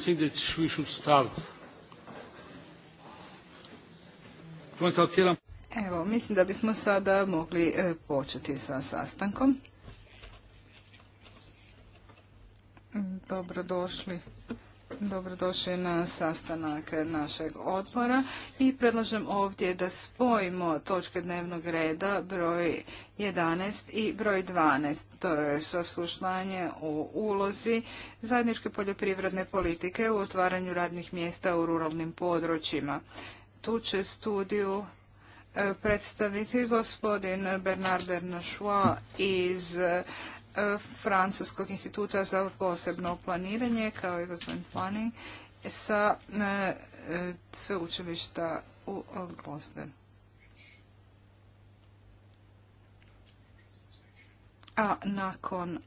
think that we should start. Evo, mislim da bismo sada mogli e, početi sa sastankom. Dobrodošli dobrodošli na sastanak našeg odbora i predlažem ovdje da spojimo točke dnevnog reda broj 11 i broj 12. To je saslušanje o ulozi zajedničke poljoprivredne politike u otvaranju radnih mjesta u ruralnim područjima. Tu će studiju e, predstaviti gospodin Bernard Bernachois iz E, francuskog instituta za posebno planiranje, kao i gospodin Planning, sa e, e, sveučilišta u Gosler. A nakon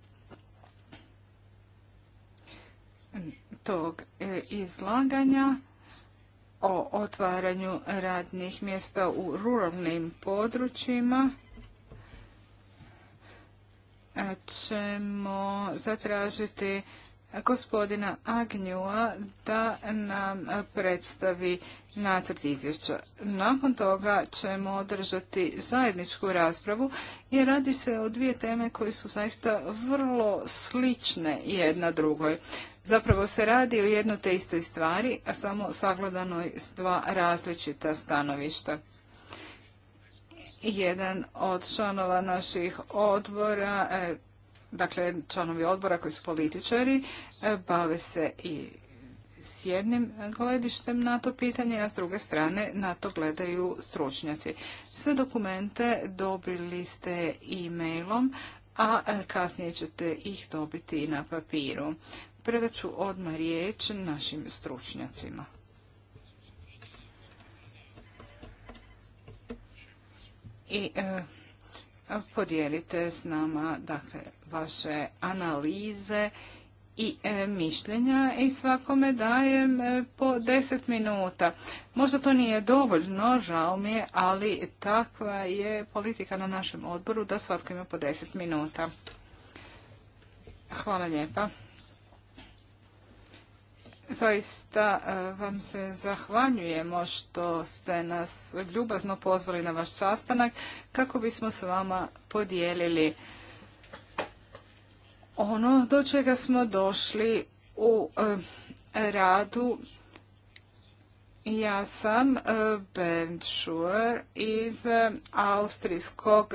tog izlaganja o otvaranju radnih mjesta u ruralnim područjima ćemo zatražiti gospodina Agnjua da nam predstavi nacrt izvješća. Nakon toga ćemo održati zajedničku raspravu jer radi se o dvije teme koje su zaista vrlo slične jedna drugoj. Zapravo se radi o jednoj te istoj stvari, a samo sagledanoj s dva različita stanovišta jedan od članova naših odbora, e, dakle članovi odbora koji su političari, e, bave se i s jednim gledištem na to pitanje, a s druge strane na to gledaju stručnjaci. Sve dokumente dobili ste e-mailom, a e, kasnije ćete ih dobiti i na papiru. predat ću odmah riječ našim stručnjacima. i e, podijelite s nama dakle, vaše analize i e, mišljenja i svakome dajem e, po 10 minuta. Možda to nije dovoljno, žao mi je, ali takva je politika na našem odboru da svatko ima po 10 minuta. Hvala lijepa. Zaista e, vam se zahvaljujemo što ste nas ljubazno pozvali na vaš sastanak kako bismo s vama podijelili ono do čega smo došli u e, radu. Ja sam e, Bernd Schuer iz Austrijskog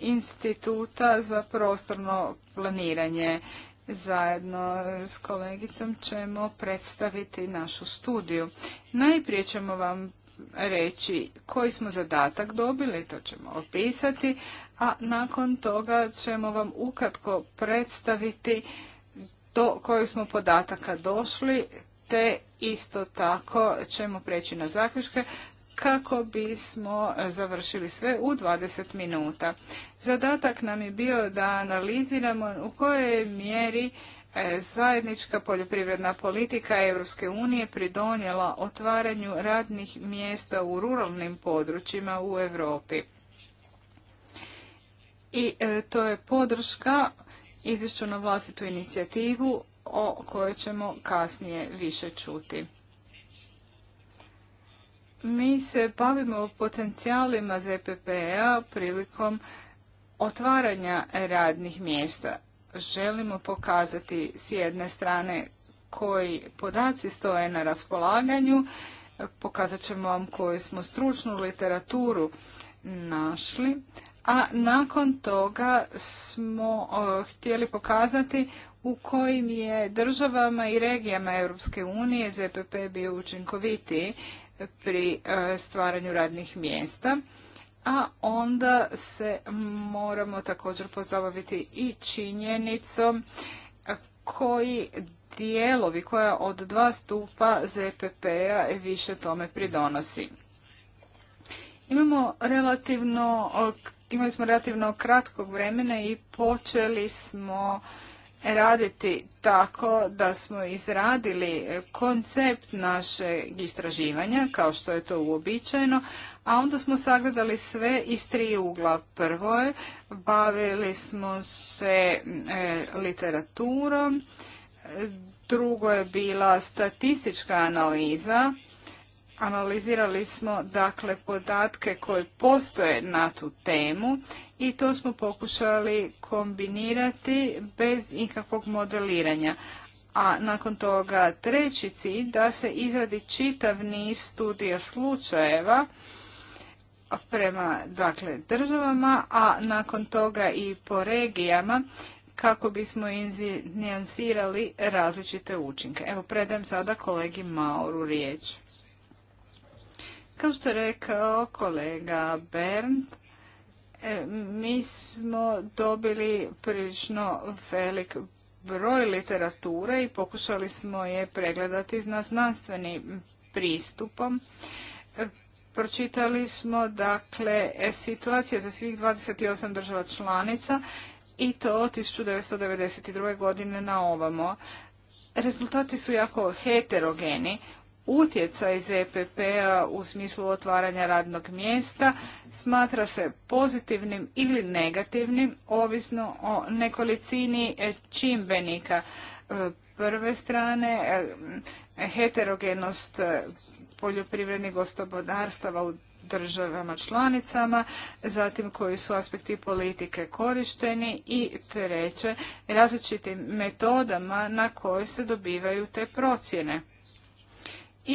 instituta za prostorno planiranje zajedno s kolegicom ćemo predstaviti našu studiju. Najprije ćemo vam reći koji smo zadatak dobili, to ćemo opisati, a nakon toga ćemo vam ukratko predstaviti do kojih smo podataka došli, te isto tako ćemo preći na zaključke kako bismo završili sve u 20 minuta. Zadatak nam je bio da analiziramo u kojoj mjeri e, zajednička poljoprivredna politika Europske unije pridonijela otvaranju radnih mjesta u ruralnim područjima u Europi. I e, to je podrška izvješću na vlastitu inicijativu o kojoj ćemo kasnije više čuti. Mi se bavimo potencijalima ZPP-a prilikom otvaranja radnih mjesta. Želimo pokazati s jedne strane koji podaci stoje na raspolaganju, pokazat ćemo vam koju smo stručnu literaturu našli, a nakon toga smo htjeli pokazati u kojim je državama i regijama Europske unije ZPP bio učinkovitiji pri e, stvaranju radnih mjesta a onda se moramo također pozabaviti i činjenicom e, koji dijelovi koja od dva stupa ZPP-a više tome pridonosi. Imamo relativno, imali smo relativno kratkog vremena i počeli smo raditi tako da smo izradili koncept našeg istraživanja, kao što je to uobičajeno, a onda smo sagledali sve iz tri ugla. Prvo je, bavili smo se e, literaturom, drugo je bila statistička analiza, Analizirali smo dakle podatke koje postoje na tu temu i to smo pokušali kombinirati bez ikakvog modeliranja. A nakon toga treći cilj da se izradi čitav niz studija slučajeva prema dakle državama, a nakon toga i po regijama kako bismo nijansirali različite učinke. Evo predajem sada kolegi Mauru riječ. Kao što je rekao kolega Bernd, e, mi smo dobili prilično velik broj literature i pokušali smo je pregledati na znanstvenim pristupom. E, pročitali smo dakle e, situacije za svih 28 država članica i to od 1992. godine na ovamo. Rezultati su jako heterogeni utjecaj ZPP-a u smislu otvaranja radnog mjesta smatra se pozitivnim ili negativnim, ovisno o nekolicini e, čimbenika. E, prve strane, e, heterogenost poljoprivrednih gospodarstava u državama članicama, zatim koji su aspekti politike korišteni i treće, različitim metodama na koje se dobivaju te procjene.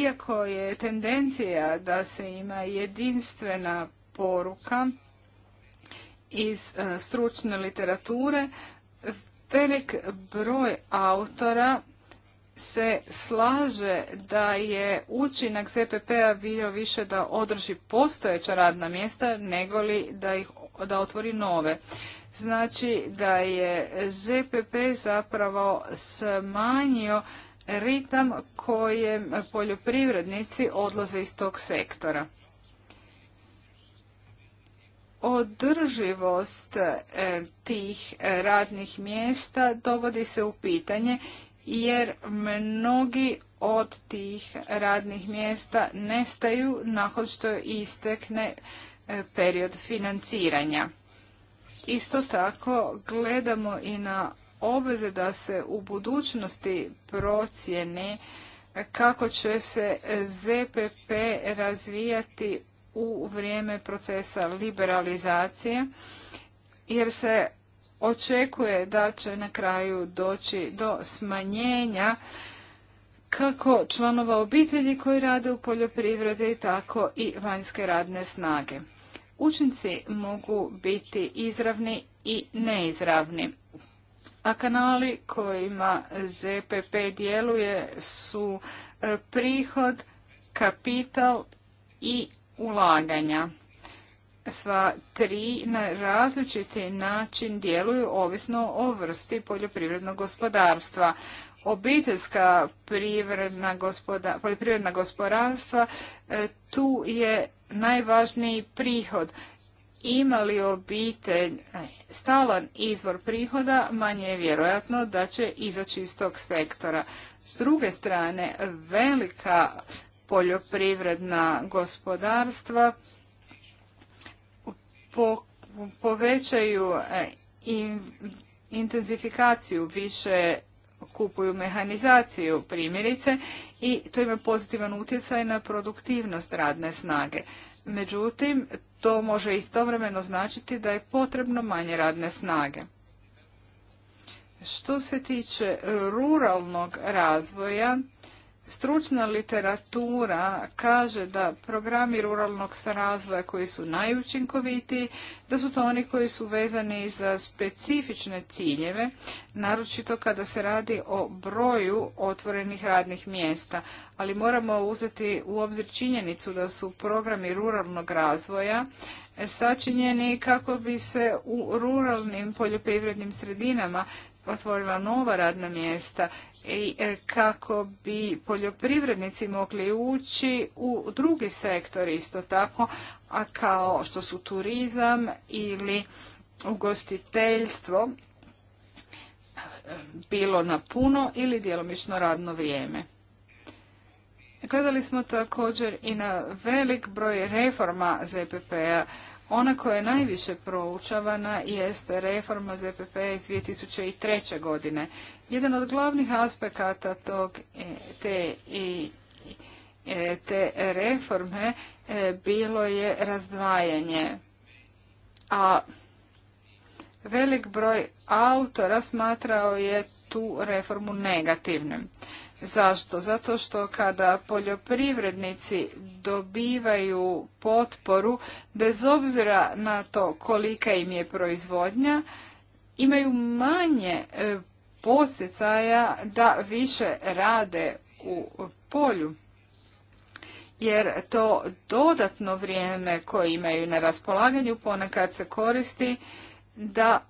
Iako je tendencija da se ima jedinstvena poruka iz e, stručne literature, velik broj autora se slaže da je učinak ZPP-a bio više da održi postojeća radna mjesta nego li da, ih, da otvori nove. Znači da je ZPP zapravo smanjio ritam kojem poljoprivrednici odlaze iz tog sektora. Održivost e, tih radnih mjesta dovodi se u pitanje jer mnogi od tih radnih mjesta nestaju nakon što istekne e, period financiranja. Isto tako gledamo i na obveze da se u budućnosti procjeni kako će se ZPP razvijati u vrijeme procesa liberalizacije, jer se očekuje da će na kraju doći do smanjenja kako članova obitelji koji rade u poljoprivredi, tako i vanjske radne snage. Učinci mogu biti izravni i neizravni a kanali kojima ZPP djeluje su e, prihod, kapital i ulaganja. Sva tri na različiti način djeluju ovisno o vrsti poljoprivrednog gospodarstva. Obiteljska poljoprivredna gospodarstva e, tu je najvažniji prihod imali obitelj stalan izvor prihoda, manje je vjerojatno da će izaći iz tog sektora. S druge strane, velika poljoprivredna gospodarstva povećaju e, intenzifikaciju, više kupuju mehanizaciju primjerice i to ima pozitivan utjecaj na produktivnost radne snage. Međutim, to može istovremeno značiti da je potrebno manje radne snage. Što se tiče ruralnog razvoja, stručna literatura kaže da programi ruralnog razvoja koji su najučinkovitiji, da su to oni koji su vezani za specifične ciljeve, naročito kada se radi o broju otvorenih radnih mjesta. Ali moramo uzeti u obzir činjenicu da su programi ruralnog razvoja e, sačinjeni kako bi se u ruralnim poljoprivrednim sredinama otvorila nova radna mjesta E, kako bi poljoprivrednici mogli ući u drugi sektor isto tako, a kao što su turizam ili ugostiteljstvo, bilo na puno ili djelomično radno vrijeme. Gledali smo također i na velik broj reforma ZPP-a. Ona koja je najviše proučavana jeste reforma ZPP p-a iz 2003. godine. Jedan od glavnih aspekata tog, e, te, i, e, te reforme e, bilo je razdvajanje. A velik broj autora smatrao je tu reformu negativnim. Zašto? Zato što kada poljoprivrednici dobivaju potporu, bez obzira na to kolika im je proizvodnja, imaju manje posjecaja da više rade u polju jer to dodatno vrijeme koje imaju na raspolaganju ponekad se koristi da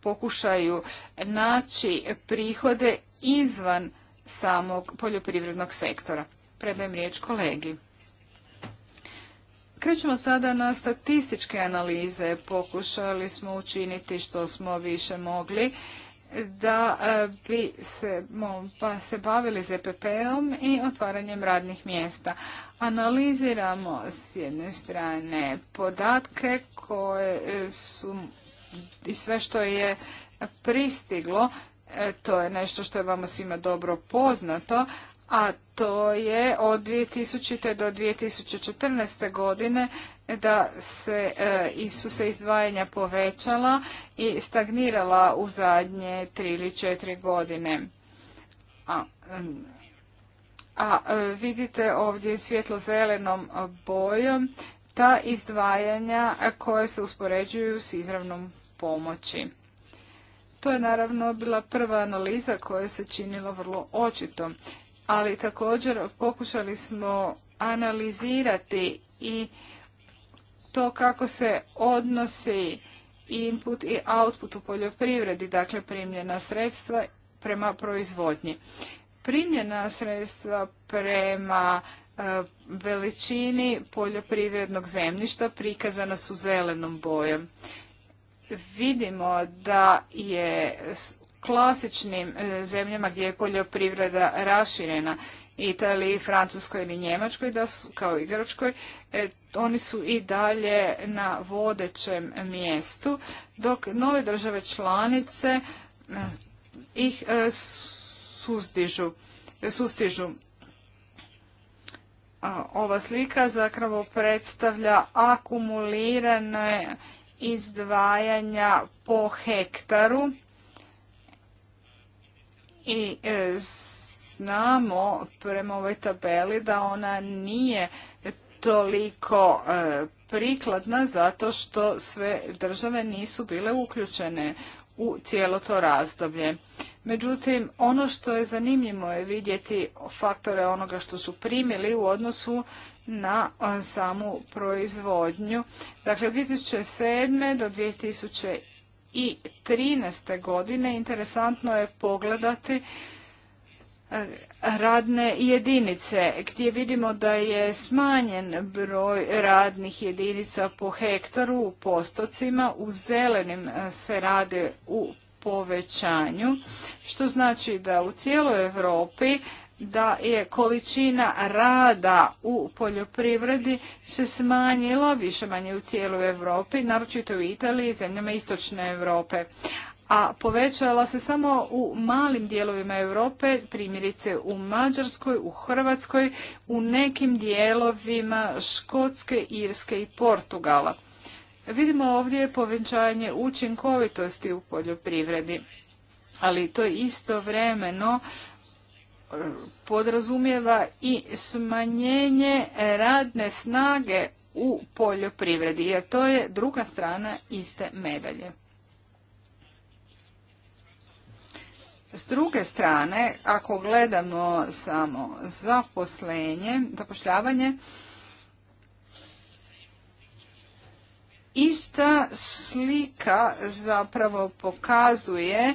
pokušaju naći prihode izvan samog poljoprivrednog sektora. Predajem riječ kolegi. Krećemo sada na statističke analize. Pokušali smo učiniti što smo više mogli da e, bi se, pa se bavili ZPP-om i otvaranjem radnih mjesta. Analiziramo s jedne strane podatke koje su i sve što je pristiglo, e, to je nešto što je vama svima dobro poznato, a to je od 2000. do 2014. godine da se, e, su se izdvajanja povećala i stagnirala u zadnje tri ili četiri godine. A, a e, vidite ovdje svjetlo-zelenom bojom ta izdvajanja koje se uspoređuju s izravnom pomoći. To je naravno bila prva analiza koja se činila vrlo očitom ali također pokušali smo analizirati i to kako se odnosi input i output u poljoprivredi, dakle primljena sredstva prema proizvodnji. Primljena sredstva prema e, veličini poljoprivrednog zemljišta prikazana su zelenom bojom. Vidimo da je klasičnim e, zemljama gdje je poljoprivreda raširena, Italiji, Francuskoj ili Njemačkoj, da su, kao i Grčkoj, e, oni su i dalje na vodećem mjestu, dok nove države članice e, ih sustižu. sustižu. Ova slika zapravo predstavlja akumulirane izdvajanja po hektaru i e, znamo prema ovoj tabeli da ona nije toliko e, prikladna zato što sve države nisu bile uključene u cijelo to razdoblje. Međutim, ono što je zanimljivo je vidjeti faktore onoga što su primili u odnosu na e, samu proizvodnju. Dakle, od 2007. do 13. godine interesantno je pogledati e, radne jedinice gdje vidimo da je smanjen broj radnih jedinica po hektaru u postocima, u zelenim e, se rade u povećanju, što znači da u cijeloj Europi da je količina rada u poljoprivredi se smanjila više manje u cijeloj Europi, naročito u Italiji i zemljama istočne Europe. A povećala se samo u malim dijelovima Europe, primjerice u Mađarskoj, u Hrvatskoj, u nekim dijelovima Škotske, Irske i Portugala. Vidimo ovdje povećanje učinkovitosti u poljoprivredi, ali to istovremeno podrazumijeva i smanjenje radne snage u poljoprivredi, jer to je druga strana iste medalje. S druge strane, ako gledamo samo zaposlenje, zapošljavanje, ista slika zapravo pokazuje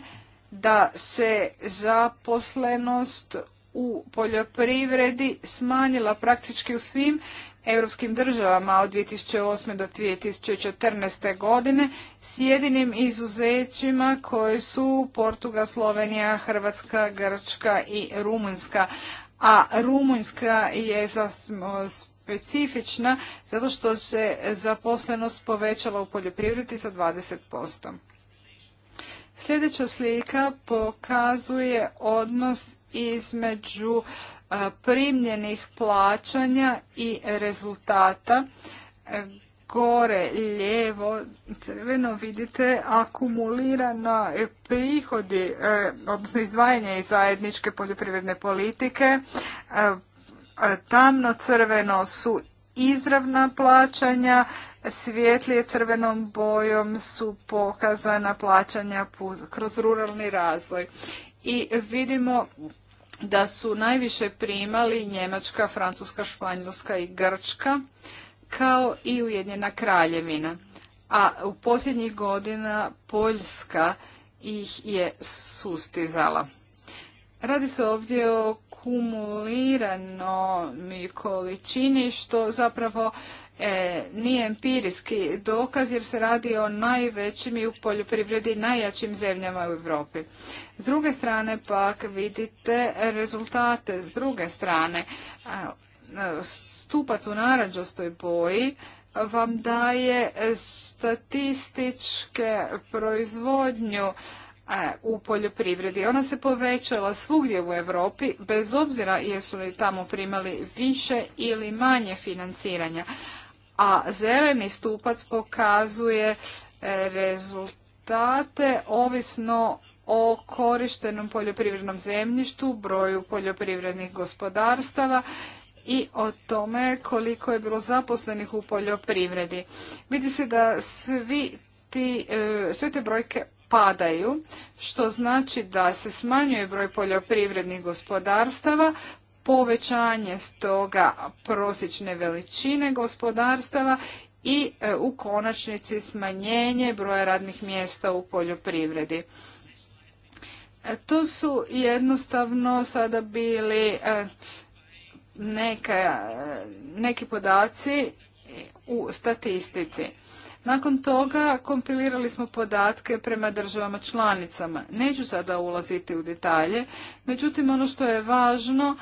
da se zaposlenost u poljoprivredi smanjila praktički u svim europskim državama od 2008. do 2014. godine s jedinim izuzećima koje su Portugal, Slovenija, Hrvatska, Grčka i Rumunjska. A Rumunjska je specifična zato što se zaposlenost povećala u poljoprivredi za 20%. Sljedeća slika pokazuje odnos između e, primljenih plaćanja i rezultata. E, gore lijevo crveno vidite akumulirana prihodi, e, odnosno izdvajanje iz zajedničke poljoprivredne politike. Tamno crveno su izravna plaćanja, svijetlije crvenom bojom su pokazana plaćanja kroz ruralni razvoj. I vidimo da su najviše primali Njemačka, Francuska, Španjolska i Grčka, kao i Ujedinjena kraljevina. A u posljednjih godina Poljska ih je sustizala. Radi se ovdje o kumulirano količini što zapravo E, nije empirijski dokaz jer se radi o najvećim i u poljoprivredi najjačim zemljama u Europi. S druge strane pak vidite rezultate s druge strane. E, stupac u naranđostoj boji vam daje statističke proizvodnju e, u poljoprivredi. Ona se povećala svugdje u Europi, bez obzira jesu li tamo primali više ili manje financiranja a zeleni stupac pokazuje e, rezultate ovisno o korištenom poljoprivrednom zemljištu, broju poljoprivrednih gospodarstava i o tome koliko je bilo zaposlenih u poljoprivredi. Vidi se da svi ti, e, sve te brojke padaju, što znači da se smanjuje broj poljoprivrednih gospodarstava, povećanje stoga prosječne veličine gospodarstava i e, u konačnici smanjenje broja radnih mjesta u poljoprivredi. E, to su jednostavno sada bili e, neki podaci u statistici. Nakon toga kompilirali smo podatke prema državama članicama. Neću sada ulaziti u detalje, međutim ono što je važno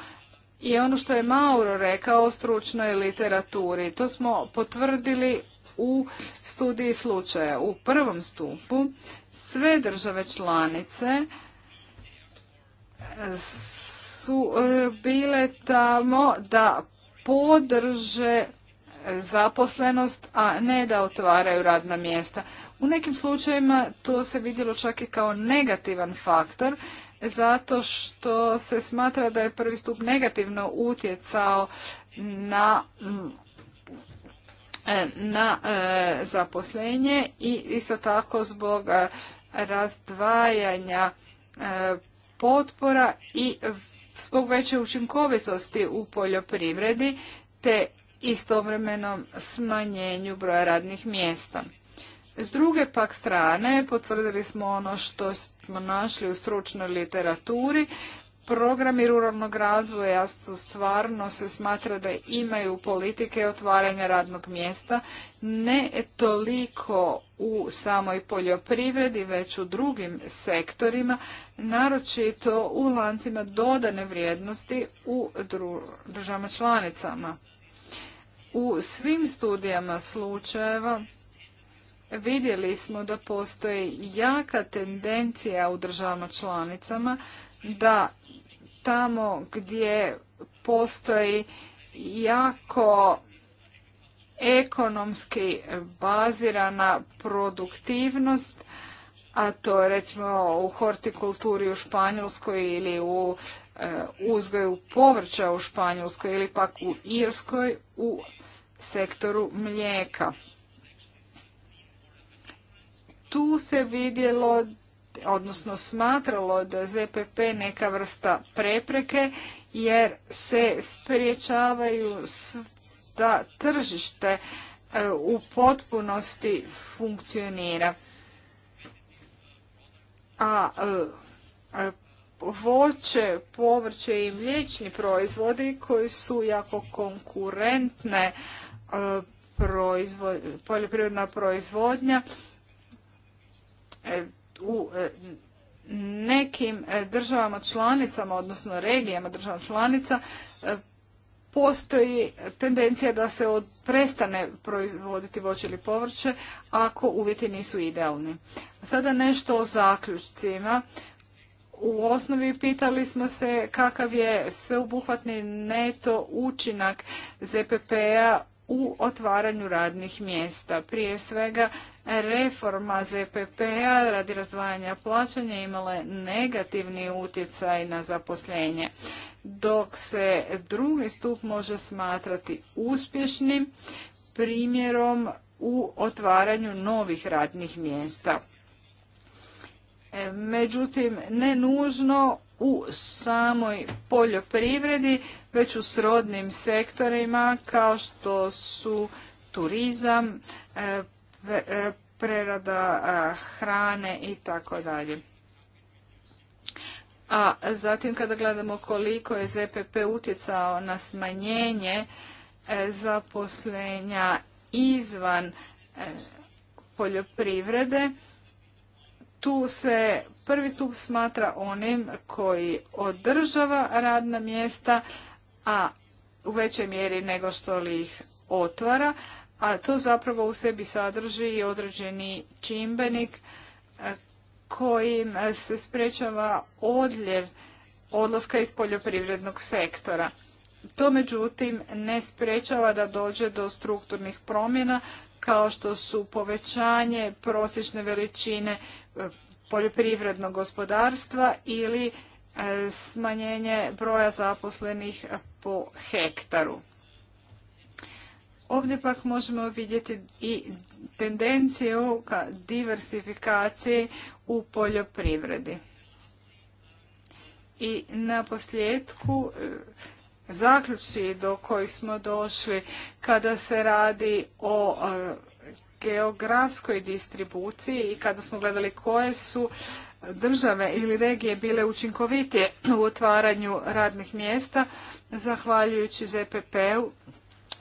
i ono što je Mauro rekao o stručnoj literaturi. To smo potvrdili u studiji slučaja. U prvom stupu sve države članice su e, bile tamo da podrže zaposlenost, a ne da otvaraju radna mjesta. U nekim slučajevima to se vidjelo čak i kao negativan faktor zato što se smatra da je prvi stup negativno utjecao na mm, na e, zaposlenje i isto tako zbog e, razdvajanja e, potpora i zbog veće učinkovitosti u poljoprivredi te istovremenom smanjenju broja radnih mjesta. S druge pak strane potvrdili smo ono što smo našli u stručnoj literaturi. Programi ruralnog razvoja su stvarno se smatra da imaju politike otvaranja radnog mjesta, ne toliko u samoj poljoprivredi, već u drugim sektorima, naročito u lancima dodane vrijednosti u državama članicama. U svim studijama slučajeva vidjeli smo da postoji jaka tendencija u državama članicama da tamo gdje postoji jako ekonomski bazirana produktivnost, a to je recimo u hortikulturi u Španjolskoj ili u e, uzgoju povrća u Španjolskoj ili pak u Irskoj u sektoru mlijeka tu se vidjelo odnosno smatralo da ZPP neka vrsta prepreke jer se spriječavaju da tržište e, u potpunosti funkcionira. A e, e, voće, povrće i mliječni proizvodi koji su jako konkurentne proizvod, poljoprivredna proizvodnja E, u e, nekim e, državama članicama, odnosno regijama država članica, postoji tendencija da se od, prestane proizvoditi voće ili povrće ako uvjeti nisu idealni. Sada nešto o zaključcima. U osnovi pitali smo se kakav je sveobuhvatni neto učinak ZPP-a u otvaranju radnih mjesta. Prije svega reforma ZPP-a radi razdvajanja plaćanja imale negativni utjecaj na zaposlenje, dok se drugi stup može smatrati uspješnim primjerom u otvaranju novih radnih mjesta. E, međutim, ne nužno u samoj poljoprivredi, već u srodnim sektorima kao što su turizam, e, E, prerada hrane i tako dalje. A zatim kada gledamo koliko je ZPP utjecao na smanjenje e, zaposlenja izvan e, poljoprivrede, tu se prvi stup smatra onim koji održava radna mjesta, a u većoj mjeri nego što li ih otvara, a to zapravo u sebi sadrži i određeni čimbenik e, kojim e, se sprečava odljev odlaska iz poljoprivrednog sektora. To međutim ne sprečava da dođe do strukturnih promjena kao što su povećanje prosječne veličine e, poljoprivrednog gospodarstva ili smanjenje broja zaposlenih po hektaru. Ovdje pak možemo vidjeti i tendencije ka diversifikaciji u poljoprivredi. I na posljedku e, zaključi do kojih smo došli kada se radi o e, geografskoj distribuciji i kada smo gledali koje su države ili regije bile učinkovitije u otvaranju radnih mjesta, zahvaljujući ZPP-u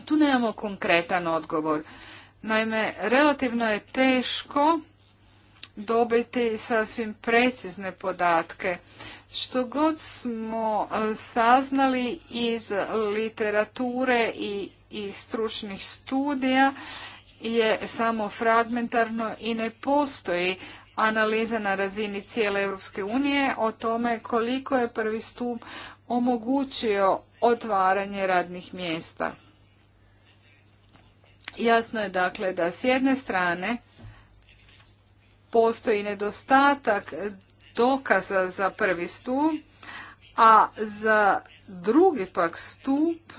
tu nemamo konkretan odgovor. Naime, relativno je teško dobiti sasvim precizne podatke. Što god smo e, saznali iz literature i iz stručnih studija je samo fragmentarno i ne postoji analiza na razini cijele Europske unije o tome koliko je prvi stup omogućio otvaranje radnih mjesta. Jasno je dakle da s jedne strane postoji nedostatak dokaza za prvi stup, a za drugi pak stup,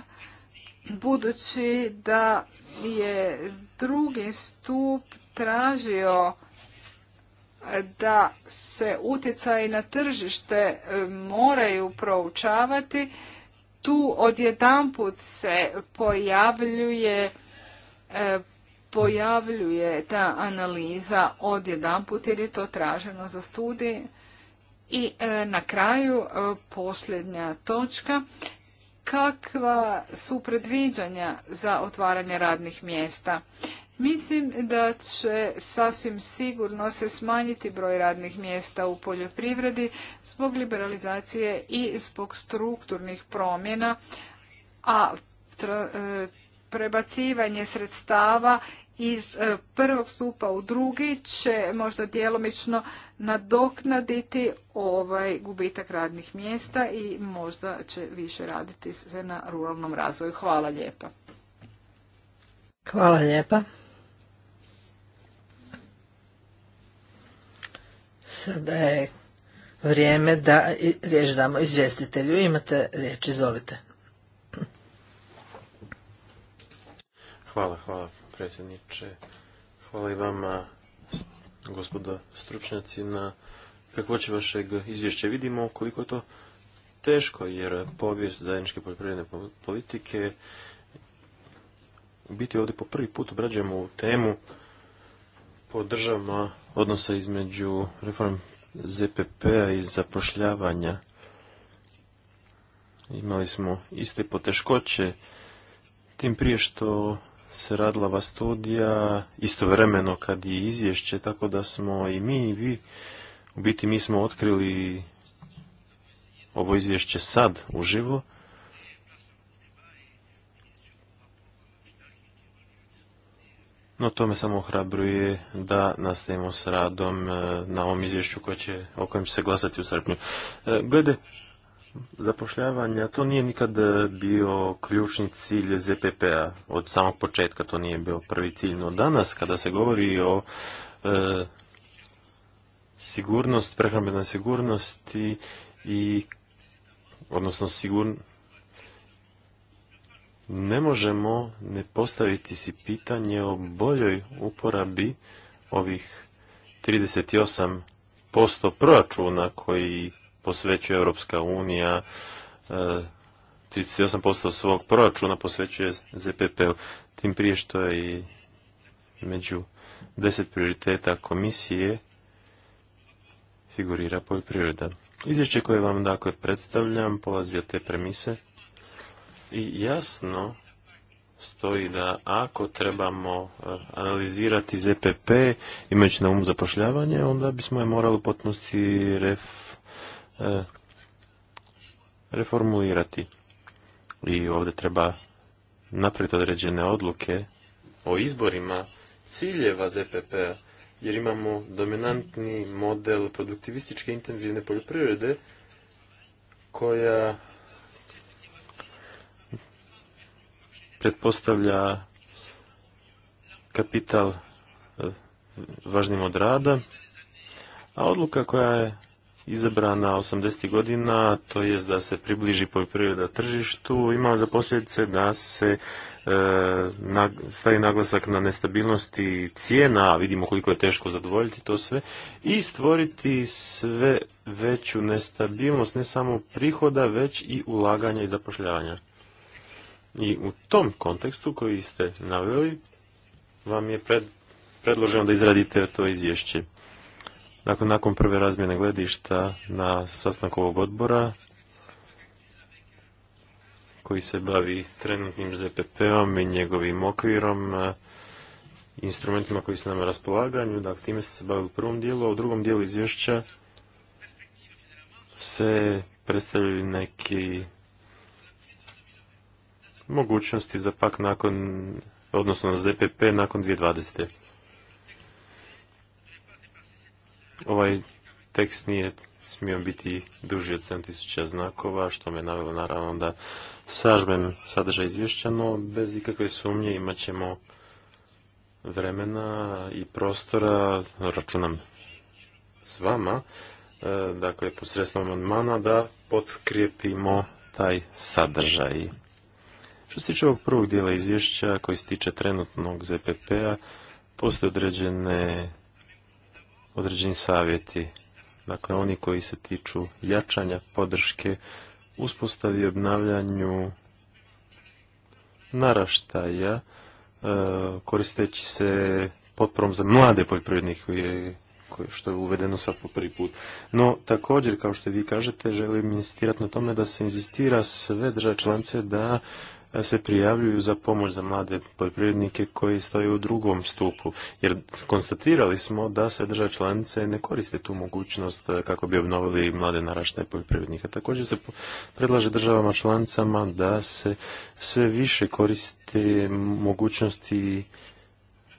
budući da je drugi stup tražio da se utjecaj na tržište eh, moraju proučavati, tu odjedanput se pojavljuje E, pojavljuje ta analiza odjedanput jer je to traženo za studij. I e, na kraju e, posljednja točka. Kakva su predviđanja za otvaranje radnih mjesta? Mislim da će sasvim sigurno se smanjiti broj radnih mjesta u poljoprivredi zbog liberalizacije i zbog strukturnih promjena, a prebacivanje sredstava iz e, prvog stupa u drugi će možda djelomično nadoknaditi ovaj gubitak radnih mjesta i možda će više raditi na ruralnom razvoju. Hvala lijepa. Hvala lijepa. Sada je vrijeme da riječ izvjestitelju. Imate riječ, izvolite. Hvala, hvala predsjedniče. Hvala i vama, gospoda stručnjaci, na će vašeg izvješća. Vidimo koliko je to teško, jer povijest zajedničke poljoprivredne politike biti ovdje po prvi put obrađujemo temu po državama odnosa između reform ZPP-a i zapošljavanja. Imali smo iste poteškoće, tim prije što se radila studija istovremeno kad je izvješće, tako da smo i mi i vi, u biti mi smo otkrili ovo izvješće sad uživo. No to me samo ohrabruje da nastavimo s radom e, na ovom izvješću o kojem će se glasati u srpnju. E, glede zapošljavanja, to nije nikad e, bio ključni cilj ZPP-a. Od samog početka to nije bio prvi cilj. No danas, kada se govori o e, sigurnost, prehrambenoj sigurnosti i odnosno sigurn... ne možemo ne postaviti si pitanje o boljoj uporabi ovih 38% proračuna koji posvećuje Europska unija, 38% e, svog proračuna posvećuje zpp tim prije što je i među deset prioriteta komisije figurira poljoprivreda. Izvješće koje vam dakle predstavljam polazi od te premise i jasno stoji da ako trebamo e, analizirati ZPP imajući na umu zapošljavanje, onda bismo je morali potnosti ref E, reformulirati. I ovdje treba napraviti određene odluke o izborima ciljeva ZPP-a, jer imamo dominantni model produktivističke intenzivne poljoprivrede koja pretpostavlja kapital e, važnim od rada, a odluka koja je izabrana 80. godina, to jest da se približi poljoprivreda tržištu, ima za posljedice da se e, stavi naglasak na nestabilnosti cijena, vidimo koliko je teško zadovoljiti to sve, i stvoriti sve veću nestabilnost, ne samo prihoda, već i ulaganja i zapošljavanja. I u tom kontekstu koji ste naveli, vam je predloženo da izradite to izvješće. Dakle, nakon prve razmjene gledišta na sastanku ovog odbora, koji se bavi trenutnim ZPP-om i njegovim okvirom, e, instrumentima koji su nam na raspolaganju, dakle, time se bavi u prvom dijelu, a u drugom dijelu izvješća se predstavljaju neki mogućnosti za pak nakon, odnosno ZPP nakon 2020. Ovaj tekst nije smio biti duži od 7000 znakova, što me navelo naravno da sažben sadržaj izvješća, no bez ikakve sumnje imat ćemo vremena i prostora, računam s vama, e, dakle posredstvom amandmana da potkrijepimo taj sadržaj. Što se tiče ovog prvog dijela izvješća koji se tiče trenutnog ZPP-a, postoje određene određeni savjeti, dakle oni koji se tiču jačanja podrške, uspostavi obnavljanju naraštaja, e, koristeći se potporom za mlade poljoprivrednike što je uvedeno sad po prvi put. No, također, kao što vi kažete, želim insistirati na tome da se inzistira sve države članice da se prijavljuju za pomoć za mlade poljoprivrednike koji stoje u drugom stupu. Jer konstatirali smo da se države članice ne koriste tu mogućnost e, kako bi obnovili mlade naraštaje poljoprivrednika. Također se predlaže državama članicama da se sve više koriste mogućnosti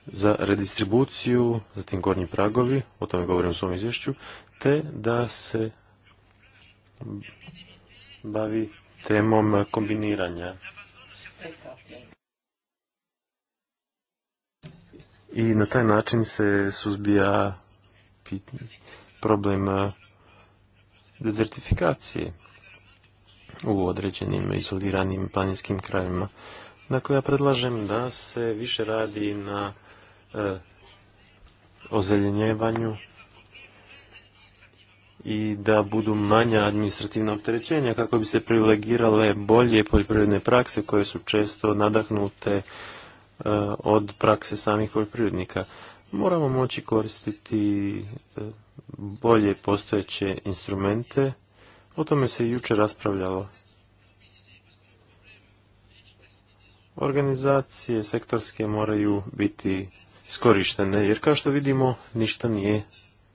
za redistribuciju, zatim gornji pragovi, o tome govorim u svom izvješću, te da se bavi temom kombiniranja i na taj način se suzbija problem e, dezertifikacije u određenim izoliranim planinskim krajevima. Dakle, ja predlažem da se više radi na e, ozeljenjevanju i da budu manja administrativna opterećenja kako bi se privilegirale bolje poljoprivredne prakse koje su često nadahnute E, od prakse samih poljoprivrednika. Moramo moći koristiti e, bolje postojeće instrumente. O tome se i jučer raspravljalo. Organizacije sektorske moraju biti iskorištene, jer kao što vidimo ništa nije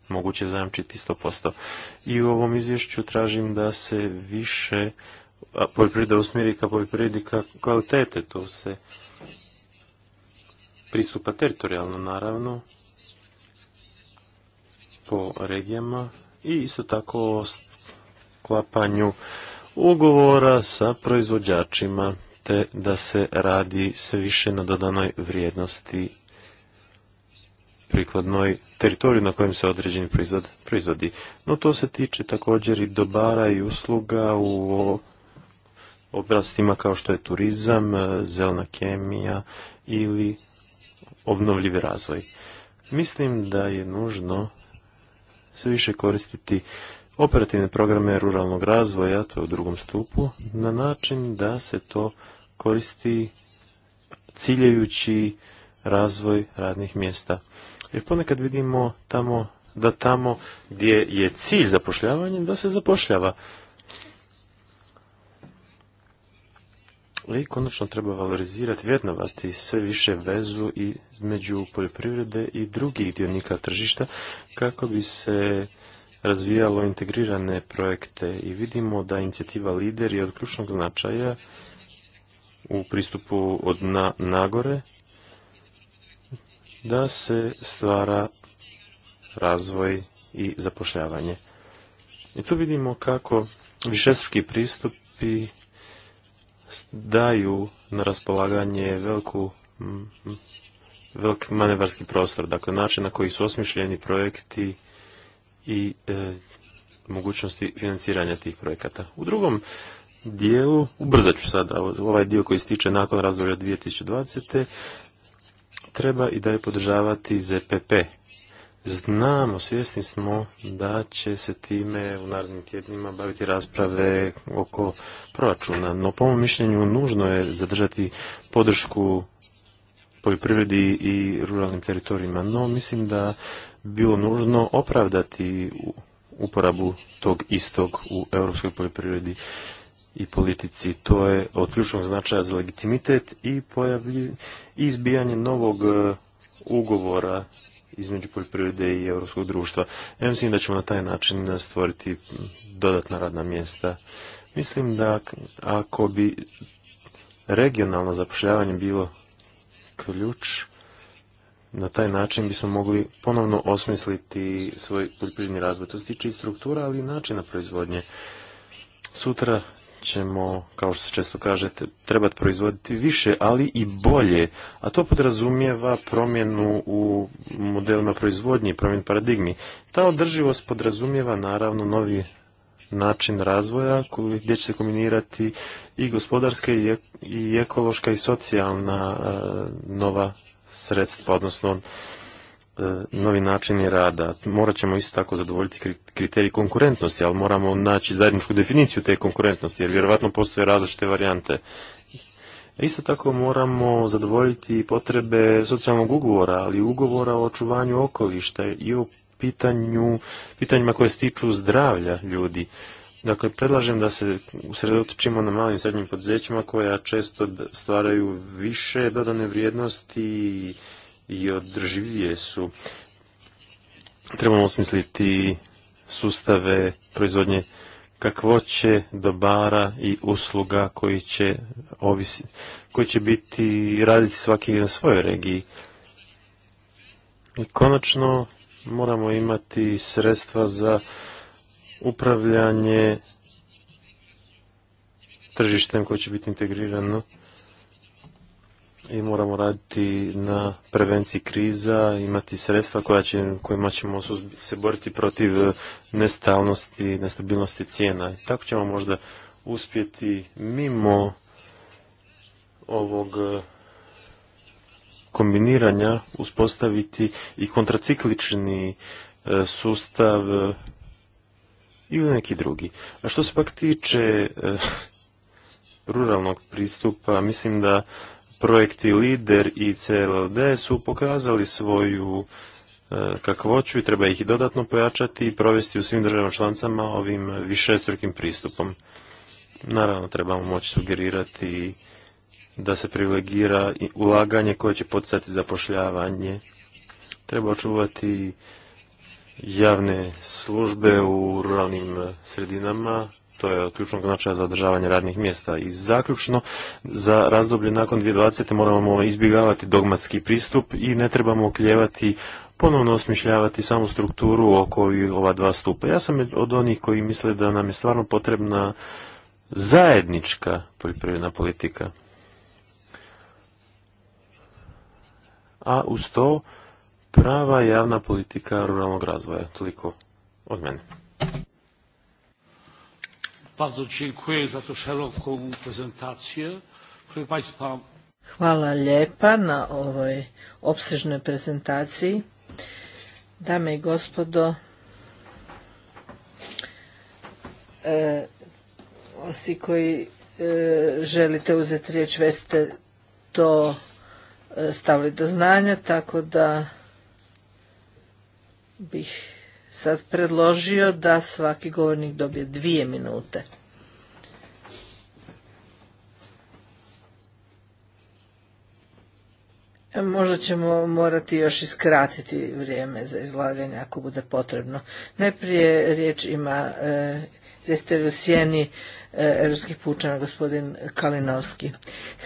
moguće zajamčiti 100%. I u ovom izvješću tražim da se više poljoprivreda usmjeri ka poljoprivredi kvalitete. to se pristupa teritorijalno naravno po regijama i isto tako o sklapanju ugovora sa proizvođačima te da se radi sve više na dodanoj vrijednosti prikladnoj teritoriju na kojem se određeni proizvod proizvodi. No to se tiče također i dobara i usluga u oblastima kao što je turizam, zelna kemija ili obnovljivi razvoj. Mislim da je nužno sve više koristiti operativne programe ruralnog razvoja, to je u drugom stupu, na način da se to koristi ciljajući razvoj radnih mjesta. Jer ponekad vidimo tamo da tamo gdje je cilj zapošljavanja, da se zapošljava. I konačno treba valorizirati, vjednovati sve više vezu između poljoprivrede i drugih dionika tržišta kako bi se razvijalo integrirane projekte i vidimo da inicijativa Lider je od ključnog značaja u pristupu od na, nagore da se stvara razvoj i zapošljavanje. I tu vidimo kako višestruki pristupi daju na raspolaganje veliku velik manevarski prostor, dakle način na koji su osmišljeni projekti i e, mogućnosti financiranja tih projekata. U drugom dijelu, ubrzat ću sada ovaj dio koji se tiče nakon razdoblja 2020. treba i da je podržavati ZPP Znamo, svjesni smo da će se time u narednim tjednima baviti rasprave oko proračuna, no po mom mišljenju nužno je zadržati podršku poljoprivredi i ruralnim teritorijima, no mislim da bilo nužno opravdati uporabu tog istog u europskoj poljoprivredi i politici. To je od ključnog značaja za legitimitet i izbijanje novog e, ugovora između poljoprivrede i europskog društva. Ja mislim da ćemo na taj način stvoriti dodatna radna mjesta. Mislim da ako bi regionalno zapošljavanje bilo ključ, na taj način bismo mogli ponovno osmisliti svoj poljoprivredni razvoj. To se tiče i struktura, ali i načina proizvodnje. Sutra ćemo, kao što se često kažete, trebati proizvoditi više, ali i bolje. A to podrazumijeva promjenu u modelima proizvodnje i promjenu paradigmi. Ta održivost podrazumijeva naravno novi način razvoja gdje će se kombinirati i gospodarska i ekološka i socijalna e, nova sredstva, odnosno E, novi načini rada. Morat ćemo isto tako zadovoljiti kriterij konkurentnosti, ali moramo naći zajedničku definiciju te konkurentnosti, jer vjerovatno postoje različite varijante. Isto tako moramo zadovoljiti potrebe socijalnog ugovora, ali ugovora o očuvanju okolišta i o pitanju, pitanjima koje stiču zdravlja ljudi. Dakle, predlažem da se usredotočimo na malim i srednjim poduzećima koja često stvaraju više dodane vrijednosti i i održivije su. Trebamo osmisliti sustave proizvodnje kakvoće dobara i usluga koji će, ovisi, koji će biti raditi svaki na svojoj regiji. I konačno moramo imati sredstva za upravljanje tržištem koje će biti integrirano i moramo raditi na prevenciji kriza, imati sredstva koja će, kojima ćemo se boriti protiv eh, nestalnosti, nestabilnosti cijena. tako ćemo možda uspjeti mimo ovog eh, kombiniranja uspostaviti i kontraciklični eh, sustav ili neki drugi. A što se pak tiče ruralnog pristupa, mislim da projekti LIDER i CLD su pokazali svoju e, kakvoću i treba ih i dodatno pojačati i provesti u svim državama člancama ovim višestrukim pristupom. Naravno, trebamo moći sugerirati da se privilegira ulaganje koje će poticati zapošljavanje. Treba očuvati javne službe u ruralnim sredinama to je od ključnog značaja za održavanje radnih mjesta. I zaključno, za razdoblje nakon 2020. moramo izbjegavati dogmatski pristup i ne trebamo okljevati ponovno osmišljavati samu strukturu oko ova dva stupa. Ja sam od onih koji misle da nam je stvarno potrebna zajednička poljoprivredna politika. A uz to prava javna politika ruralnog razvoja. Toliko od mene. Bardzo dziękuję za to szeroką prezentację. Proszę Państwa. Hvala lijepa na ovoj opsežnoj prezentaciji. Dame i gospodo, e, osi koji e, želite uzeti riječ, već ste to e, stavili do znanja, tako da bih sad predložio da svaki govornik dobije dvije minute. E, možda ćemo morati još iskratiti vrijeme za izlaganje ako bude potrebno. Najprije riječ ima e, u sjeni e, europskih pučana gospodin Kalinovski.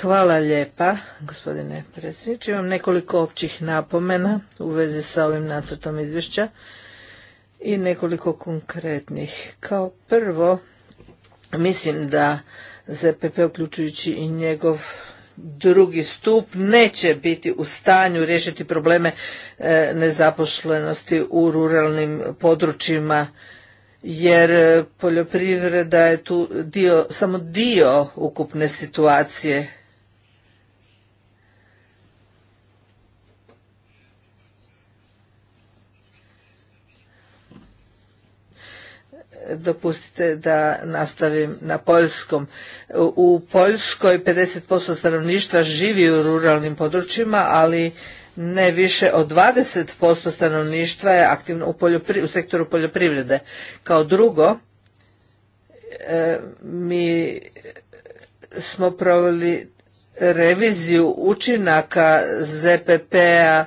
Hvala lijepa gospodine predsjedniče. Imam nekoliko općih napomena u vezi sa ovim nacrtom izvješća i nekoliko konkretnih. Kao prvo, mislim da ZPP uključujući i njegov drugi stup neće biti u stanju riješiti probleme e, nezaposlenosti u ruralnim područjima jer e, poljoprivreda je tu dio, samo dio ukupne situacije dopustite da nastavim na Poljskom. U Poljskoj 50% stanovništva živi u ruralnim područjima, ali ne više od 20% stanovništva je aktivno u, u sektoru poljoprivrede. Kao drugo, e, mi smo proveli reviziju učinaka ZPP-a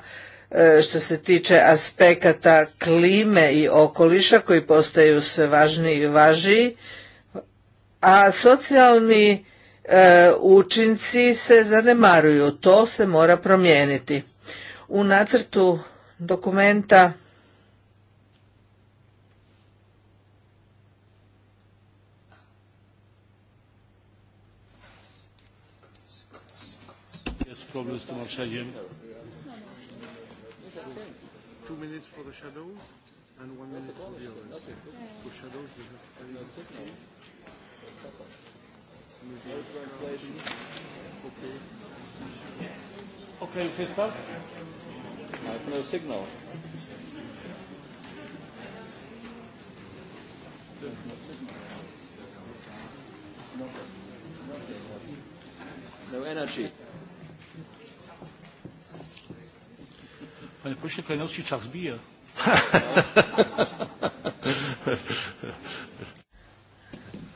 E, što se tiče aspekata klime i okoliša koji postaju sve važniji i važiji, a socijalni e, učinci se zanemaruju. To se mora promijeniti. U nacrtu dokumenta problem minutes for the shadows and one minute for the others. For shadows, you have three minutes. Maybe Okay. Okay, you can start. I have no signal. No energy. Pośle Krajnowski čas bije.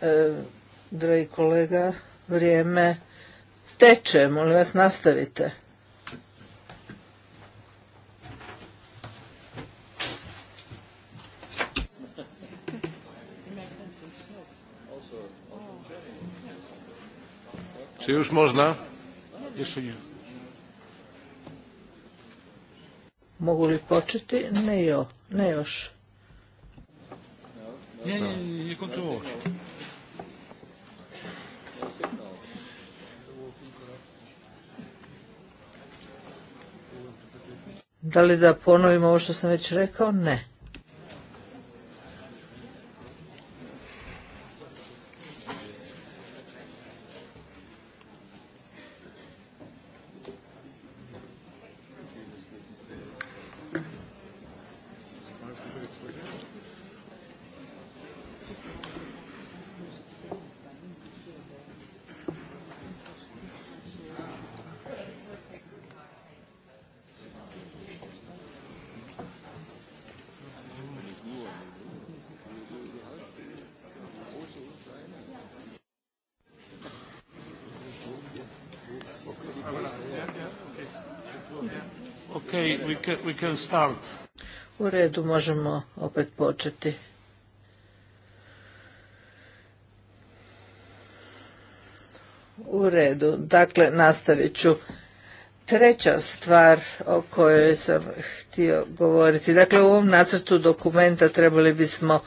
e, dragi kolega, vrijeme teče, molim vas nastavite. Czy już można? Jeszcze nie. Mogu li početi? Ne, jo, ne još. Da li da ponovim ovo što sam već rekao? Ne. U redu, možemo opet početi. U redu, dakle nastavit ću. Treća stvar o kojoj sam htio govoriti, dakle u ovom nacrtu dokumenta trebali bismo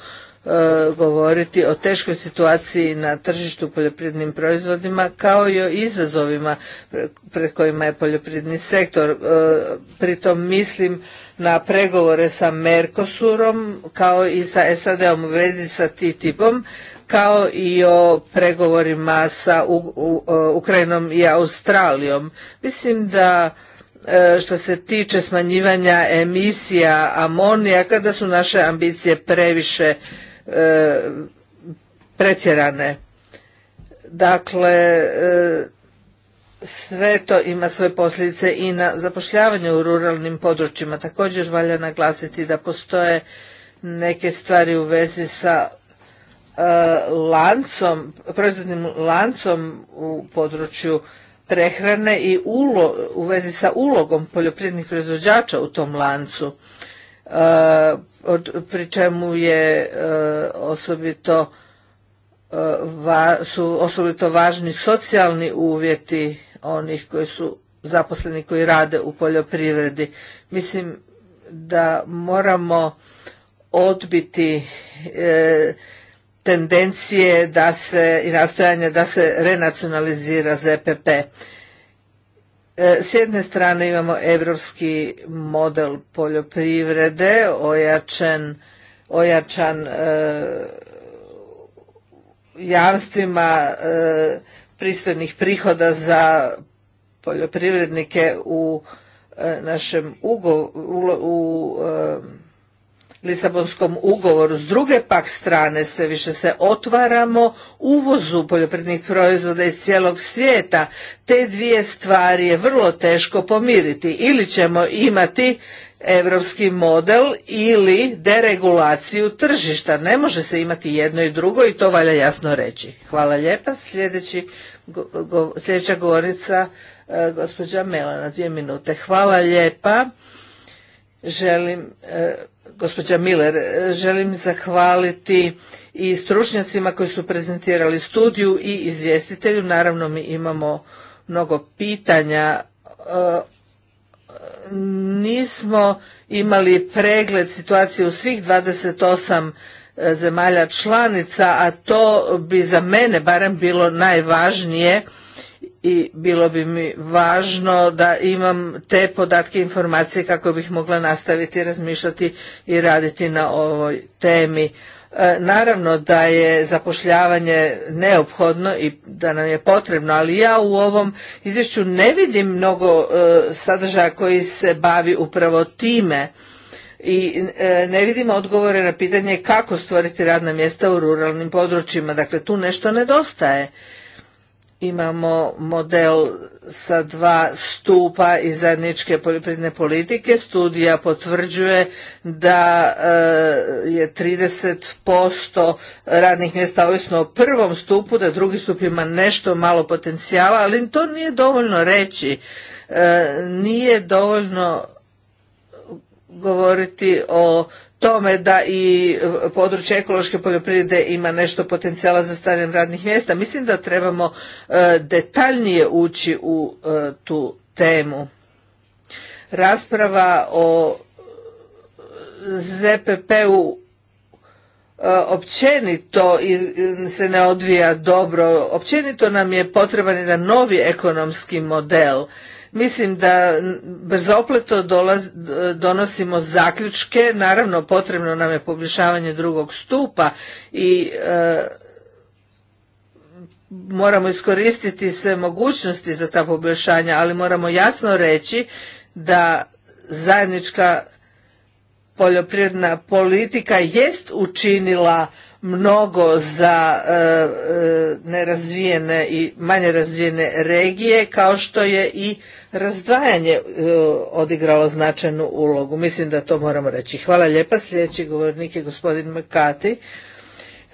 E, govoriti o teškoj situaciji na tržištu poljoprivrednim proizvodima kao i o izazovima pred kojima je poljoprivredni sektor. E, pritom mislim na pregovore sa Mercosurom kao i sa SAD-om u vezi sa TTIP-om kao i o pregovorima sa e, Ukrajinom i Australijom. Mislim da što se tiče smanjivanja emisija amonija kada su naše ambicije previše E, pretjerane. Dakle, e, sve to ima svoje posljedice i na zapošljavanje u ruralnim područjima. Također valja naglasiti da postoje neke stvari u vezi sa e, lancom, proizvodnim lancom u području prehrane i u vezi sa ulogom poljoprivrednih proizvođača u tom lancu. E, pri čemu je e, osobito e, su osobito važni socijalni uvjeti onih koji su zaposleni koji rade u poljoprivredi. Mislim da moramo odbiti tendencije da se i nastojanje da se renacionalizira ZPP. E, s jedne strane imamo europski model poljoprivrede ojačen, ojačan e, jamstvima e, pristojnih prihoda za poljoprivrednike u našem u, u Lisabonskom ugovoru. S druge pak strane sve više se otvaramo uvozu poljoprivrednih proizvoda iz cijelog svijeta. Te dvije stvari je vrlo teško pomiriti. Ili ćemo imati europski model ili deregulaciju tržišta. Ne može se imati jedno i drugo i to valja jasno reći. Hvala lijepa. Sljedeći, sljedeća govornica e, gospođa Melana, dvije minute. Hvala lijepa. Želim e, gospođa Miller, e, želim zahvaliti i stručnjacima koji su prezentirali studiju i izvjestitelju. Naravno mi imamo mnogo pitanja. E, nismo imali pregled situacije u svih 28 e, zemalja članica, a to bi za mene barem bilo najvažnije i bilo bi mi važno da imam te podatke i informacije kako bih mogla nastaviti razmišljati i raditi na ovoj temi. E, naravno da je zapošljavanje neophodno i da nam je potrebno, ali ja u ovom izvješću ne vidim mnogo e, sadržaja koji se bavi upravo time i e, ne vidim odgovore na pitanje kako stvoriti radna mjesta u ruralnim područjima. Dakle, tu nešto nedostaje imamo model sa dva stupa iz zajedničke poljoprivredne politike. Studija potvrđuje da e, je 30% radnih mjesta ovisno o prvom stupu, da drugi stup ima nešto malo potencijala, ali to nije dovoljno reći. E, nije dovoljno govoriti o tome da i e, područje ekološke poljoprivrede ima nešto potencijala za stvaranje radnih mjesta. Mislim da trebamo e, detaljnije ući u e, tu temu. Rasprava o ZPP-u općenito se ne odvija dobro. Općenito nam je potreban jedan novi ekonomski model Mislim da brzopleto donosimo zaključke, naravno potrebno nam je poboljšavanje drugog stupa i e, moramo iskoristiti sve mogućnosti za ta poboljšanja, ali moramo jasno reći da zajednička poljoprivredna politika jest učinila mnogo za e, e, nerazvijene i manje razvijene regije kao što je i razdvajanje e, odigralo značajnu ulogu. Mislim da to moramo reći. Hvala lijepa. Sljedeći govornik je gospodin Makati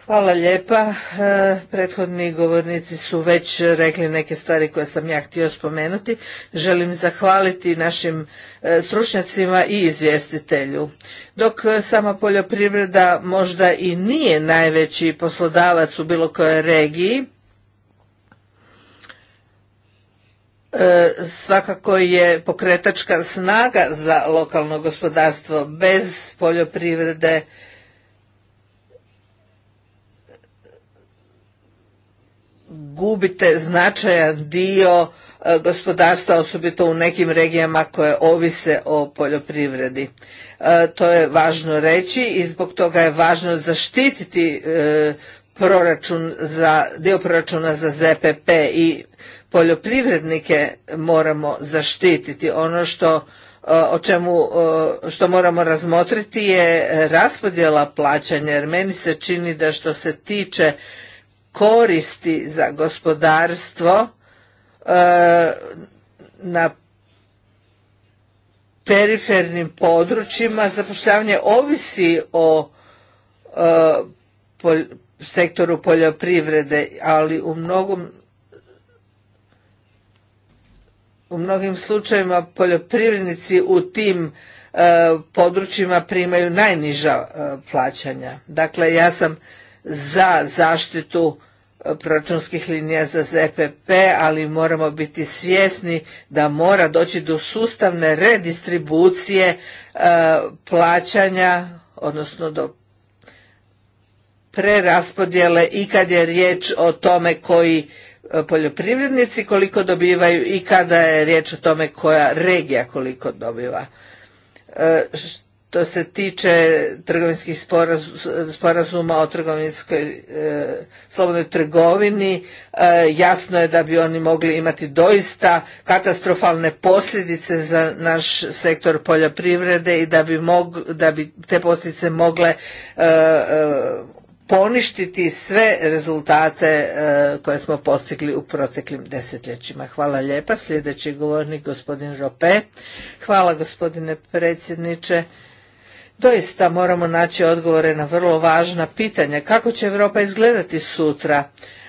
Hvala lijepa. E, prethodni govornici su već rekli neke stvari koje sam ja htio spomenuti. Želim zahvaliti našim e, stručnjacima i izvjestitelju. Dok e, sama poljoprivreda možda i nije najveći poslodavac u bilo kojoj regiji, svakako je pokretačka snaga za lokalno gospodarstvo. Bez poljoprivrede gubite značajan dio e, gospodarstva, osobito u nekim regijama koje ovise o poljoprivredi. E, to je važno reći i zbog toga je važno zaštititi e, proračun za, dio proračuna za ZPP i poljoprivrednike moramo zaštititi. Ono što o čemu što moramo razmotriti je raspodjela plaćanja jer meni se čini da što se tiče koristi za gospodarstvo e, na perifernim područjima zapošljavanje ovisi o e, sektoru poljoprivrede, ali u mnogom u mnogim slučajevima poljoprivrednici u tim e, područjima primaju najniža plaćanja. Dakle, ja sam za zaštitu e, proračunskih linija za ZPP, ali moramo biti svjesni da mora doći do sustavne redistribucije e, plaćanja, odnosno do preraspodjele i kad je riječ o tome koji e, poljoprivrednici koliko dobivaju i kada je riječ o tome koja regija koliko dobiva što se tiče trgovinskih sporazuma o trgovinskoj e, slobodnoj trgovini e, jasno je da bi oni mogli imati doista katastrofalne posljedice za naš sektor poljoprivrede i da bi, mog, da bi te posljedice mogle e, poništiti sve rezultate koje smo postigli u proteklim desetljećima. Hvala lijepa. Sljedeći govornik gospodin Rope. Hvala gospodine predsjedniče. Doista moramo naći odgovore na vrlo važna pitanja. Kako će Europa izgledati sutra?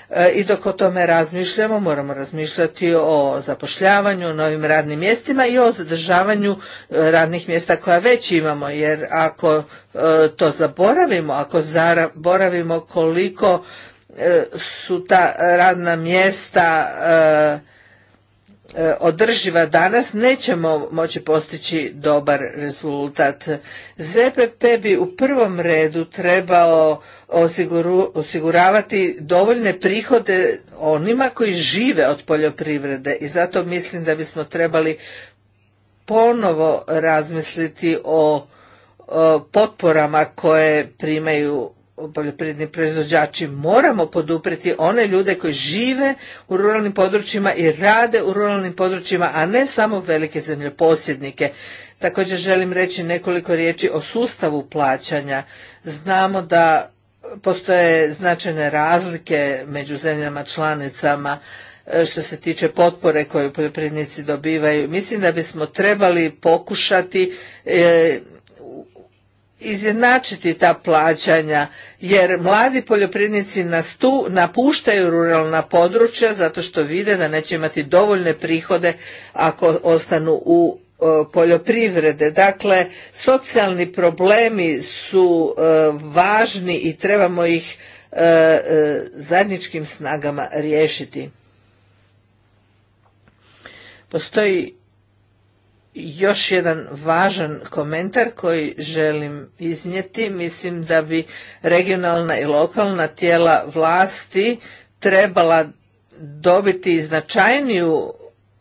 E, I dok o tome razmišljamo, moramo razmišljati o zapošljavanju, novim radnim mjestima i o zadržavanju e, radnih mjesta koja već imamo, jer ako e, to zaboravimo, ako zaboravimo koliko su ta radna mjesta E, održiva danas, nećemo moći postići dobar rezultat. ZPP bi u prvom redu trebao osiguravati dovoljne prihode onima koji žive od poljoprivrede i zato mislim da bismo trebali ponovo razmisliti o potporama koje primaju poljoprivredni proizvođači moramo poduprijeti one ljude koji žive u ruralnim područjima i rade u ruralnim područjima, a ne samo velike posjednike. Također želim reći nekoliko riječi o sustavu plaćanja. Znamo da postoje značajne razlike među zemljama članicama e, što se tiče potpore koju poljoprivrednici dobivaju. Mislim da bismo trebali pokušati e, izjednačiti ta plaćanja jer mladi poljoprivrednici napuštaju ruralna područja zato što vide da neće imati dovoljne prihode ako ostanu u e, poljoprivrede. Dakle, socijalni problemi su e, važni i trebamo ih e, zajedničkim snagama riješiti. Postoji još jedan važan komentar koji želim iznijeti. Mislim da bi regionalna i lokalna tijela vlasti trebala dobiti značajniju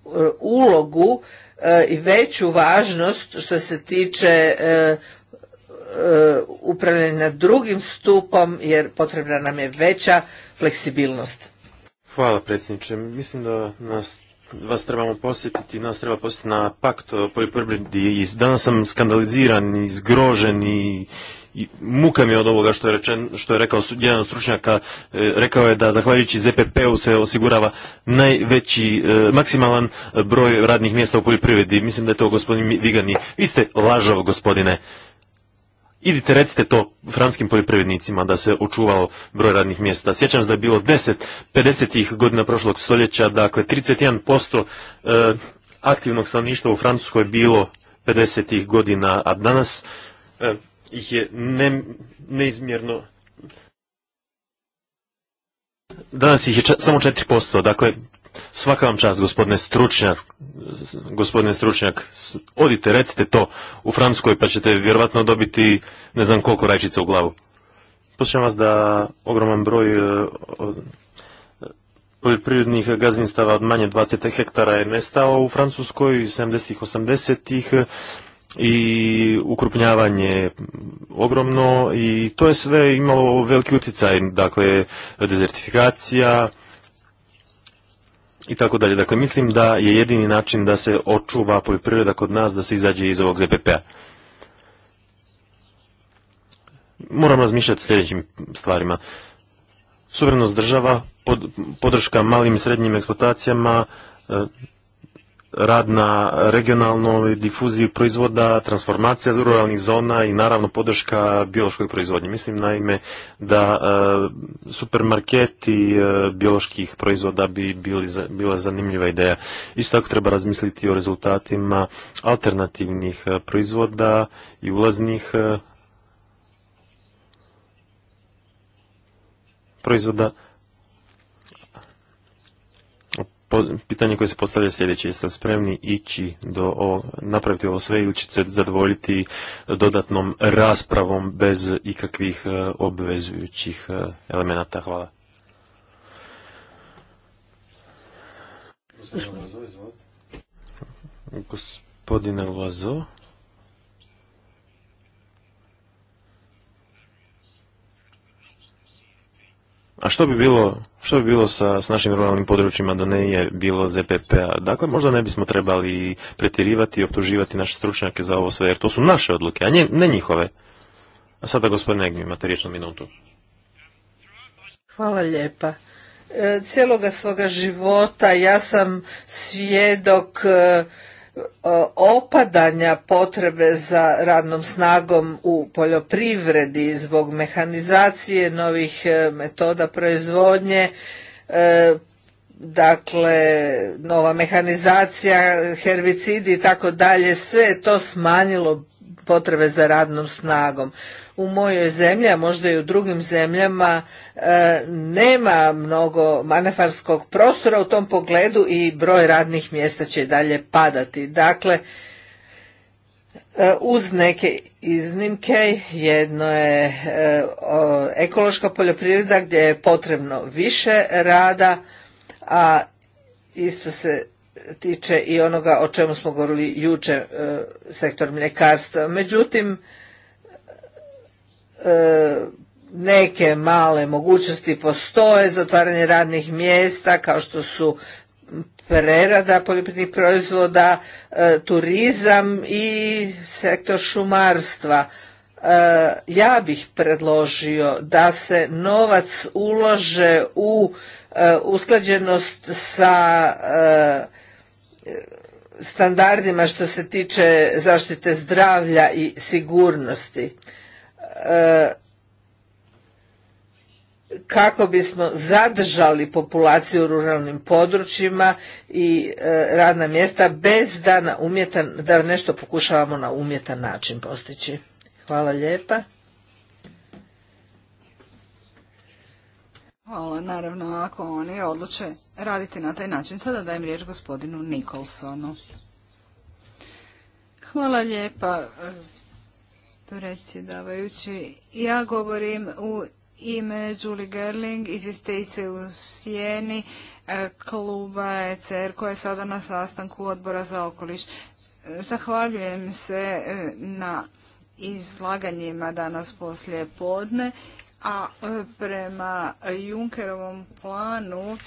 e, ulogu e, i veću važnost što se tiče e, upravljanja drugim stupom jer potrebna nam je veća fleksibilnost. Hvala predsjedniče. Mislim da nas vas trebamo posjetiti, nas treba posjetiti na pakt o poljoprivredi i danas sam skandaliziran i zgrožen i, muka mi je od ovoga što je, što je rekao jedan od stručnjaka, e, rekao je da zahvaljujući ZPP-u se osigurava najveći, e, maksimalan broj radnih mjesta u poljoprivredi. Mislim da je to gospodin Vigani. Vi ste lažao gospodine idite recite to franskim poljoprivrednicima da se očuvao broj radnih mjesta. Sjećam se da je bilo 10, 50 godina prošlog stoljeća, dakle 31% e, aktivnog stanovništva u Francuskoj je bilo 50 godina, a danas e, ih je neizmjerno Danas ih je samo 4%, dakle Svaka vam čast, gospodine stručnjak, gospodine stručnjak, odite, recite to u Francuskoj, pa ćete vjerovatno dobiti ne znam koliko rajčica u glavu. Poslijem vas da ogroman broj e, e, poljoprivrednih gazdinstava od manje 20 hektara je nestao u Francuskoj, 70-ih, 80-ih e, i ukrupnjavanje ogromno i to je sve imalo veliki utjecaj, dakle dezertifikacija, i tako dalje. Dakle, mislim da je jedini način da se očuva poljoprivreda kod nas, da se izađe iz ovog ZPP-a. Moram razmišljati o sljedećim stvarima. Suverenost država, podrška malim i srednjim eksploatacijama, e, rad na regionalnoj difuziji proizvoda, transformacija ruralnih zona i naravno podrška biološkoj proizvodnji. Mislim naime da e, supermarketi e, bioloških proizvoda bi bili, bila zanimljiva ideja. Isto tako treba razmisliti o rezultatima alternativnih e, proizvoda i ulaznih proizvoda pitanje koje se postavlja sljedeće, jeste li spremni ići do o, napraviti ovo sve ili ćete se zadovoljiti dodatnom raspravom bez ikakvih e, obvezujućih e, elemenata? Hvala. Gospodine Lazo. A što bi bilo što bi bilo sa, s našim ruralnim područjima da ne je bilo ZPP-a? Dakle, možda ne bismo trebali pretjerivati i optuživati naše stručnjake za ovo sve, jer to su naše odluke, a ne njihove. A sada, gospodine Egmi, imate riječ na minutu. Hvala lijepa e, cijeloga svoga života ja sam svjedok e, E, opadanja potrebe za radnom snagom u poljoprivredi zbog mehanizacije novih e, metoda proizvodnje e, dakle nova mehanizacija herbicidi i tako dalje sve je to smanjilo potrebe za radnom snagom u mojoj zemlji, a možda i u drugim zemljama, e, nema mnogo manefarskog prostora u tom pogledu i broj radnih mjesta će dalje padati. Dakle, e, uz neke iznimke jedno je e, ekološka poljoprivreda gdje je potrebno više rada, a isto se tiče i onoga o čemu smo govorili juče sektor mljekarstva. Međutim, E, neke male mogućnosti postoje za otvaranje radnih mjesta kao što su prerada poljoprivrednih proizvoda, e, turizam i sektor šumarstva. E, ja bih predložio da se novac ulože u usklađenost sa standardima što se tiče zaštite zdravlja i sigurnosti. E, kako bismo zadržali populaciju u ruralnim područjima i e, radna mjesta bez da, na umjetan, da nešto pokušavamo na umjetan način postići. Hvala lijepa. Hvala, naravno, ako oni odluče raditi na taj način. Sada dajem riječ gospodinu Nikolsonu. Hvala lijepa, predsjedavajući. Ja govorim u ime Julie Gerling, Istejice u Sjeni, e, kluba ECR koja je sada na sastanku odbora za okoliš. E, zahvaljujem se e, na izlaganjima danas poslije podne, a prema Junkerovom planu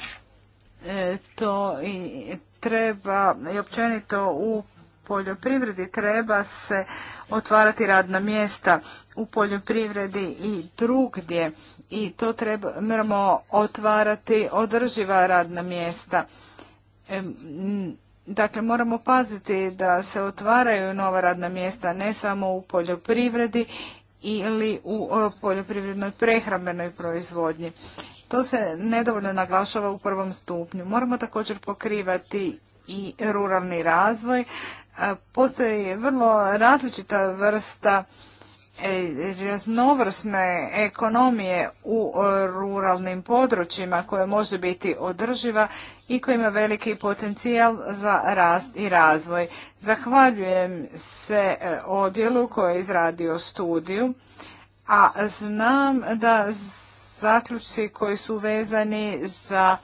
to i treba i općenito u poljoprivredi treba se otvarati radna mjesta u poljoprivredi i drugdje i to treba, moramo otvarati održiva radna mjesta. Dakle, moramo paziti da se otvaraju nova radna mjesta ne samo u poljoprivredi ili u poljoprivrednoj prehrambenoj proizvodnji. To se nedovoljno naglašava u prvom stupnju. Moramo također pokrivati i ruralni razvoj. E, postoje vrlo različita vrsta e, raznovrsne ekonomije u e, ruralnim područjima koja može biti održiva i koja ima veliki potencijal za rast i razvoj. Zahvaljujem se odjelu koji je izradio studiju, a znam da zaključci koji su vezani za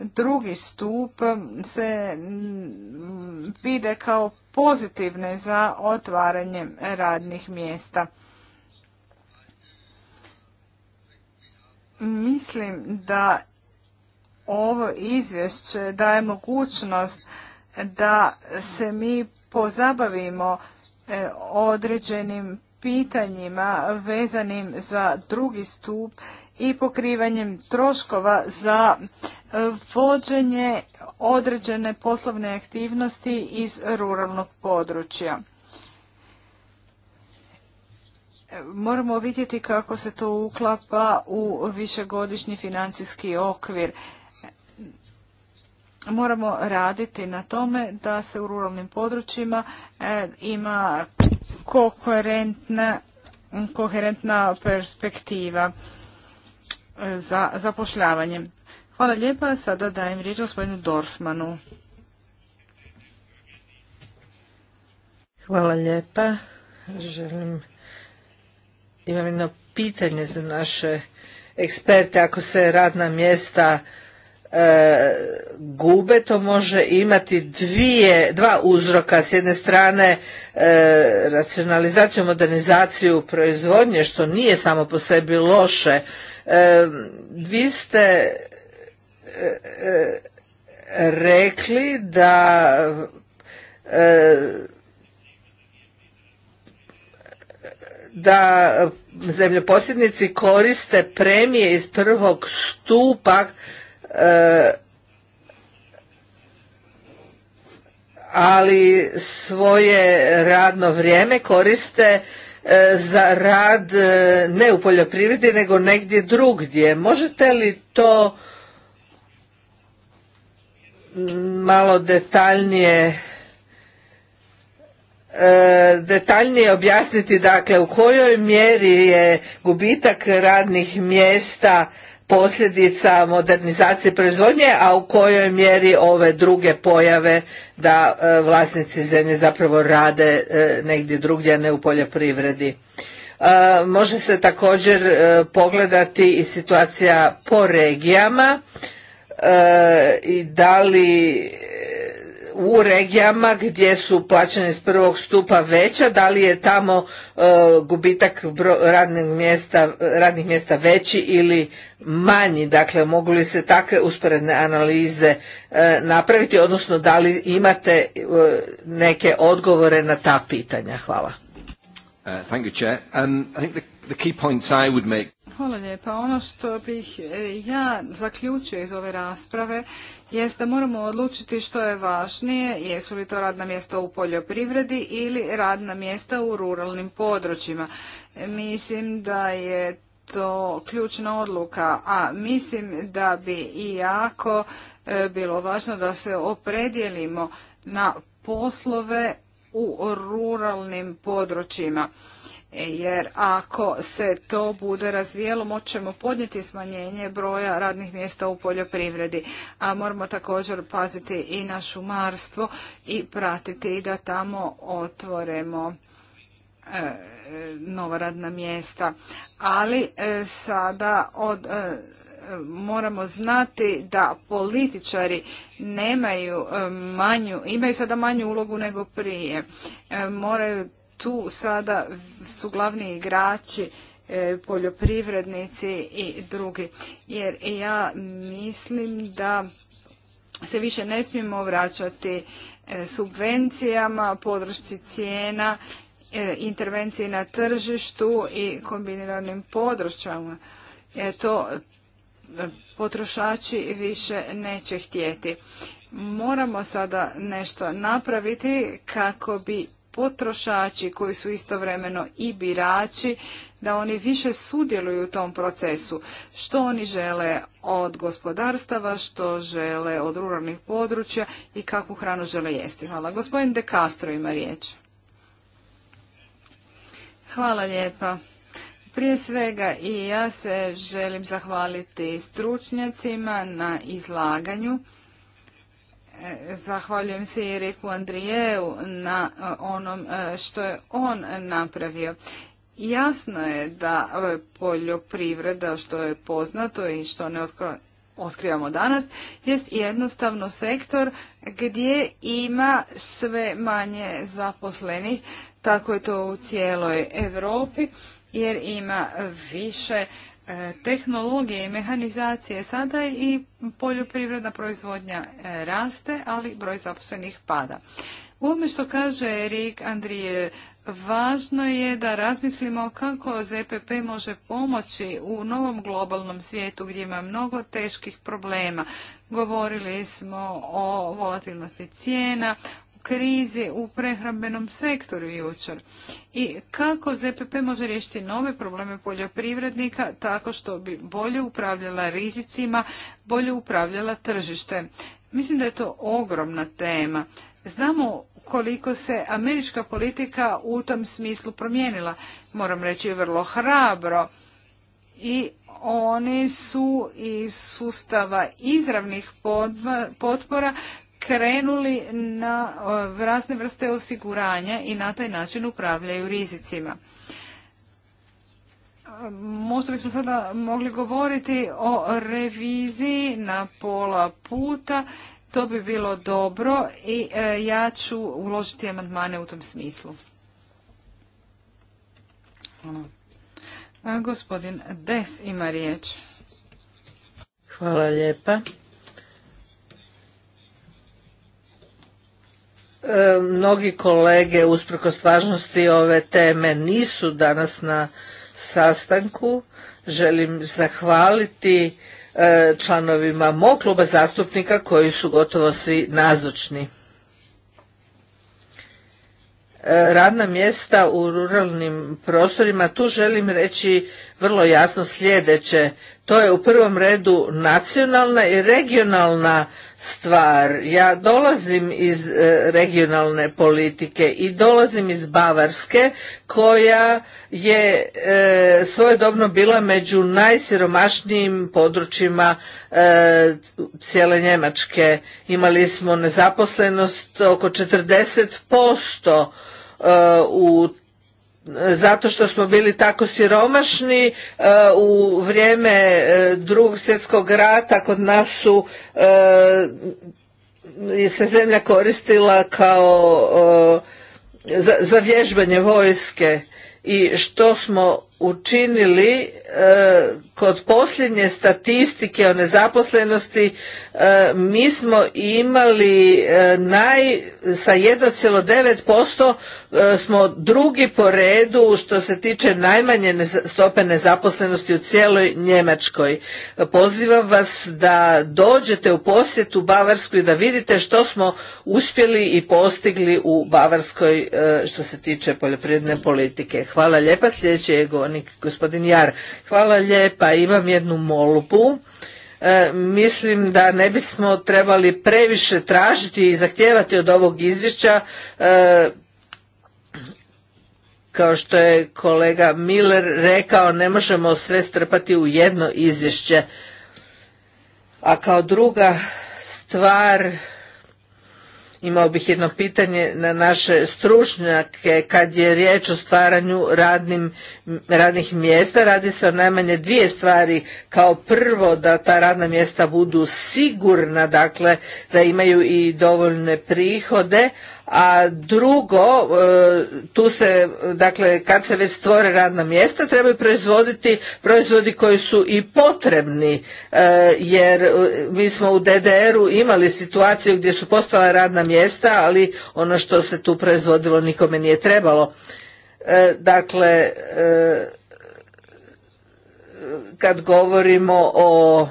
drugi stup se mm, vide kao pozitivne za otvaranje radnih mjesta. Mislim da ovo izvješće daje mogućnost da se mi pozabavimo e, određenim pitanjima vezanim za drugi stup i pokrivanjem troškova za e, vođenje određene poslovne aktivnosti iz ruralnog područja. Moramo vidjeti kako se to uklapa u višegodišnji financijski okvir. Moramo raditi na tome da se u ruralnim područjima e, ima koherentna, perspektiva e, za zapošljavanje. Hvala lijepa. Sada dajem riječ gospodinu Dorfmanu. Hvala lijepa. Želim imam jedno pitanje za naše eksperte. Ako se radna mjesta E, gube, to može imati dvije, dva uzroka. S jedne strane e, racionalizaciju, modernizaciju proizvodnje, što nije samo po sebi loše. E, vi ste rekli da da zemljoposjednici koriste premije iz prvog stupa ali svoje radno vrijeme koriste e, za rad e, ne u poljoprivredi nego negdje drugdje. Možete li to malo detaljnije e, detaljnije objasniti dakle u kojoj mjeri je gubitak radnih mjesta posljedica modernizacije proizvodnje, a u kojoj mjeri ove druge pojave da e, vlasnici zemlje zapravo rade e, negdje drugdje, a ne u poljoprivredi. E, može se također pogledati i situacija po regijama i da li u regijama gdje su plaćanja iz prvog stupa veća, da li je tamo e, gubitak radnih mjesta, radnih mjesta veći ili manji, dakle mogu li se takve usporedne analize e, napraviti, odnosno da li imate e, neke odgovore na ta pitanja? Hvala. thank Hvala lijepa. Ono što bih e, ja zaključio iz ove rasprave jest da moramo odlučiti što je važnije, jesu li to radna mjesta u poljoprivredi ili radna mjesta u ruralnim područjima. E, mislim da je to ključna odluka, a mislim da bi i jako e, bilo važno da se opredijelimo na poslove u ruralnim područjima. E, jer ako se to bude razvijelo moćemo podnijeti smanjenje broja radnih mjesta u poljoprivredi, a moramo također paziti i na šumarstvo i pratiti da tamo otvoremo e, nova radna mjesta. Ali e, sada od moramo znati da političari nemaju manju, imaju sada manju ulogu nego prije. Moraju tu sada su glavni igrači e, poljoprivrednici i drugi. Jer ja mislim da se više ne smijemo vraćati e, subvencijama, podršci cijena, e, intervenciji na tržištu i kombiniranim područjama. To potrošači više neće htjeti. Moramo sada nešto napraviti kako bi potrošači koji su istovremeno i birači, da oni više sudjeluju u tom procesu. Što oni žele od gospodarstava, što žele od ruralnih područja i kakvu hranu žele jesti. Hvala. Gospodin De Castro ima riječ. Hvala lijepa. Prije svega i ja se želim zahvaliti stručnjacima na izlaganju. Zahvaljujem se i Riku Andrijevu na e, onom e, što je on napravio. Jasno je da e, poljoprivreda, što je poznato i što ne otkrivamo danas, jest jednostavno sektor gdje ima sve manje zaposlenih, tako je to u cijeloj Europi, jer ima više E, tehnologije i mehanizacije sada i poljoprivredna proizvodnja e, raste, ali broj zaposlenih pada. U ovome što kaže Erik Andrije, važno je da razmislimo kako ZPP može pomoći u novom globalnom svijetu gdje ima mnogo teških problema. Govorili smo o volatilnosti cijena, krizi u prehrambenom sektoru jučer. I kako ZPP može riješiti nove probleme poljoprivrednika tako što bi bolje upravljala rizicima, bolje upravljala tržištem. Mislim da je to ogromna tema. Znamo koliko se američka politika u tom smislu promijenila. Moram reći vrlo hrabro. I oni su iz sustava izravnih potpora krenuli na razne vrste osiguranja i na taj način upravljaju rizicima. Možda bismo sada mogli govoriti o reviziji na pola puta. To bi bilo dobro i e, ja ću uložiti amandmane u tom smislu. E, gospodin Des ima riječ. Hvala lijepa. E, mnogi kolege usprkos važnosti ove teme nisu danas na sastanku. Želim zahvaliti e, članovima mog kluba zastupnika koji su gotovo svi nazočni. E, radna mjesta u ruralnim prostorima, tu želim reći vrlo jasno sljedeće. To je u prvom redu nacionalna i regionalna stvar. Ja dolazim iz e, regionalne politike i dolazim iz Bavarske koja je e, svojedobno bila među najsiromašnijim područjima e, cijele Njemačke. Imali smo nezaposlenost oko 40% u zato što smo bili tako siromašni e, u vrijeme e, drugog svjetskog rata kod nas su e, se zemlja koristila kao za, za vježbanje vojske i što smo učinili e, kod posljednje statistike o nezaposlenosti e, mi smo imali e, naj sa 1,9% smo drugi po redu što se tiče najmanje stope nezaposlenosti u cijeloj Njemačkoj. Pozivam vas da dođete u u Bavarsku i da vidite što smo uspjeli i postigli u Bavarskoj što se tiče poljoprivredne politike. Hvala lijepa. Sljedeći je govor gospodin Jar. Hvala lijepa, imam jednu molupu. E, mislim da ne bismo trebali previše tražiti i zahtijevati od ovog izvješća e, kao što je kolega Miller rekao, ne možemo sve strpati u jedno izvješće. A kao druga stvar, Imao bih jedno pitanje na naše stručnjake kad je riječ o stvaranju radnih mjesta. Radi se o najmanje dvije stvari. Kao prvo da ta radna mjesta budu sigurna, dakle da imaju i dovoljne prihode, a drugo, e, tu se, dakle, kad se već stvore radna mjesta, trebaju proizvoditi proizvodi koji su i potrebni, e, jer e, mi smo u DDR-u imali situaciju gdje su postala radna mjesta, ali ono što se tu proizvodilo nikome nije trebalo. Dakle, kad govorimo o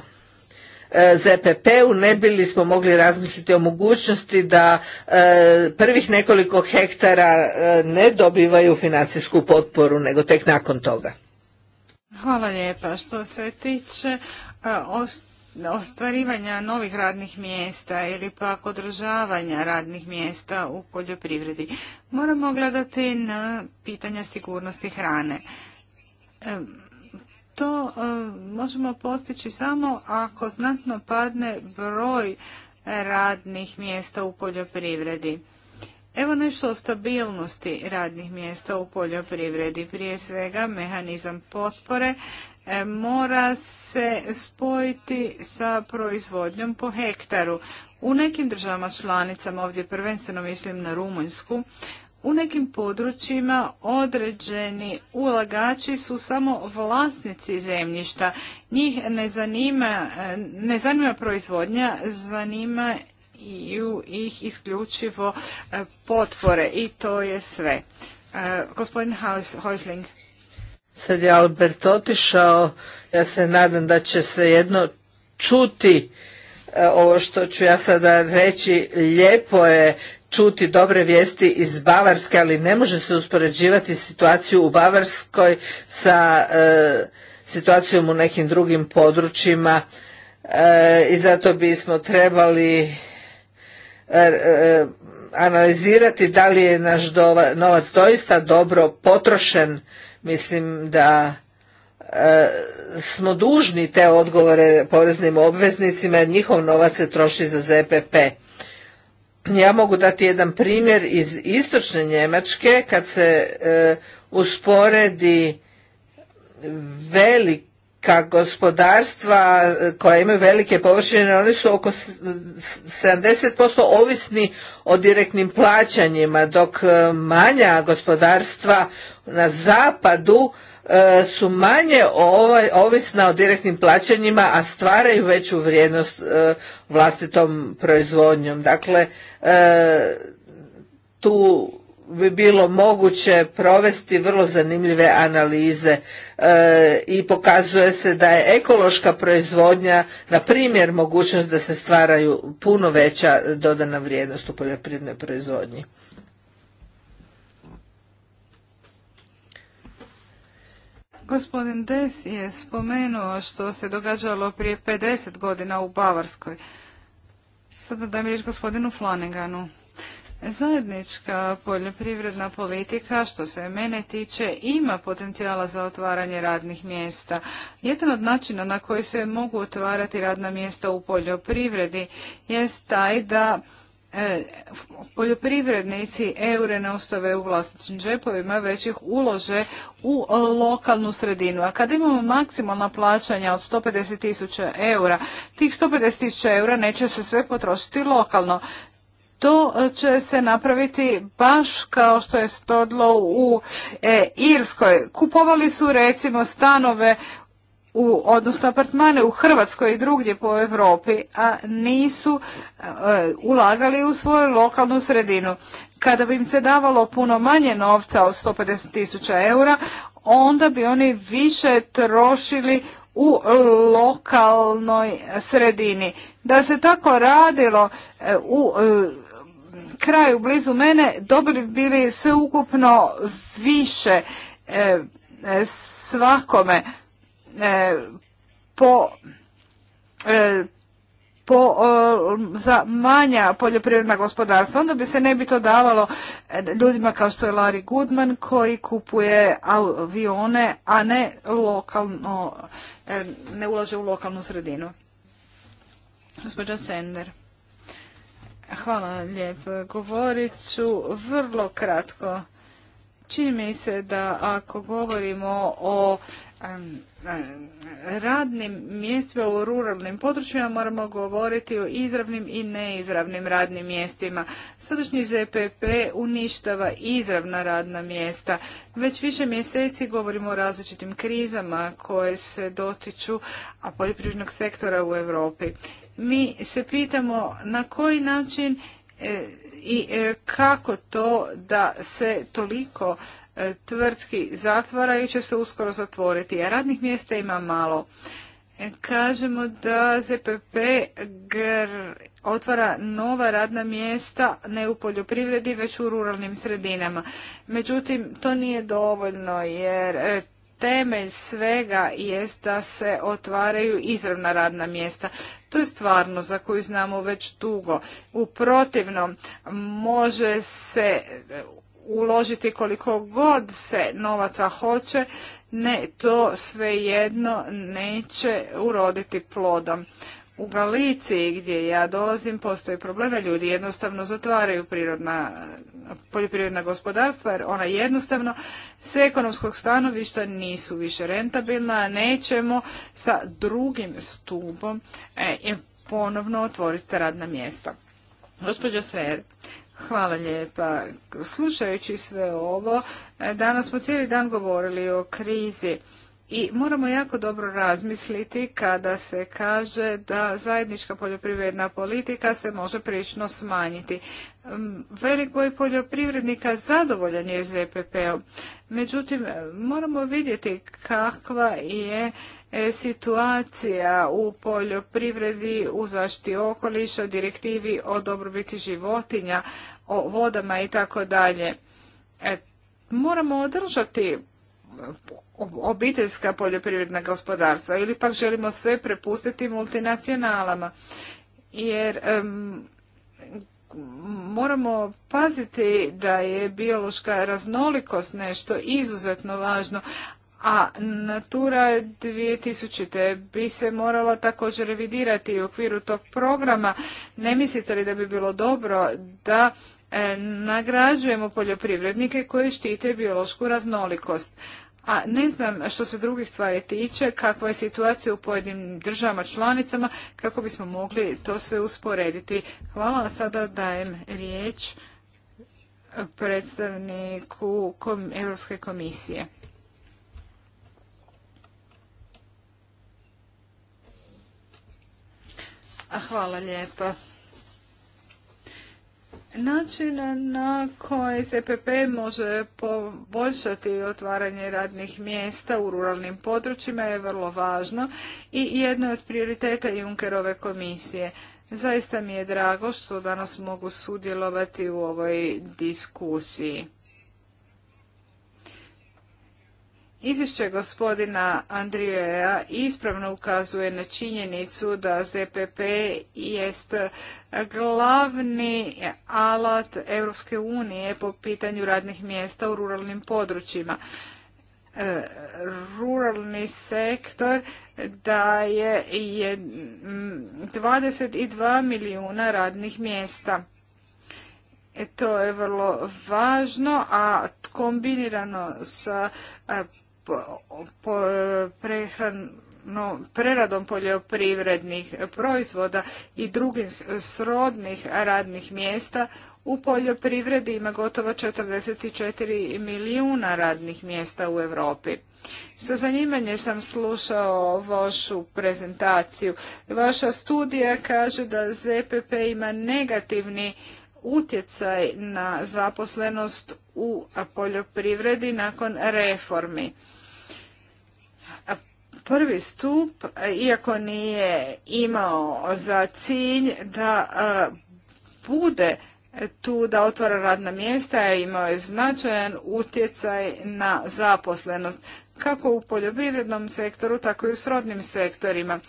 E, ZPP-u ne bili smo mogli razmisliti o mogućnosti da e, prvih nekoliko hektara e, ne dobivaju financijsku potporu nego tek nakon toga. Hvala lijepa. Što se tiče ostvarivanja novih radnih mjesta ili pak održavanja radnih mjesta u poljoprivredi, moramo gledati na pitanja sigurnosti hrane to e, možemo postići samo ako znatno padne broj radnih mjesta u poljoprivredi. Evo nešto o stabilnosti radnih mjesta u poljoprivredi. Prije svega mehanizam potpore e, mora se spojiti sa proizvodnjom po hektaru. U nekim državama članicama, ovdje prvenstveno mislim na Rumunjsku, u nekim područjima određeni ulagači su samo vlasnici zemljišta. Njih ne zanima, ne zanima proizvodnja, zanima ih isključivo e, potpore i to je sve. E, gospodin Häusling. Sad je Albert otišao, ja se nadam da će se jedno čuti e, ovo što ću ja sada reći lijepo je čuti dobre vijesti iz Bavarske, ali ne može se uspoređivati situaciju u Bavarskoj sa e, situacijom u nekim drugim područjima e, i zato bismo trebali e, analizirati da li je naš novac doista dobro potrošen. Mislim da smo dužni te odgovore poreznim obveznicima jer njihov novac se troši za ZPP ja mogu dati jedan primjer iz istočne Njemačke kad se e, usporedi velika gospodarstva e, koja imaju velike površine, oni su oko 70% ovisni o direktnim plaćanjima, dok e, manja gospodarstva na zapadu E, su manje ovaj, ovisna o direktnim plaćanjima, a stvaraju veću vrijednost e, vlastitom proizvodnjom. Dakle, e, tu bi bilo moguće provesti vrlo zanimljive analize i pokazuje se da je ekološka proizvodnja na primjer mogućnost da se stvaraju puno veća dodana vrijednost u poljoprivrednoj proizvodnji. Gospodin Des je spomenuo što se događalo prije 50 godina u Bavarskoj. Sada dajem riječ gospodinu Flaneganu. Zajednička poljoprivredna politika, što se mene tiče, ima potencijala za otvaranje radnih mjesta. Jedan od načina na koji se mogu otvarati radna mjesta u poljoprivredi jest taj da E, poljoprivrednici eure ne ostave u vlastitim džepovima, već ih ulože u lokalnu sredinu. A kad imamo maksimalna plaćanja od 150 tisuća eura, tih 150 tisuća eura neće se sve potrošiti lokalno. To e, će se napraviti baš kao što je stodlo u e, Irskoj. Kupovali su recimo stanove u, odnosno apartmane u Hrvatskoj i drugdje po Europi, a nisu e, ulagali u svoju lokalnu sredinu. Kada bi im se davalo puno manje novca od 150 tisuća eura, onda bi oni više trošili u lokalnoj sredini. Da se tako radilo e, u e, kraju blizu mene, dobili bili sveukupno više svakome E, po e, po, za manja poljoprivredna gospodarstva. Onda bi se ne bi to davalo e, ljudima kao što je Larry Goodman koji kupuje avione, a ne lokalno, ne ulaže u lokalnu sredinu. Gospođa Sender. Hvala lijepo. Govorit ću vrlo kratko. Čini mi se da ako govorimo o radnim mjestima u ruralnim područjima moramo govoriti o izravnim i neizravnim radnim mjestima. Sadašnji ZPP uništava izravna radna mjesta. Već više mjeseci govorimo o različitim krizama koje se dotiču poljoprivrednog sektora u Europi. Mi se pitamo na koji način e, i e, kako to da se toliko E, tvrtki zatvara i će se uskoro zatvoriti, a radnih mjesta ima malo. E, kažemo da ZPP otvara nova radna mjesta ne u poljoprivredi već u ruralnim sredinama. Međutim, to nije dovoljno jer e, temelj svega jest da se otvaraju izravna radna mjesta. To je stvarno za koju znamo već dugo. U protivnom može se uložiti koliko god se novaca hoće, ne, to svejedno neće uroditi plodom. U Galiciji gdje ja dolazim postoje probleme, ljudi jednostavno zatvaraju prirodna, poljoprivredna gospodarstva jer ona jednostavno s ekonomskog stanovišta nisu više rentabilna, nećemo sa drugim stupom e, ponovno otvoriti radna mjesta. Gospođo Sred, Hvala lijepa. Slušajući sve ovo, e, danas smo cijeli dan govorili o krizi. I moramo jako dobro razmisliti kada se kaže da zajednička poljoprivredna politika se može prilično smanjiti. Mm, velik broj poljoprivrednika zadovoljan je ZPP-om. Međutim, moramo vidjeti kakva je e, situacija u poljoprivredi, u zaštiti okoliša, direktivi o dobrobiti životinja, o vodama i tako dalje. E, moramo održati obiteljska poljoprivredna gospodarstva ili pak želimo sve prepustiti multinacionalama. Jer moramo paziti da je biološka raznolikost nešto izuzetno važno, a Natura 2000 bi se morala također revidirati u okviru tog programa. Ne mislite li da bi bilo dobro da E, nagrađujemo poljoprivrednike koji štite biološku raznolikost. A ne znam što se drugih stvari tiče, kakva je situacija u pojedinim državama članicama, kako bismo mogli to sve usporediti. Hvala, sada dajem riječ predstavniku Europske komisije. Hvala lijepa. Način na koji se PP može poboljšati otvaranje radnih mjesta u ruralnim područjima je vrlo važno i jedno od prioriteta Junkerove komisije. Zaista mi je drago što danas mogu sudjelovati u ovoj diskusiji. Izvješće gospodina Andrijeja ispravno ukazuje na činjenicu da ZPP jest glavni alat Europske unije po pitanju radnih mjesta u ruralnim područjima. E, ruralni sektor daje 22 milijuna radnih mjesta. E, to je vrlo važno, a kombinirano sa preradom poljoprivrednih proizvoda i drugih srodnih radnih mjesta u poljoprivredi ima gotovo 44 milijuna radnih mjesta u Europi. Sa zanimanje sam slušao vašu prezentaciju. Vaša studija kaže da ZPP ima negativni utjecaj na zaposlenost u poljoprivredi nakon reformi. Prvi stup, iako nije imao za cilj da bude tu da otvara radna mjesta, imao je značajan utjecaj na zaposlenost, kako u poljoprivrednom sektoru, tako i u srodnim sektorima.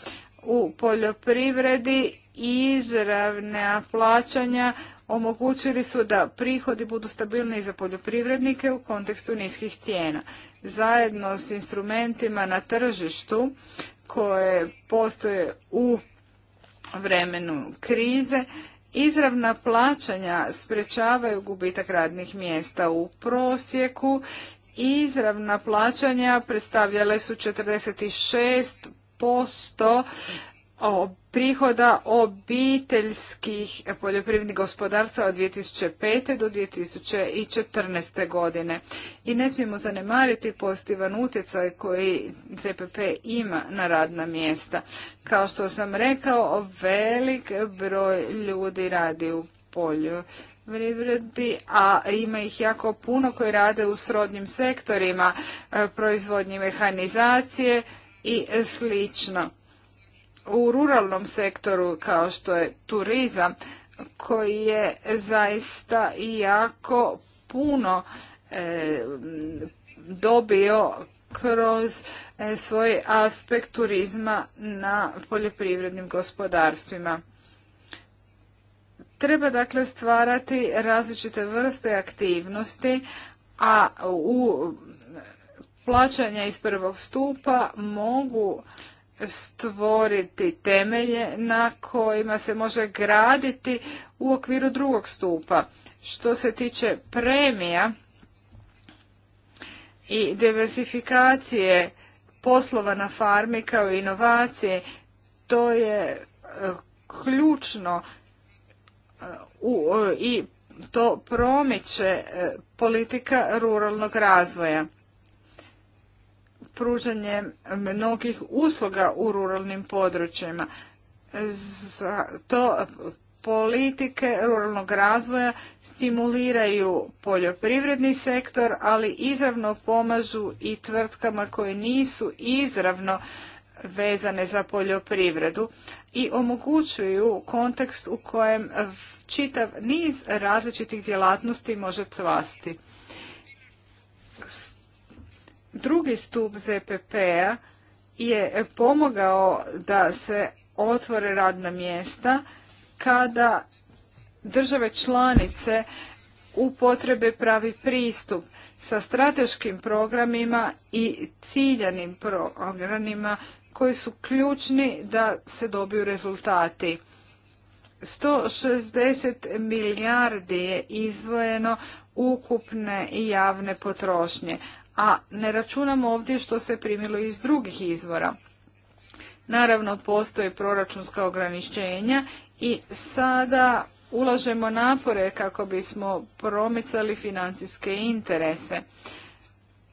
U poljoprivredi izravna plaćanja omogućili su da prihodi budu stabilniji za poljoprivrednike u kontekstu niskih cijena. Zajedno s instrumentima na tržištu koje postoje u vremenu krize, Izravna plaćanja sprečavaju gubitak radnih mjesta u prosjeku. Izravna plaćanja predstavljale su 46% prihoda obiteljskih poljoprivrednih gospodarstva od 2005. do 2014. godine. I ne smijemo zanemariti pozitivan utjecaj koji CPP ima na radna mjesta. Kao što sam rekao, velik broj ljudi radi u polju a ima ih jako puno koji rade u srodnim sektorima, e, proizvodnji mehanizacije i slično u ruralnom sektoru kao što je turizam koji je zaista jako puno e, dobio kroz e, svoj aspekt turizma na poljoprivrednim gospodarstvima. Treba dakle stvarati različite vrste aktivnosti, a u plaćanja iz prvog stupa mogu stvoriti temelje na kojima se može graditi u okviru drugog stupa. Što se tiče premija i diversifikacije poslova na farmi kao i inovacije, to je e, ključno e, i to promiče e, politika ruralnog razvoja pružanjem mnogih usluga u ruralnim područjima. to politike ruralnog razvoja stimuliraju poljoprivredni sektor, ali izravno pomažu i tvrtkama koje nisu izravno vezane za poljoprivredu i omogućuju kontekst u kojem čitav niz različitih djelatnosti može cvasti drugi stup ZPP-a je pomogao da se otvore radna mjesta kada države članice upotrebe pravi pristup sa strateškim programima i ciljanim programima koji su ključni da se dobiju rezultati. 160 milijardi je izvojeno ukupne i javne potrošnje, a ne računamo ovdje što se primilo iz drugih izvora. Naravno, postoje proračunska ograničenja i sada ulažemo napore kako bismo promicali financijske interese,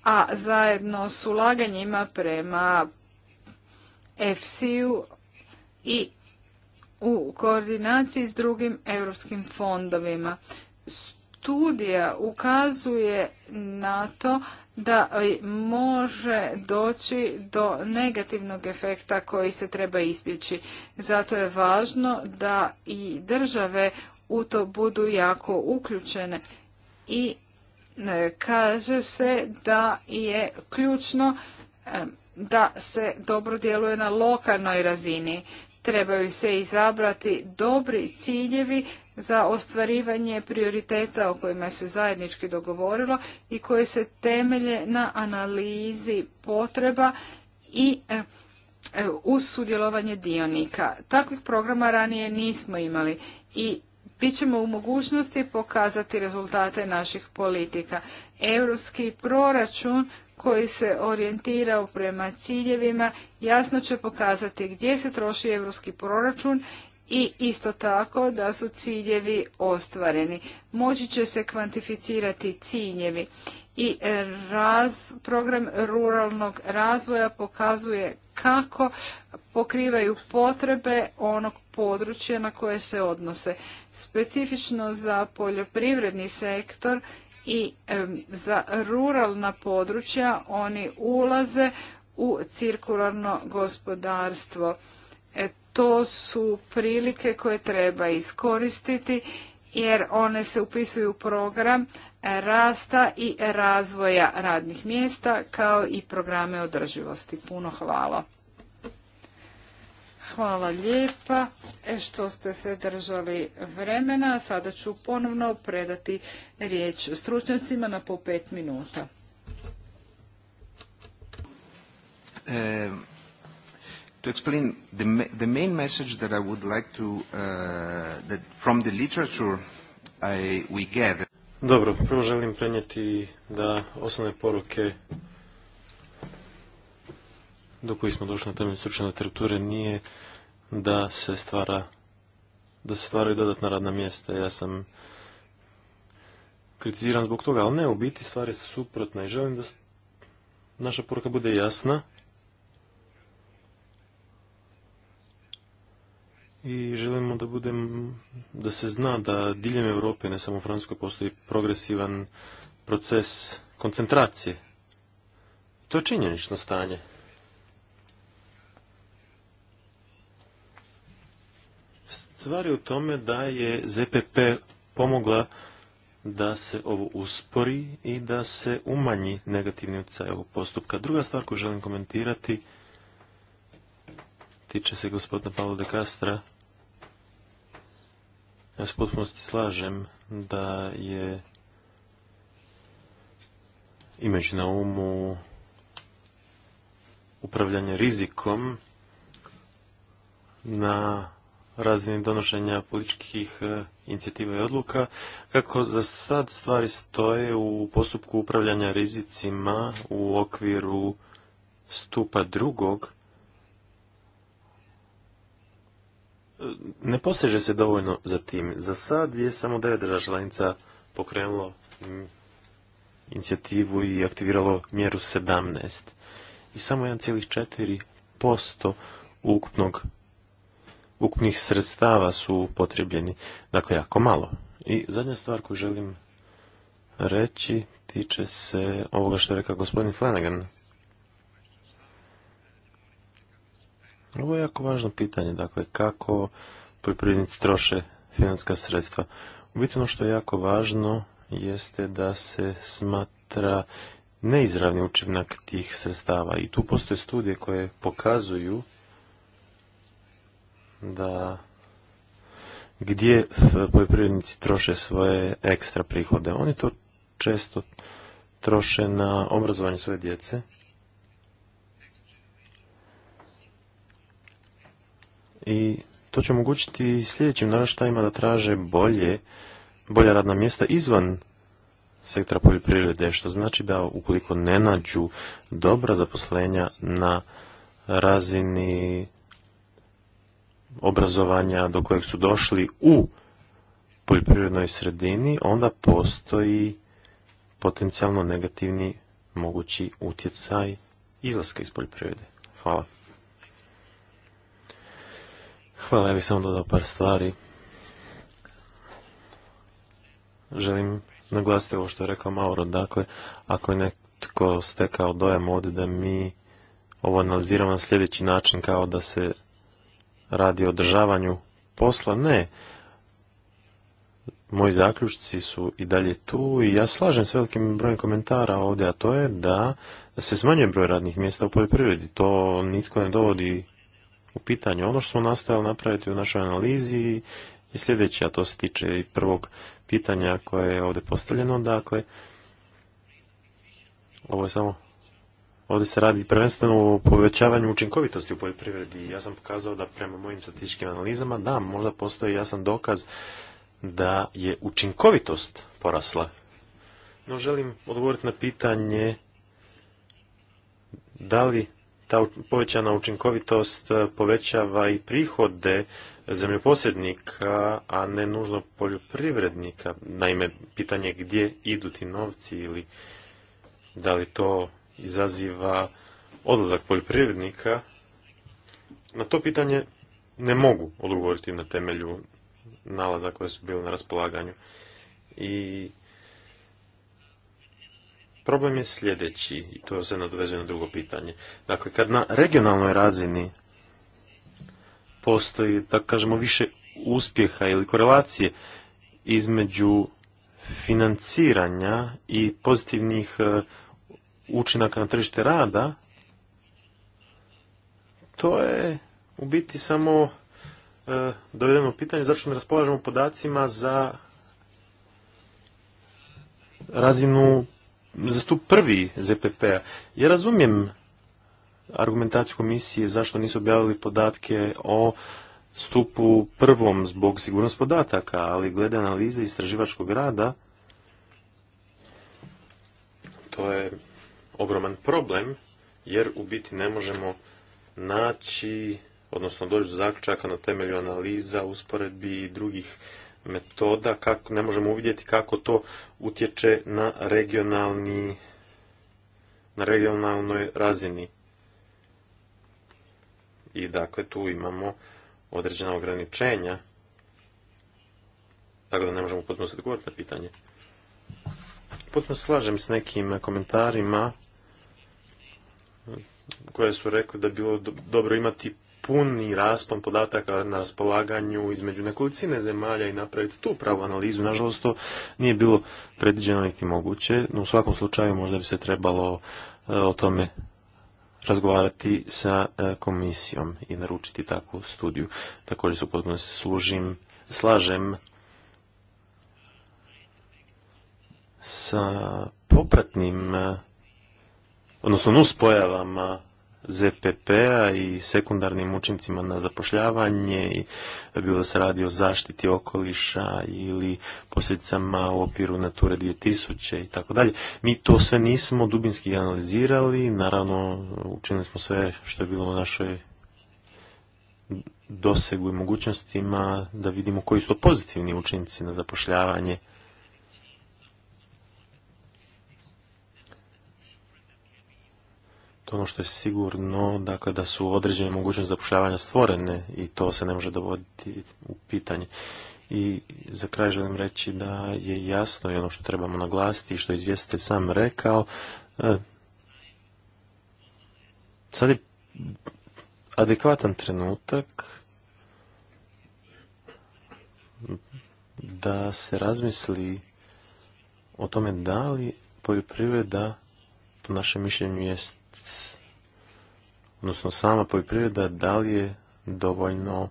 a zajedno s ulaganjima prema EFSI-u i u koordinaciji s drugim europskim fondovima. Studija ukazuje na to da e, može doći do negativnog efekta koji se treba ispjeći. Zato je važno da i države u to budu jako uključene i e, kaže se da je ključno e, da se dobro djeluje na lokalnoj razini trebaju se izabrati dobri ciljevi za ostvarivanje prioriteta o kojima se zajednički dogovorilo i koje se temelje na analizi potreba i e, e, uz sudjelovanje dionika. Takvih programa ranije nismo imali i bit ćemo u mogućnosti pokazati rezultate naših politika. Europski proračun koji se orijentirao prema ciljevima jasno će pokazati gdje se troši europski proračun i isto tako da su ciljevi ostvareni. Moći će se kvantificirati ciljevi i raz, program ruralnog razvoja pokazuje kako pokrivaju potrebe onog područja na koje se odnose. Specifično za poljoprivredni sektor i za ruralna područja oni ulaze u cirkularno gospodarstvo. E, to su prilike koje treba iskoristiti jer one se upisuju u program rasta i razvoja radnih mjesta kao i programe održivosti. Puno hvala. Hvala lijepa e, što ste se držali vremena. Sada ću ponovno predati riječ stručnjacima na po pet minuta. Eh, to explain the, the main message that I would like to uh, that from the literature I, we gather. Dobro, prvo želim prenijeti da osnovne poruke do koji smo došli na temelju stručne literature nije da se stvara da se stvaraju dodatna radna mjesta. Ja sam kritiziran zbog toga, ali ne, u biti stvari su suprotne i želim da naša poruka bude jasna i želimo da budem, da se zna da diljem Europe, ne samo u Francuskoj, postoji progresivan proces koncentracije. To je činjenično stanje. Stvar je u tome da je ZPP pomogla da se ovo uspori i da se umanji negativni utjecaj ovog postupka. Druga stvar koju želim komentirati tiče se gospodina Pavla de Castra. Ja se potpunosti slažem da je imajući na umu upravljanje rizikom na razini donošenja političkih e, inicijativa i odluka. Kako za sad stvari stoje u postupku upravljanja rizicima u okviru stupa drugog, e, ne poseže se dovoljno za tim. Za sad je samo devet država članica pokrenulo inicijativu i aktiviralo mjeru 17. I samo 1,4% ukupnog ukupnih sredstava su upotrebljeni. Dakle, jako malo. I zadnja stvar koju želim reći tiče se ovoga što je rekao gospodin Flanagan. Ovo je jako važno pitanje, dakle, kako poljoprivrednici troše financijska sredstva. U biti ono što je jako važno jeste da se smatra neizravni učinak tih sredstava. I tu postoje studije koje pokazuju da gdje poljoprivrednici troše svoje ekstra prihode. Oni to često troše na obrazovanje svoje djece. I to će omogućiti sljedećim naraštajima da traže bolje, bolja radna mjesta izvan sektora poljoprivrede, što znači da ukoliko ne nađu dobra zaposlenja na razini obrazovanja do kojeg su došli u poljoprivrednoj sredini, onda postoji potencijalno negativni mogući utjecaj izlaska iz poljoprivrede. Hvala. Hvala, ja bih samo dodao par stvari. Želim naglasiti ovo što je rekao Mauro. Dakle, ako je netko stekao dojam ovdje da mi ovo analiziramo na sljedeći način kao da se radi o održavanju posla, ne. Moji zaključci su i dalje tu i ja slažem s velikim brojem komentara ovdje, a to je da se smanjuje broj radnih mjesta u poljoprivredi. To nitko ne dovodi u pitanje. Ono što smo nastojali napraviti u našoj analizi je sljedeće, a to se tiče i prvog pitanja koje je ovdje postavljeno. Dakle, ovo je samo Ovdje se radi prvenstveno o povećavanju učinkovitosti u poljoprivredi. Ja sam pokazao da prema mojim statističkim analizama, da, možda postoji jasan dokaz da je učinkovitost porasla. No želim odgovoriti na pitanje da li ta povećana učinkovitost e, povećava i prihode zemljoposjednika, a ne nužno poljoprivrednika. Naime, pitanje gdje idu ti novci ili da li to izaziva odlazak poljoprivrednika, na to pitanje ne mogu odgovoriti na temelju nalaza koje su bile na raspolaganju. I problem je sljedeći, i to se nadovezuje na drugo pitanje. Dakle, kad na regionalnoj razini postoji, da kažemo, više uspjeha ili korelacije između financiranja i pozitivnih e, učinaka na tržište rada, to je u biti samo e, dovedeno pitanje zašto ne raspolažemo podacima za razinu za stup prvi ZPP-a. Ja razumijem argumentaciju komisije zašto nisu objavili podatke o stupu prvom zbog sigurnost podataka, ali glede analize istraživačkog rada, to je ogroman problem, jer u biti ne možemo naći, odnosno doći do zaključaka na temelju analiza, usporedbi i drugih metoda, kako, ne možemo uvidjeti kako to utječe na regionalni na regionalnoj razini. I dakle tu imamo određena ograničenja. Tako da ne možemo potpuno odgovoriti na pitanje. Potpuno slažem s nekim komentarima koje su rekli da bi bilo dobro imati puni raspon podataka na raspolaganju između nekolicine zemalja i napraviti tu pravu analizu. Nažalost, to nije bilo predviđeno niti moguće, no u svakom slučaju možda bi se trebalo e, o tome razgovarati sa e, komisijom i naručiti takvu studiju. Također su potpuno služim, slažem sa popratnim e, odnosno nuspojavama ZPP-a i sekundarnim učincima na zapošljavanje, i bilo se radi o zaštiti okoliša ili posljedicama u opiru Nature 2000 i tako dalje. Mi to sve nismo dubinski analizirali, naravno učinili smo sve što je bilo u našoj dosegu i mogućnostima da vidimo koji su to pozitivni učinci na zapošljavanje to ono što je sigurno, dakle da su određene mogućnosti zapošljavanja stvorene i to se ne može dovoditi u pitanje. I za kraj želim reći da je jasno i ono što trebamo naglasiti i što je izvjestitelj sam rekao, e, sad je adekvatan trenutak da se razmisli o tome da li poljoprivreda po našem mišljenju jest odnosno sama poljoprivreda, da li je dovoljno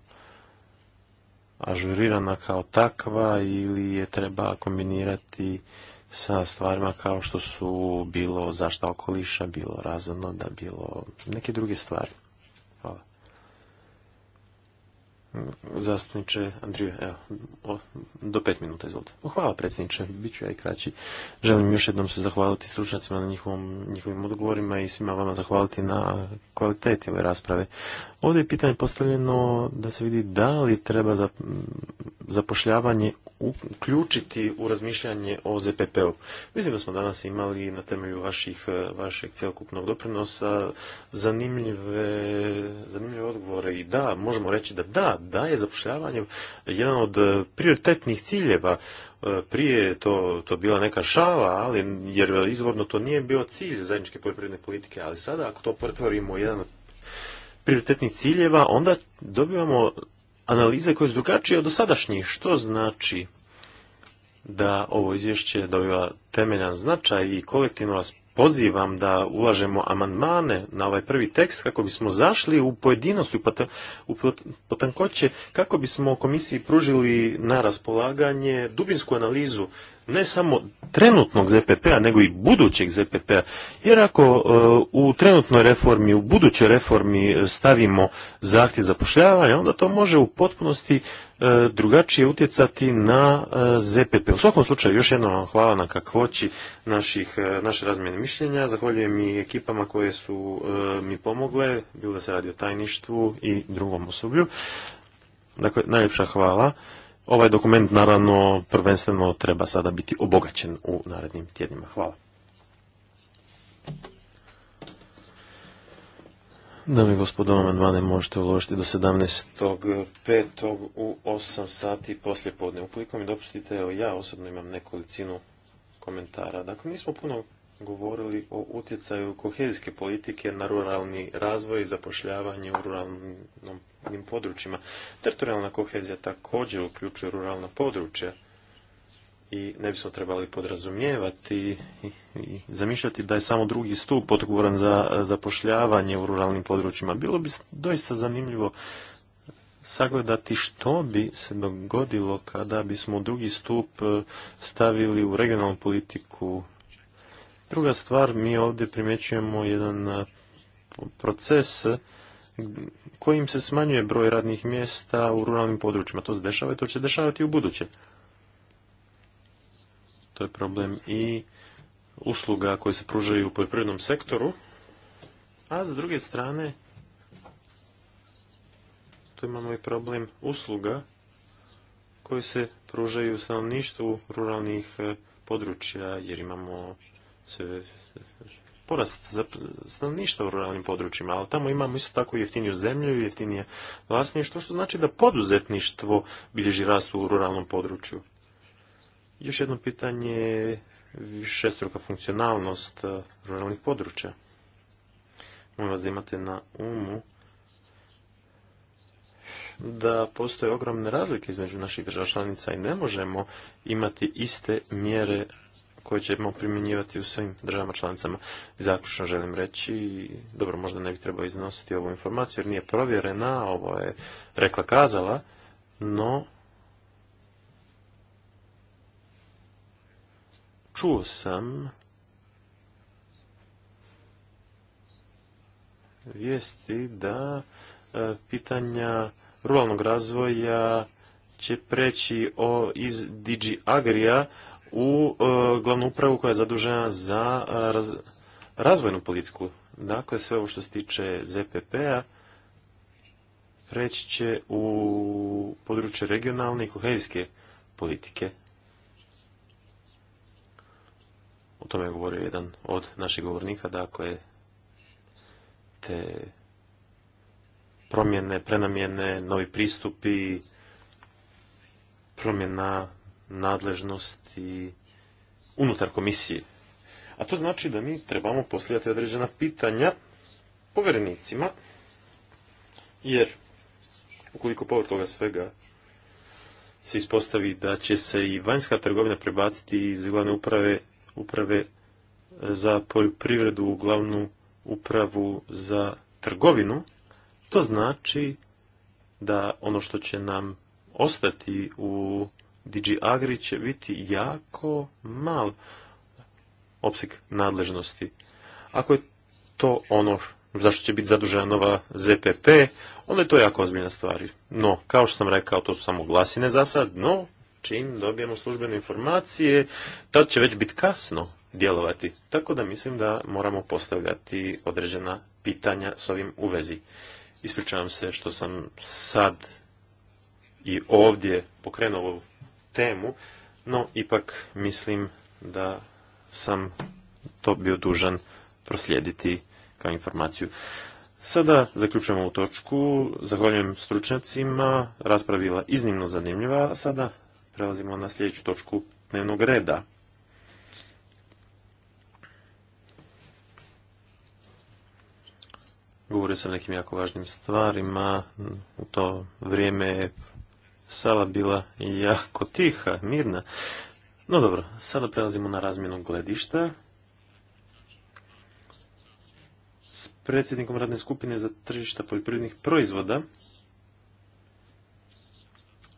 ažurirana kao takva ili je treba kombinirati sa stvarima kao što su bilo zašta okoliša, bilo razvodno, da bilo neke druge stvari. Zastupniče Andriju, evo, do pet minuta, izvolite. hvala predsjedniče, bit ću ja i kraći. Želim još jednom se zahvaliti stručnjacima na njihovom, njihovim odgovorima i svima vama zahvaliti na kvaliteti ove rasprave. Ovdje je pitanje postavljeno da se vidi da li treba zapošljavanje uključiti u razmišljanje o ZPP-u. Mislim da smo danas imali na temelju vaših, e, vašeg cjelokupnog doprinosa zanimljive, zanimljive odgovore i da, možemo reći da da, da je zapošljavanje jedan od e, prioritetnih ciljeva e, prije je to, to bila neka šala, ali jer izvorno to nije bio cilj zajedničke poljoprivredne politike, ali sada ako to pretvorimo u jedan od prioritetnih ciljeva, onda dobivamo analize koje su drugačije od dosadašnjih. Što znači da ovo izvješće dobiva temeljan značaj i kolektivno vas pozivam da ulažemo amandmane na ovaj prvi tekst kako bismo zašli u pojedinost, u potankoće, kako bismo komisiji pružili na raspolaganje dubinsku analizu ne samo trenutnog ZPP-a, nego i budućeg ZPP-a. Jer ako e, u trenutnoj reformi, u budućoj reformi stavimo zahtjev zapošljavanja, onda to može u potpunosti e, drugačije utjecati na e, ZPP. U svakom slučaju, još jednom vam hvala na kakvoći naših, naše razmjene mišljenja. Zahvaljujem i ekipama koje su mi pomogle, bilo da se radi o tajništvu i drugom osoblju. Dakle, najljepša hvala. Ovaj dokument naravno prvenstveno treba sada biti obogaćen u narednim tjednima. Hvala. Dame i gospodo, amandmane možete uložiti do 17.5. u 8 sati poslije podne. Ukoliko mi dopustite, evo ja osobno imam nekolicinu komentara. Dakle, nismo puno govorili o utjecaju kohezijske politike na ruralni razvoj i zapošljavanje u ruralnom ruralnim područjima. Teritorijalna kohezija također uključuje ruralna područja i ne bismo trebali podrazumijevati i zamišljati da je samo drugi stup odgovoran za zapošljavanje u ruralnim područjima. Bilo bi doista zanimljivo sagledati što bi se dogodilo kada bismo drugi stup e, stavili u regionalnu politiku. Druga stvar, mi ovdje primjećujemo jedan e, proces kojim se smanjuje broj radnih mjesta u ruralnim područjima. To se dešava i to će dešavati i u buduće. To je problem i usluga koje se pružaju u poljoprivrednom sektoru, a s druge strane tu imamo i problem usluga koje se pružaju u stanovništvu ruralnih eh, područja, jer imamo sve porast stanovništva u ruralnim područjima, ali tamo imamo isto tako jeftiniju zemlju i jeftinije vlasništvo, što znači da poduzetništvo bilježi rast u ruralnom području. Još jedno pitanje je šestruka funkcionalnost eh, ruralnih područja. Molim vas da imate na umu da postoje ogromne razlike između naših država članica i ne možemo imati iste mjere koje ćemo primjenjivati u svim državama članicama. Zaključno želim reći, dobro, možda ne bi trebao iznositi ovu informaciju jer nije provjerena, ovo je rekla kazala, no čuo sam vijesti da e, pitanja ruralnog razvoja će preći o, iz Digi Agrija u e, glavnu upravu koja je zadužena za e, razvojnu politiku. Dakle, sve ovo što se tiče ZPP-a preći će u područje regionalne i kohezijske politike. O tome je govorio jedan od naših govornika, dakle, te promjene, prenamjene, novi pristupi, promjena nadležnosti unutar komisije. A to znači da mi trebamo postavljati određena pitanja povjerenicima, jer ukoliko povr toga svega se ispostavi da će se i vanjska trgovina prebaciti iz glavne uprave, uprave e, za poljoprivredu u glavnu upravu za trgovinu, to znači da ono što će nam ostati u DG Agri će biti jako mal opsik nadležnosti. Ako je to ono zašto će biti zadužena nova ZPP, onda je to jako ozbiljna stvar. No, kao što sam rekao, to su samo glasine za sad, no, čim dobijemo službene informacije, tad će već biti kasno djelovati. Tako da mislim da moramo postavljati određena pitanja s ovim u vezi. Ispričavam se što sam sad i ovdje pokrenuo ovu temu, no ipak mislim da sam to bio dužan proslijediti kao informaciju. Sada zaključujemo ovu točku. Zahvaljujem stručnjacima. Raspravila iznimno zanimljiva. Sada prelazimo na sljedeću točku dnevnog reda. govorio se o nekim jako važnim stvarima. U to vrijeme sala bila jako tiha, mirna. No dobro, sada prelazimo na razmjenu gledišta. S predsjednikom radne skupine za tržišta poljoprivrednih proizvoda.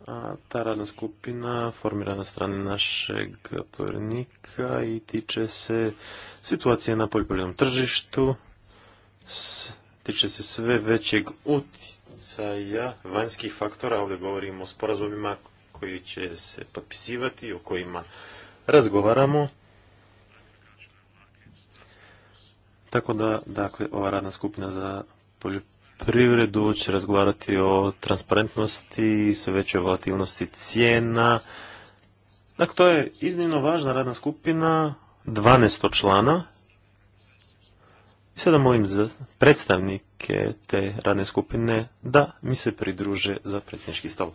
A ta radna skupina formirana strane našeg povjerenika i tiče se situacije na poljoprivrednom tržištu, tiče se sve većeg utjecaja utjecaja vanjskih faktora, ovdje govorimo o sporazumima koji će se potpisivati, o kojima razgovaramo. Tako da, dakle, ova radna skupina za poljoprivredu će razgovarati o transparentnosti, sve većoj volatilnosti cijena. Dakle, to je iznimno važna radna skupina, 12 člana, i sada molim za predstavnike te radne skupine da mi se pridruže za predsjednički stol.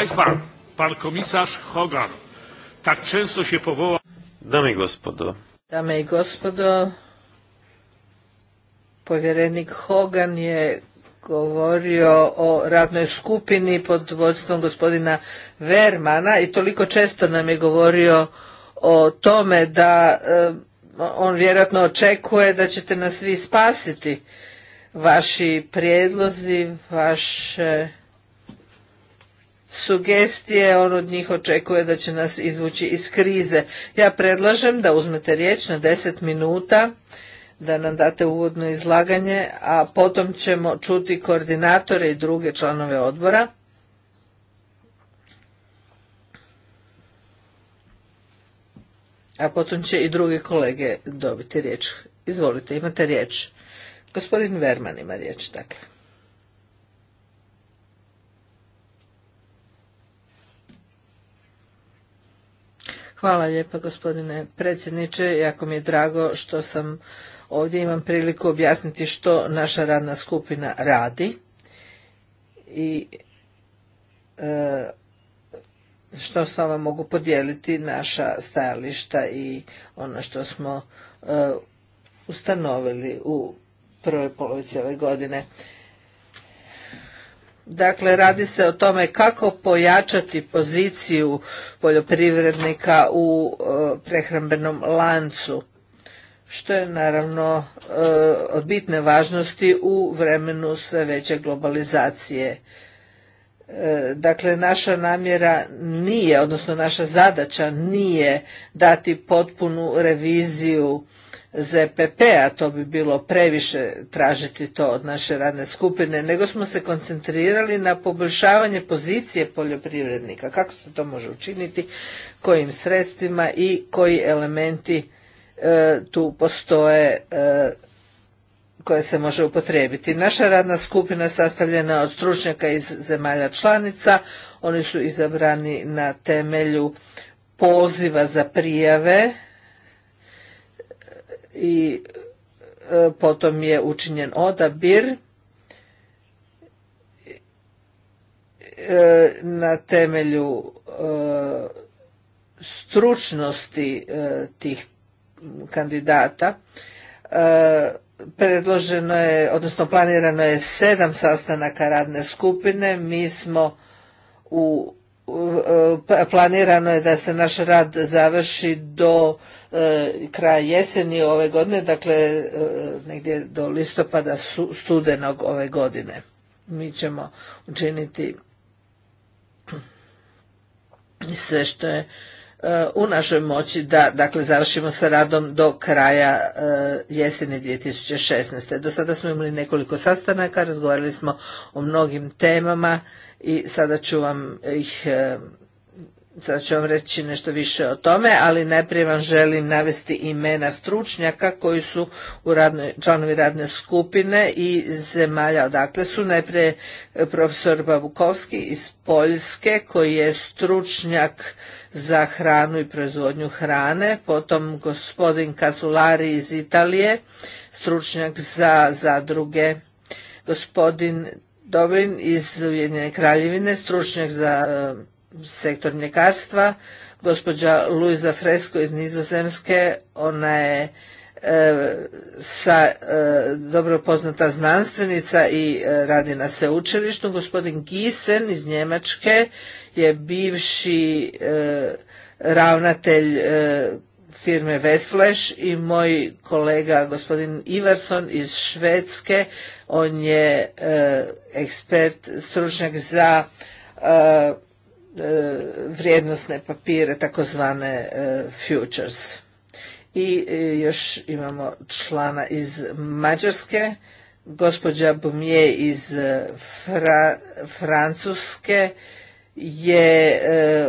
Nice Pan komisarz Hogan tak często się powoła... Dame i gospodo. gospodo, povjerenik Hogan je govorio o radnoj skupini pod vodstvom gospodina Vermana i toliko često nam je govorio o tome da e, on vjerojatno očekuje da ćete nas svi spasiti. Vaši prijedlozi, vaše sugestije, on od njih očekuje da će nas izvući iz krize. Ja predlažem da uzmete riječ na 10 minuta, da nam date uvodno izlaganje, a potom ćemo čuti koordinatore i druge članove odbora. A potom će i druge kolege dobiti riječ. Izvolite, imate riječ. Gospodin Verman ima riječ, dakle. Hvala lijepa gospodine predsjedniče. Jako mi je drago što sam ovdje imam priliku objasniti što naša radna skupina radi i e, što s vama mogu podijeliti naša stajališta i ono što smo e, ustanovili u prvoj polovici ove godine. Dakle, radi se o tome kako pojačati poziciju poljoprivrednika u e, prehrambenom lancu, što je naravno e, od bitne važnosti u vremenu sve veće globalizacije. E, dakle, naša namjera nije, odnosno naša zadaća nije dati potpunu reviziju ZPP-a, to bi bilo previše tražiti to od naše radne skupine, nego smo se koncentrirali na poboljšavanje pozicije poljoprivrednika. Kako se to može učiniti, kojim sredstvima i koji elementi e, tu postoje e, koje se može upotrijebiti. Naša radna skupina sastavljena od stručnjaka iz zemalja članica, oni su izabrani na temelju poziva za prijave i e, potom je učinjen odabir e, na temelju e, stručnosti tih kandidata predloženo je odnosno planirano je sedam sastanaka radne skupine mi smo u E, planirano je da se naš rad završi do e, kraja jeseni ove godine, dakle e, negdje do listopada studenog ove godine. Mi ćemo učiniti sve što je u našoj moći da dakle završimo sa radom do kraja jeseni 2016. Do sada smo imali nekoliko sastanaka, razgovarali smo o mnogim temama i sada ću vam ih e, sada ću vam reći nešto više o tome, ali najprije vam želim navesti imena stručnjaka koji su članovi radne skupine i zemalja odakle su. Najprije e, profesor Babukovski iz Poljske koji je stručnjak za hranu i proizvodnju hrane, potom gospodin Kazulari iz Italije, stručnjak za zadruge, gospodin Dobrin iz Ujedinjene kraljevine, stručnjak za e, sektor mljekarstva, gospođa Luisa Fresko iz Nizozemske, ona je e, sa e, dobro poznata znanstvenica i radi na sveučilištu. Gospodin Gisen iz Njemačke je bivši ravnatelj firme Vesleš i moj kolega gospodin Iverson iz Švedske on je e, ekspert, stručnjak za e, e, vrijednostne papire, takozvane futures. I još imamo člana iz Mađarske, gospođa Bumije iz Francuske je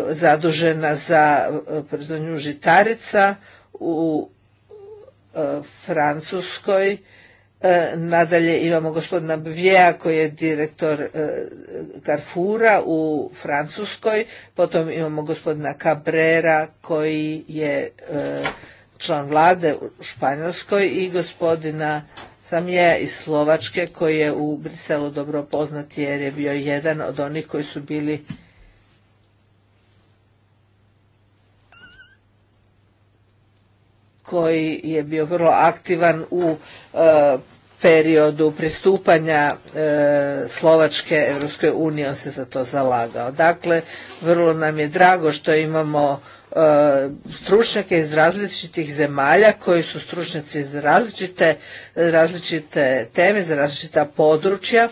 zadužena za proizvodnju žitarica u Francuskoj E, nadalje imamo gospodina Bvija koji je direktor e, Carrefoura u Francuskoj, potom imamo gospodina Cabrera koji je e, član vlade u Španjolskoj i gospodina Samjeja iz Slovačke koji je u Briselu dobro poznat jer je bio jedan od onih koji su bili koji je bio vrlo aktivan u periodu pristupanja e, Slovačke Europskoj uniji on se za to zalagao. Dakle, vrlo nam je drago što imamo e, stručnjake iz različitih zemalja koji su stručnjaci za različite, različite teme, za različita područja.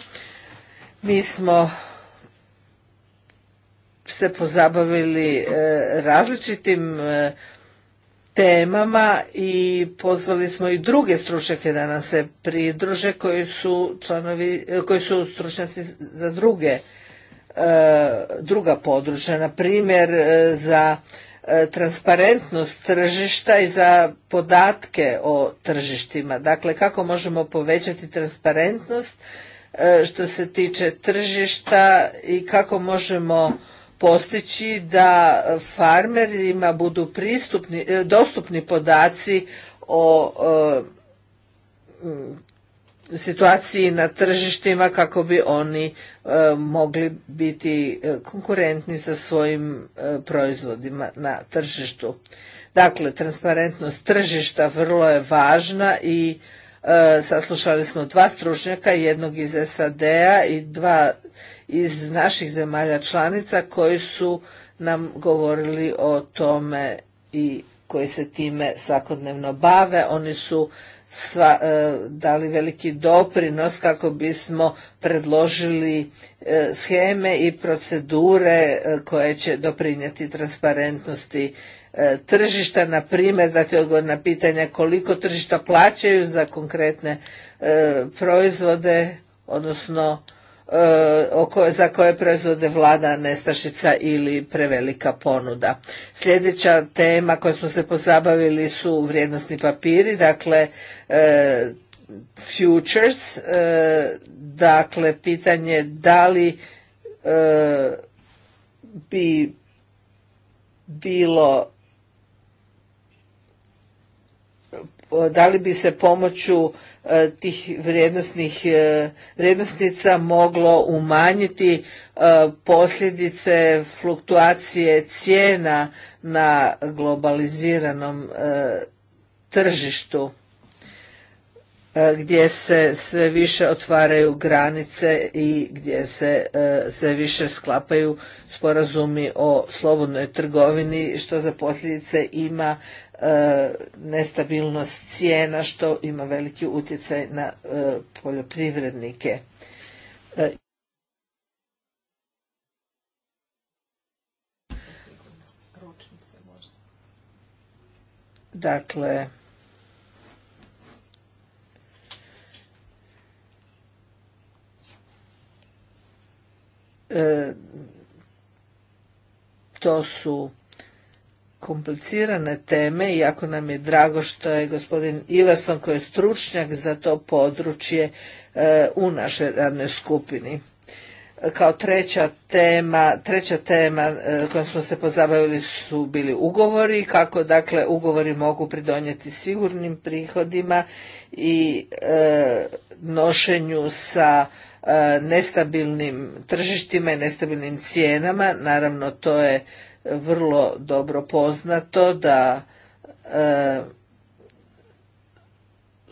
Mi smo se pozabavili e, različitim e, temama i pozvali smo i druge stručnjake da nam se pridruže koji su članovi, koji su stručnjaci za druge e, druga područja, na primjer e, za e, transparentnost tržišta i za podatke o tržištima. Dakle, kako možemo povećati transparentnost što se tiče tržišta i kako možemo postići da farmerima budu pristupni, e, dostupni podaci o, e, situaciji na tržištima kako bi oni e, mogli biti konkurentni sa svojim proizvodima na tržištu. Dakle, transparentnost tržišta vrlo je važna i saslušali smo dva stručnjaka, jednog iz SAD-a i dva iz naših zemalja članica koji su nam govorili o tome i koji se time svakodnevno bave. Oni su e, dali veliki doprinos kako bismo predložili e, scheme i procedure e, koje će doprinijeti transparentnosti e, tržišta, na primjer dati odgovor na pitanja koliko tržišta plaćaju za konkretne proizvode, odnosno Eh, za koje proizvode vlada nestašica ili prevelika ponuda. Sljedeća tema kojom smo se pozabavili su vrijednostni papiri, dakle eh, futures, eh, dakle pitanje da li bi bilo da li bi se pomoću e, tih vrijednosnih e, vrijednosnica moglo umanjiti e, posljedice fluktuacije cijena na globaliziranom tržištu gdje se sve više otvaraju granice i gdje se sve više sklapaju sporazumi o slobodnoj trgovini što za posljedice ima E, nestabilnost cijena što ima veliki utjecaj na e, poljoprivrednike. E, dakle, to su komplicirane teme, iako nam je drago što je gospodin Iverson koji je stručnjak za to područje e, u našoj radnoj skupini. Kao treća tema, treća tema e, kojom smo se pozabavili su bili ugovori, kako dakle ugovori mogu pridonijeti sigurnim prihodima i e, nošenju sa nestabilnim tržištima i nestabilnim cijenama. Naravno to je vrlo dobro poznato da e,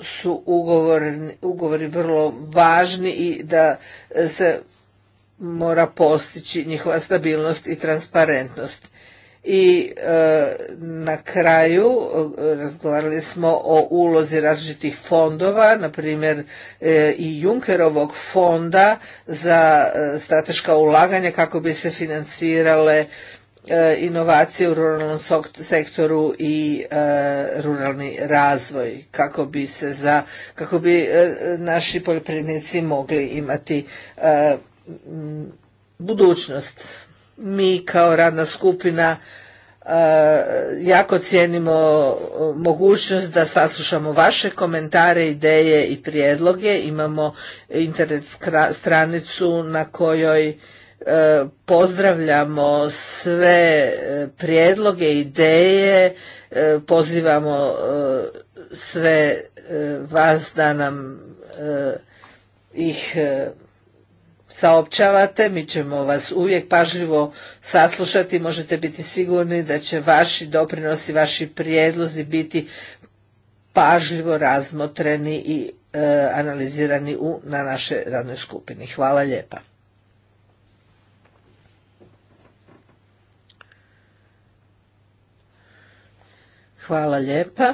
su ugovori, ugovori vrlo važni i da se mora postići njihova stabilnost i transparentnost. I e, na kraju razgovarali smo o ulozi različitih fondova, na primjer e, i Junkerovog fonda za strateška ulaganja kako bi se financirale E, inovacije u ruralnom sektoru i e, ruralni razvoj kako bi se za kako bi e, naši poljoprivrednici mogli imati budućnost mi kao radna skupina jako cijenimo mogućnost da saslušamo vaše komentare, ideje i prijedloge. Imamo internet stranicu na kojoj E, pozdravljamo sve e, prijedloge, ideje, e, pozivamo sve vas da nam ih saopćavate, mi ćemo vas uvijek pažljivo saslušati, možete biti sigurni da će vaši doprinosi, vaši prijedlozi biti pažljivo razmotreni i analizirani u, na našoj radnoj skupini. Hvala lijepa. Hvala lijepa.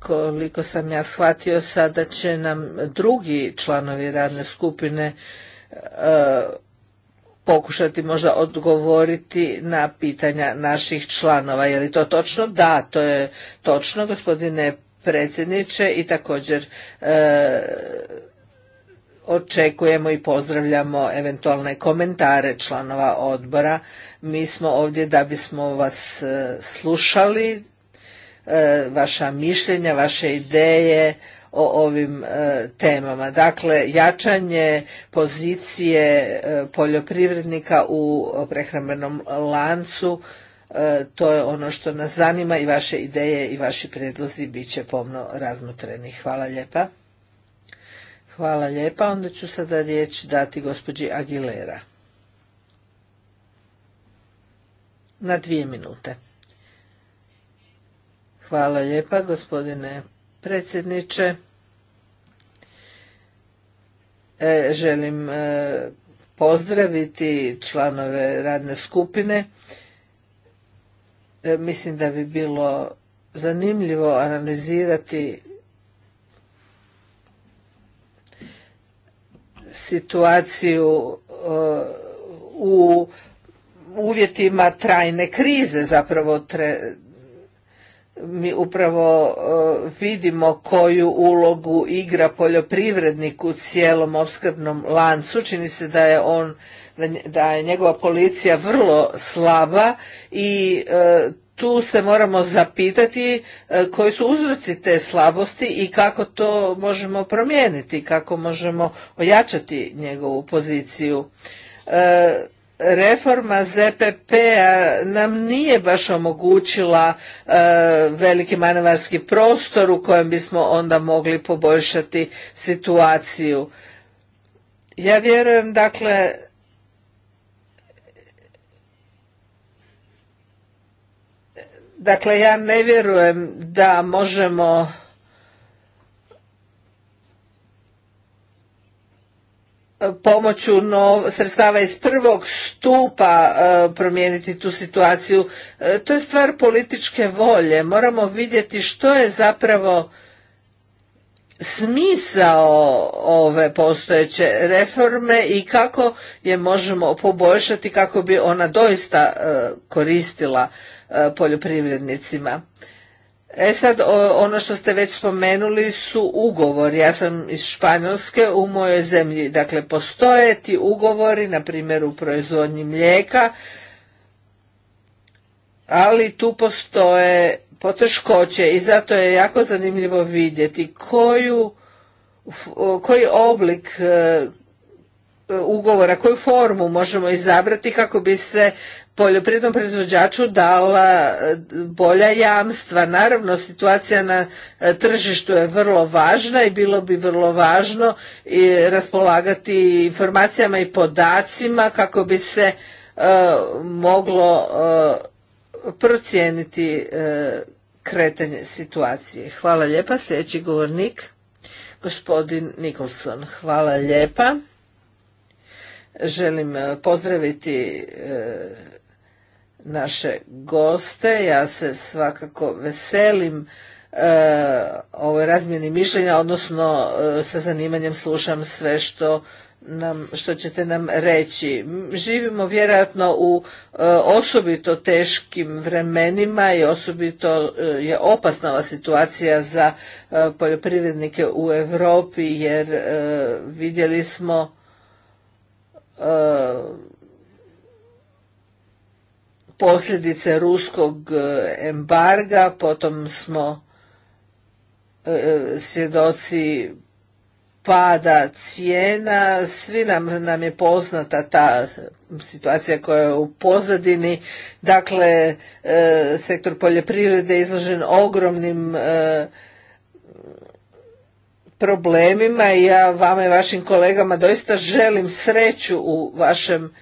Koliko sam ja shvatio, sada će nam drugi članovi radne skupine e, pokušati možda odgovoriti na pitanja naših članova. Je li to točno? Da, to je točno, gospodine predsjedniče i također e, očekujemo i pozdravljamo eventualne komentare članova odbora. Mi smo ovdje da bismo vas e, slušali, e, vaša mišljenja, vaše ideje o ovim e, temama. Dakle, jačanje pozicije poljoprivrednika u prehrambenom lancu, to je ono što nas zanima i vaše ideje i vaši prijedlozi bit će pomno razmotreni. Hvala lijepa. Hvala lijepa. Onda ću sada riječ dati gospođi Aguilera. Na dvije minute. Hvala lijepa gospodine predsjedniče. E, želim e, pozdraviti članove radne skupine. E, mislim da bi bilo zanimljivo analizirati situaciju uh, u uvjetima trajne krize zapravo mi upravo uh, vidimo koju ulogu igra poljoprivrednik u cijelom opskrbnom lancu čini se da je on da je njegova policija vrlo slaba i uh, tu se moramo zapitati e, koji su uzroci te slabosti i kako to možemo promijeniti, kako možemo ojačati njegovu poziciju. E, reforma ZPP-a nam nije baš omogućila e, veliki manevarski prostor u kojem bismo onda mogli poboljšati situaciju. Ja vjerujem dakle Dakle, ja ne vjerujem da možemo pomoću nov, sredstava iz prvog stupa e, promijeniti tu situaciju. E, to je stvar političke volje. Moramo vidjeti što je zapravo smisao ove postojeće reforme i kako je možemo poboljšati kako bi ona doista e, koristila poljoprivrednicima. E sad, ono što ste već spomenuli su ugovori. Ja sam iz Španjolske u mojoj zemlji. Dakle, postoje ti ugovori, na primjer u proizvodnji mlijeka, ali tu postoje poteškoće i zato je jako zanimljivo vidjeti koji oblik e, ugovora, koju formu možemo izabrati kako bi se poljoprivrednom proizvođaču dala e, bolja jamstva. Naravno, situacija na e, tržištu je vrlo važna i bilo bi vrlo važno e, raspolagati informacijama i podacima kako bi se moglo procijeniti kretanje situacije. Hvala lijepa. Sljedeći govornik, gospodin Nikolson. Hvala lijepa želim e, pozdraviti e, naše goste. Ja se svakako veselim e, ovoj razmjeni mišljenja, odnosno sa zanimanjem slušam sve što nam, što ćete nam reći. Živimo vjerojatno u osobito teškim vremenima i osobito je opasna ova situacija za poljoprivrednike u Europi jer vidjeli smo E, posljedice ruskog e, embarga, potom smo e, svjedoci pada cijena, svi nam, nam je poznata ta situacija koja je u pozadini, dakle sektor poljoprivrede je izložen ogromnim problemima i ja vama i vašim kolegama doista želim sreću u vašem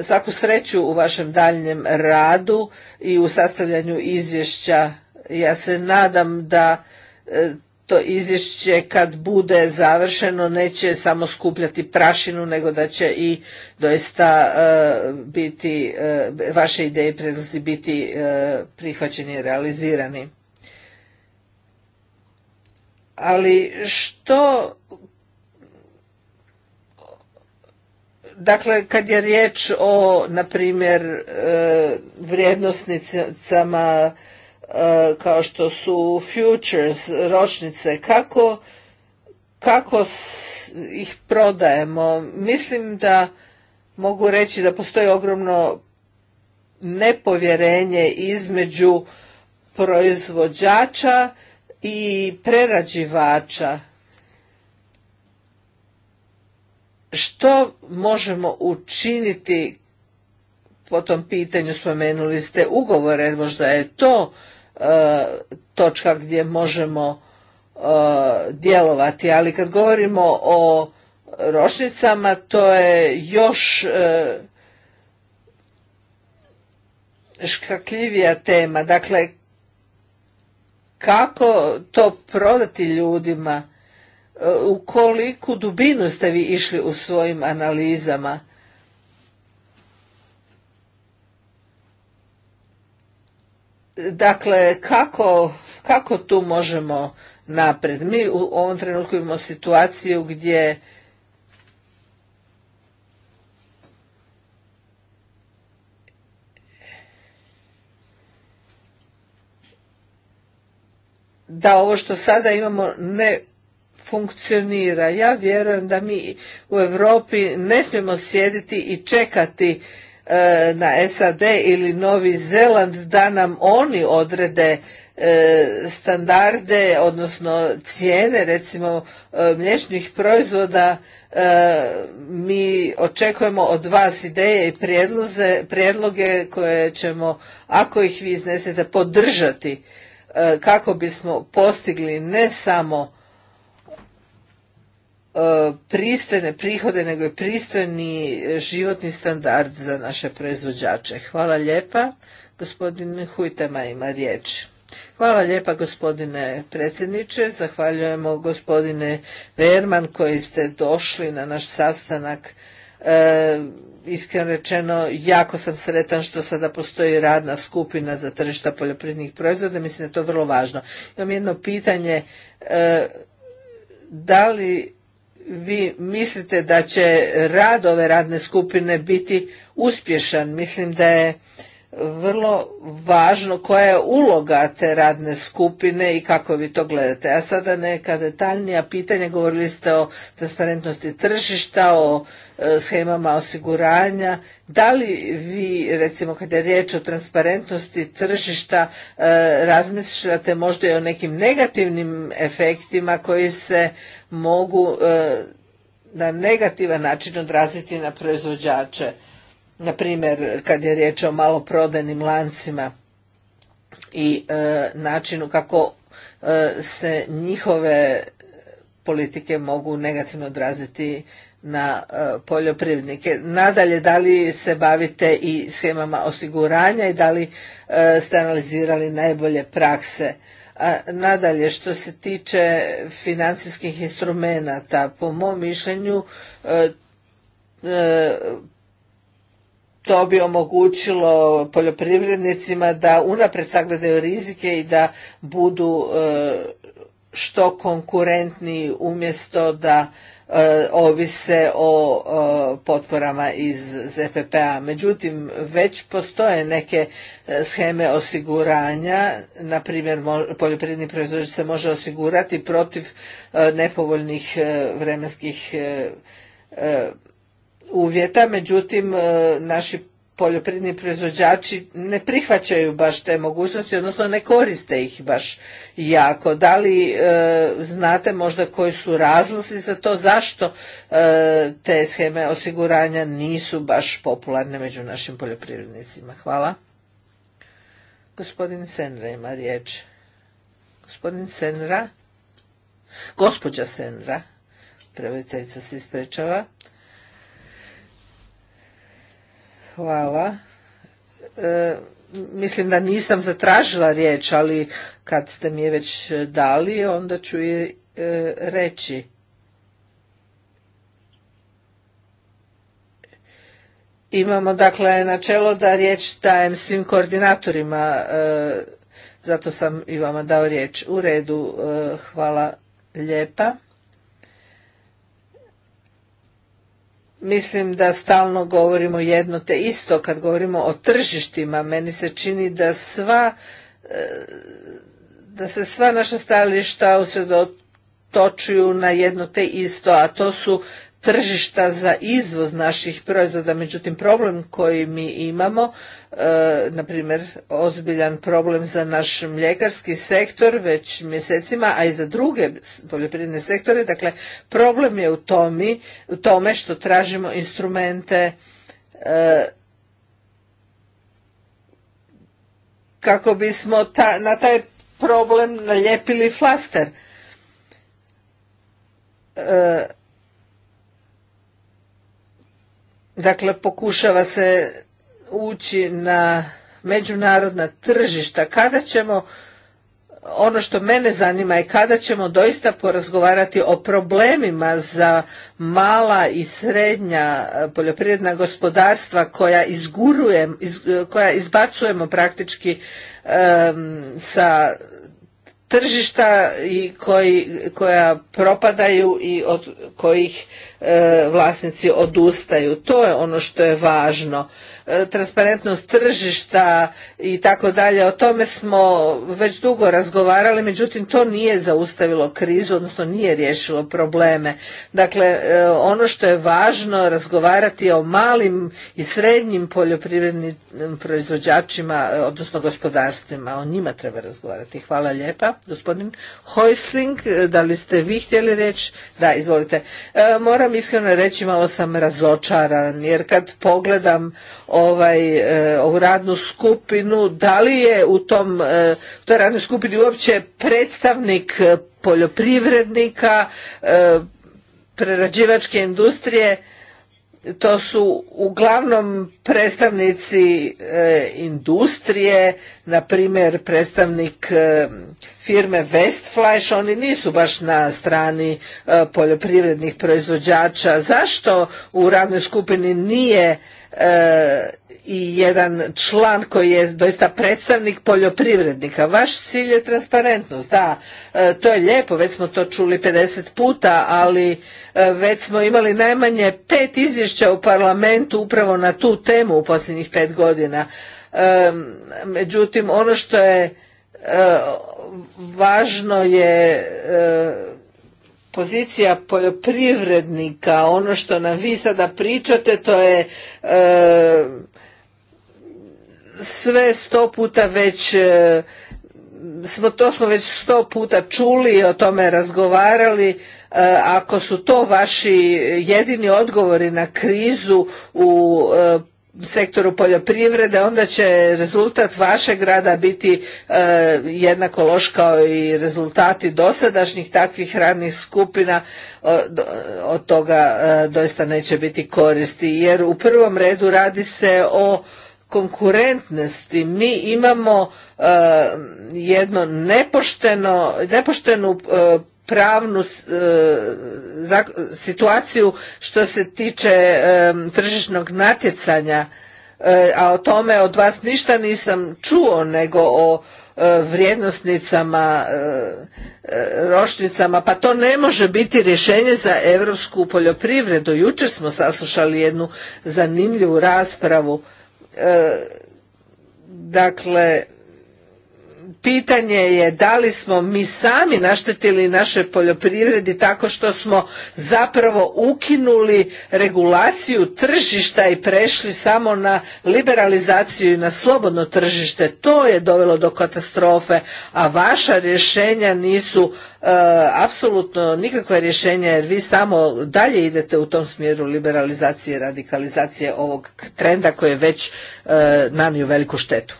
svaku sreću u vašem daljnjem radu i u sastavljanju izvješća. Ja se nadam da e, to izvješće kad bude završeno neće samo skupljati prašinu nego da će i doista e, biti e, vaše ideje i biti prihvaćeni i realizirani ali što dakle kad je riječ o na primjer e, vrijednosnicama e, kao što su futures ročnice kako kako ih prodajemo mislim da mogu reći da postoji ogromno nepovjerenje između proizvođača i prerađivača što možemo učiniti po tom pitanju spomenuli ste ugovore možda je to e, točka gdje možemo e, djelovati ali kad govorimo o rošnicama, to je još e, škakljivija tema dakle kako to prodati ljudima, e, u koliku dubinu ste vi išli u svojim analizama. Dakle, kako, kako tu možemo napred? Mi u ovom trenutku imamo situaciju gdje da ovo što sada imamo ne funkcionira. Ja vjerujem da mi u Europi ne smijemo sjediti i čekati e, na SAD ili Novi Zeland da nam oni odrede e, standarde, odnosno cijene recimo e, mliječnih proizvoda. E, mi očekujemo od vas ideje i prijedloge koje ćemo, ako ih vi iznesete, podržati. E, kako bismo postigli ne samo e, pristojne prihode, nego i pristojni životni standard za naše proizvođače. Hvala lijepa. Gospodin Hujtema ima riječ. Hvala lijepa gospodine predsjedniče. Zahvaljujemo gospodine Verman koji ste došli na naš sastanak. E, iskreno rečeno jako sam sretan što sada postoji radna skupina za tržišta poljoprivrednih proizvoda, mislim da je to vrlo važno. Imam jedno pitanje, e, da li vi mislite da će rad ove radne skupine biti uspješan? Mislim da je vrlo važno koja je uloga te radne skupine i kako vi to gledate. A sada neka detaljnija pitanja, govorili ste o transparentnosti tržišta, o E, schemama osiguranja. Da li vi, recimo kad je riječ o transparentnosti tržišta, e, razmišljate možda i o nekim negativnim efektima koji se mogu e, na negativan način odraziti na proizvođače? na primjer kad je riječ o maloprodajnim lancima i načinu kako se njihove politike mogu negativno odraziti na e, poljoprivrednike. Nadalje, da li se bavite i schemama osiguranja i da li e, ste analizirali najbolje prakse? nadalje, što se tiče financijskih instrumenata, po mom mišljenju e, to bi omogućilo poljoprivrednicima da unapred sagledaju rizike i da budu što konkurentniji umjesto da E, ovise o e, potporama iz ZPP-a. Međutim, već postoje neke e, scheme osiguranja, na primjer poljoprivredni proizvođač se može osigurati protiv nepovoljnih vremenskih uvjeta, međutim naši poljoprivredni proizvođači ne prihvaćaju baš te mogućnosti, odnosno ne koriste ih baš jako. Da li e, znate možda koji su razlozi za to, zašto e, te scheme osiguranja nisu baš popularne među našim poljoprivrednicima? Hvala. Gospodin Senra ima riječ. Gospodin Senra? Gospođa Senra, prevoditeljica se isprečava. Hvala. E, mislim da nisam zatražila riječ, ali kad ste mi je već dali, onda ću je e, reći. Imamo dakle načelo da riječ dajem svim koordinatorima, e, zato sam i vama dao riječ. U redu, hvala lijepa. mislim da stalno govorimo jedno te isto kad govorimo o tržištima. Meni se čini da sva e, da se sva naša stajališta usredotočuju na jedno te isto, a to su tržišta za izvoz naših proizvoda. Međutim, problem koji mi imamo, e, na primjer, ozbiljan problem za naš mljekarski sektor već mjesecima, a i za druge poljoprivredne sektore, dakle, problem je u, u tome što tražimo instrumente e, kako bismo na taj problem naljepili flaster. E, Dakle, pokušava se ući na međunarodna tržišta. Kada ćemo, ono što mene zanima je kada ćemo doista porazgovarati o problemima za mala i srednja poljoprivredna gospodarstva koja, izgurujem, koja izbacujemo praktički sa tržišta i koji, koja propadaju i od kojih E, vlasnici odustaju. To je ono što je važno. E, transparentnost tržišta i tako dalje, o tome smo već dugo razgovarali, međutim to nije zaustavilo krizu, odnosno nije riješilo probleme. Dakle, e, ono što je važno razgovarati o malim i srednjim poljoprivrednim proizvođačima, odnosno gospodarstvima, o njima treba razgovarati. Hvala lijepa. Gospodin Hojsling, da li ste vi htjeli reći? Da, izvolite. Moram iskreno reći malo sam razočaran jer kad pogledam ovaj, e, ovu radnu skupinu, da li je u tom, e, toj radnoj skupini uopće predstavnik e, poljoprivrednika, prerađivačke industrije, to su uglavnom predstavnici e, industrije, na primjer predstavnik e, firme Westflash, oni nisu baš na strani e, poljoprivrednih proizvođača. Zašto u radnoj skupini nije i jedan član koji je doista predstavnik poljoprivrednika. Vaš cilj je transparentnost, da, e, to je lijepo, već smo to čuli 50 puta, ali e, već smo imali najmanje pet izvješća u parlamentu upravo na tu temu u posljednjih pet godina. E, međutim, ono što je važno je pozicija poljoprivrednika ono što nam vi sada pričate to je sve sto puta već e, smo, to smo već sto puta čuli i o tome razgovarali. E, ako su to vaši jedini odgovori na krizu u e, sektoru poljoprivrede, onda će rezultat vašeg rada biti e, jednako loš kao i rezultati dosadašnjih takvih radnih skupina, od, toga doista neće biti koristi. Jer u prvom redu radi se o konkurentnosti mi imamo e, jedno nepošteno nepoštenu e, pravnu e, situaciju što se tiče tržišnog natjecanja a o tome od vas ništa nisam čuo nego o vrijednosnicama rošnicama. pa to ne može biti rješenje za europsku poljoprivredu jučer smo saslušali jednu zanimljivu raspravu E, dakle pitanje je da li smo mi sami naštetili našoj poljoprivredi tako što smo zapravo ukinuli regulaciju tržišta i prešli samo na liberalizaciju i na slobodno tržište. To je dovelo do katastrofe, a vaša rješenja nisu e, apsolutno nikakva rješenja jer vi samo dalje idete u tom smjeru liberalizacije i radikalizacije ovog trenda koji je već e, nanio veliku štetu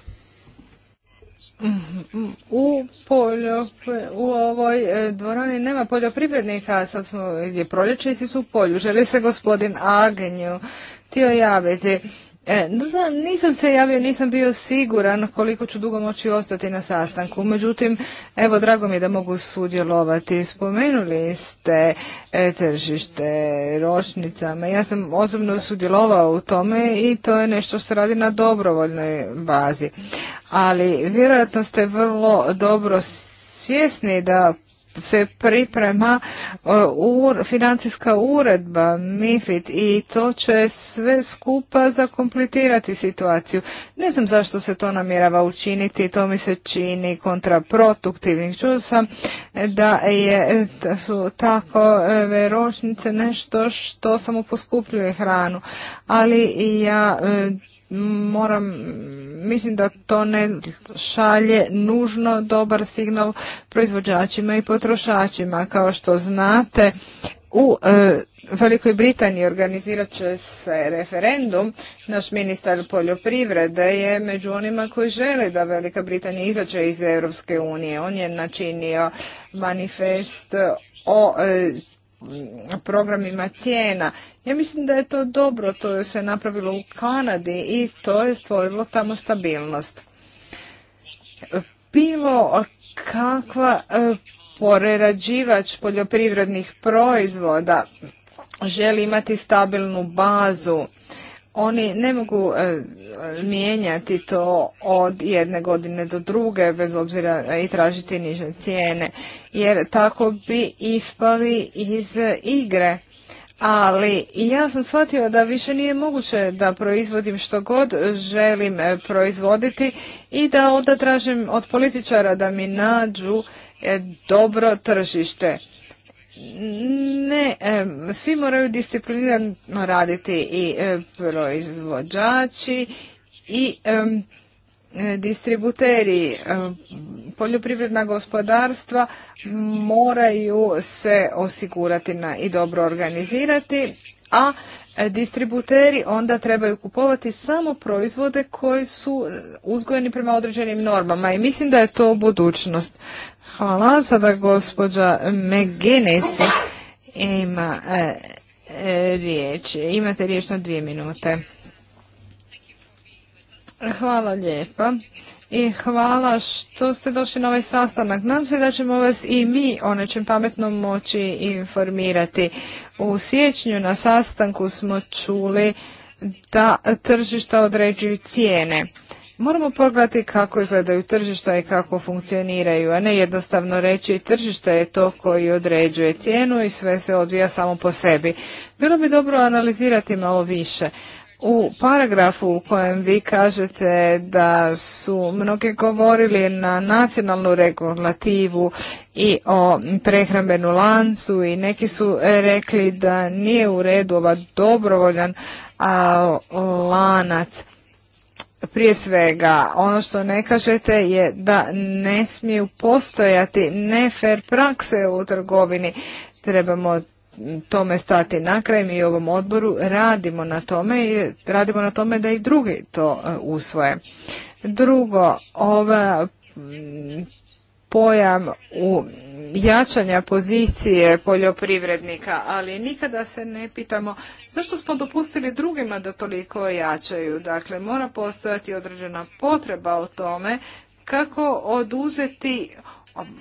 u, polju, u ovoj e, dvorani nema poljoprivrednika, sad smo gdje proljeće svi su u polju. Želi se gospodin Agenju htio javiti. E, da, nisam se javio, nisam bio siguran koliko ću dugo moći ostati na sastanku. Međutim, evo, drago mi je da mogu sudjelovati. Spomenuli ste e, tržište ročnicama. Ja sam osobno sudjelovao u tome i to je nešto što radi na dobrovoljnoj bazi. Ali vjerojatno ste vrlo dobro svjesni da se priprema e, financijska uredba MIFID i to će sve skupa zakomplitirati situaciju. Ne znam zašto se to namjerava učiniti, to mi se čini kontraproduktivnim. Čuo sam da, da su tako e, veročnice nešto što samo poskupljuje hranu, ali ja e, moram, mislim da to ne šalje nužno dobar signal proizvođačima i potrošačima. Kao što znate, u e, Velikoj Britaniji organizirat će se referendum. Naš ministar poljoprivrede je među onima koji žele da Velika Britanija izađe iz Europske unije. On je načinio manifest o e, programima cijena. Ja mislim da je to dobro, to se napravilo u Kanadi i to je stvorilo tamo stabilnost. Bilo kakva e, prerađivač poljoprivrednih proizvoda želi imati stabilnu bazu oni ne mogu e, mijenjati to od jedne godine do druge bez obzira e, i tražiti niže cijene jer tako bi ispali iz igre ali ja sam shvatio da više nije moguće da proizvodim što god želim e, proizvoditi i da onda tražim od političara da mi nađu dobro tržište ne, svi moraju disciplinirano raditi i e, proizvođači i e, distributeri. Poljoprivredna gospodarstva moraju se osigurati i dobro organizirati, a E, distributeri onda trebaju kupovati samo proizvode koji su uzgojeni prema određenim normama i mislim da je to budućnost. Hvala. Sada gospođa McGinnis ima e, e, riječ. Imate riječ na dvije minute. Hvala lijepa i hvala što ste došli na ovaj sastanak. Nadam se da ćemo vas i mi o nečem pametnom moći informirati. U siječnju na sastanku smo čuli da tržišta određuju cijene. Moramo pogledati kako izgledaju tržišta i kako funkcioniraju, a ne jednostavno reći tržište je to koji određuje cijenu i sve se odvija samo po sebi. Bilo bi dobro analizirati malo više u paragrafu u kojem vi kažete da su mnogi govorili na nacionalnu regulativu i o prehrambenu lancu i neki su rekli da nije u redu ova dobrovoljan lanac. Prije svega, ono što ne kažete je da ne smiju postojati nefer prakse u trgovini. Trebamo tome stati na kraj. Mi u ovom odboru radimo na tome i radimo na tome da i drugi to e, usvoje. Drugo, ova pojam u jačanja pozicije poljoprivrednika, ali nikada se ne pitamo zašto smo dopustili drugima da toliko jačaju. Dakle, mora postojati određena potreba o tome kako oduzeti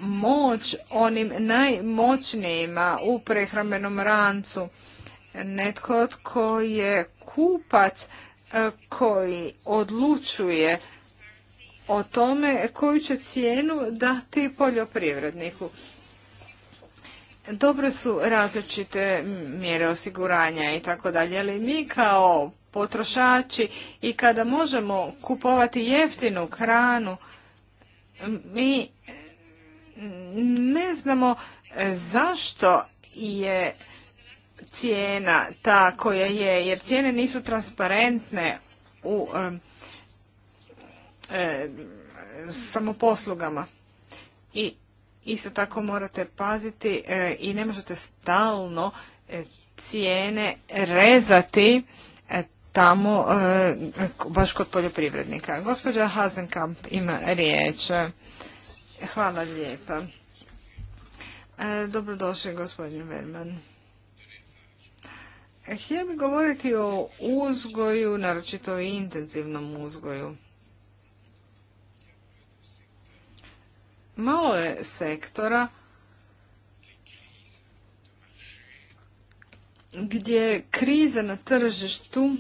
moć onim najmoćnijima u prehrambenom rancu. Netko tko je kupac e, koji odlučuje o tome koju će cijenu dati poljoprivredniku. Dobro su različite mjere osiguranja i tako dalje, ali mi kao potrošači i kada možemo kupovati jeftinu hranu, mi ne znamo e, zašto je cijena ta koja je, jer cijene nisu transparentne u e, samoposlugama. I isto tako morate paziti e, i ne možete stalno cijene rezati tamo baš kod poljoprivrednika. Gospođa Hazenkamp ima riječ. Hvala lijepa. E, dobrodošli, gospodin Verman. Htio bih govoriti o uzgoju, naročito o intenzivnom uzgoju. Malo je sektora gdje krize na tržištu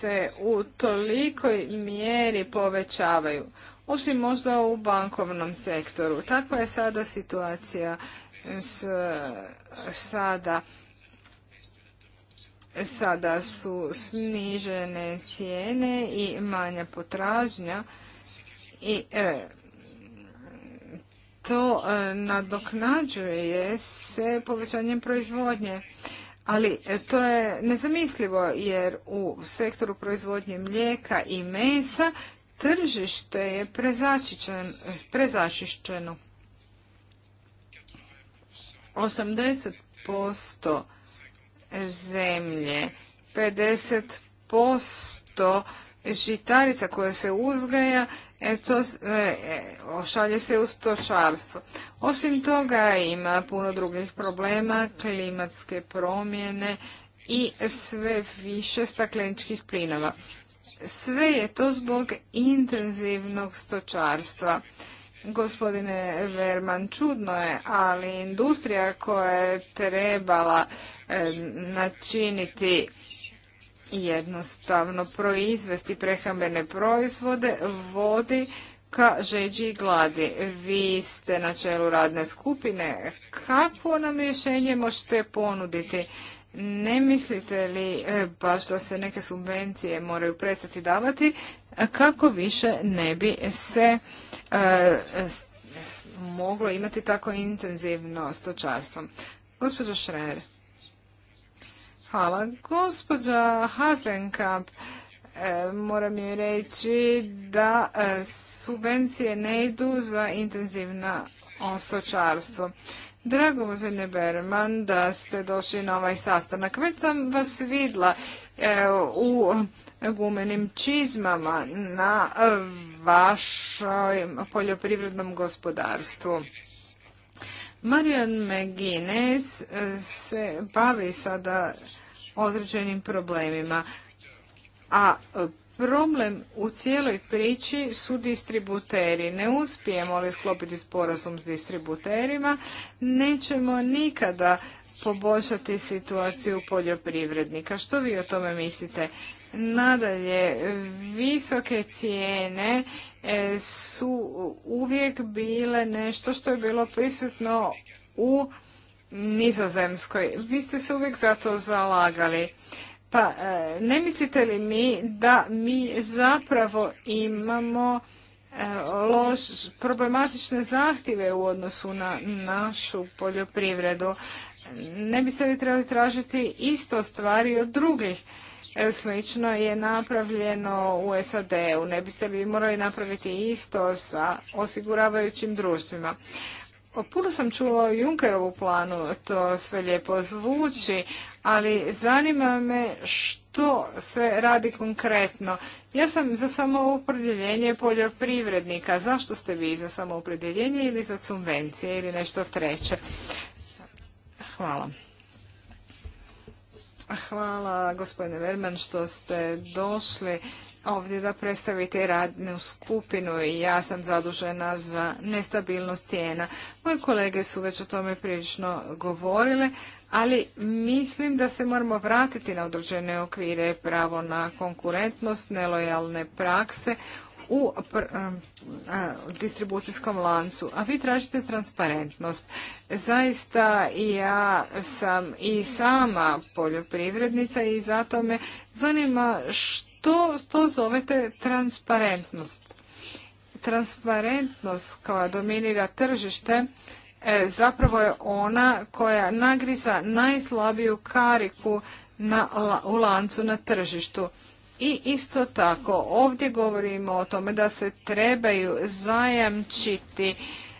se u tolikoj mjeri povećavaju, osim možda u bankovnom sektoru. Takva je sada situacija s, sada. Sada su snižene cijene i manja potražnja i e, to e, nadoknađuje se povećanjem proizvodnje ali e, to je nezamislivo jer u sektoru proizvodnje mlijeka i mesa tržište je prezašišćeno. 80% zemlje, 50% žitarica koja se uzgaja, eto, e, e, šalje se u stočarstvo. Osim toga ima puno drugih problema, klimatske promjene i sve više stakleničkih plinova. Sve je to zbog intenzivnog stočarstva. Gospodine Verman, čudno je, ali industrija koja je trebala e, načiniti jednostavno proizvesti prehrambene proizvode vodi ka žeđi i gladi. Vi ste na čelu radne skupine. Kako nam rješenje možete ponuditi? Ne mislite li e, baš da se neke subvencije moraju prestati davati kako više ne bi se e, moglo imati tako intenzivno stočarstvo? Gospođo Šrejer. Hvala. Gospođa Hazenkamp, e, moram joj reći da e, subvencije ne idu za intenzivno osočarstvo. Drago gospodine Berman da ste došli na ovaj sastanak. Već sam vas vidla e, u gumenim čizmama na vašem poljoprivrednom gospodarstvu. Marion McGuinness eh, se bavi sada određenim problemima, a eh, problem u cijeloj priči su distributeri. Ne uspijemo li sklopiti sporazum s distributerima, nećemo nikada poboljšati situaciju poljoprivrednika. Što vi o tome mislite? Nadalje, visoke cijene e, su uvijek bile nešto što je bilo prisutno u Nizozemskoj. Vi ste se uvijek za to zalagali. Pa e, ne mislite li mi da mi zapravo imamo e, loš, problematične zahtjeve u odnosu na našu poljoprivredu? Ne biste li trebali tražiti isto stvari od drugih? slično je napravljeno u SAD-u. Ne biste li morali napraviti isto sa osiguravajućim društvima? Puno sam čula o Junkerovu planu, to sve lijepo zvuči, ali zanima me što se radi konkretno. Ja sam za samoopredjeljenje poljoprivrednika. Zašto ste vi za samoopredjeljenje ili za subvencije ili nešto treće? Hvala. Hvala gospodine Verman što ste došli ovdje da predstavite radnu skupinu i ja sam zadužena za nestabilnost cijena. Moje kolege su već o tome prilično govorile, ali mislim da se moramo vratiti na određene okvire pravo na konkurentnost, nelojalne prakse, u distribucijskom lancu, a vi tražite transparentnost. Zaista ja sam i sama poljoprivrednica i zato me zanima što to zovete transparentnost. Transparentnost koja dominira tržište e, zapravo je ona koja nagriza najslabiju kariku u lancu na tržištu. I isto tako, ovdje govorimo o tome da se trebaju zajamčiti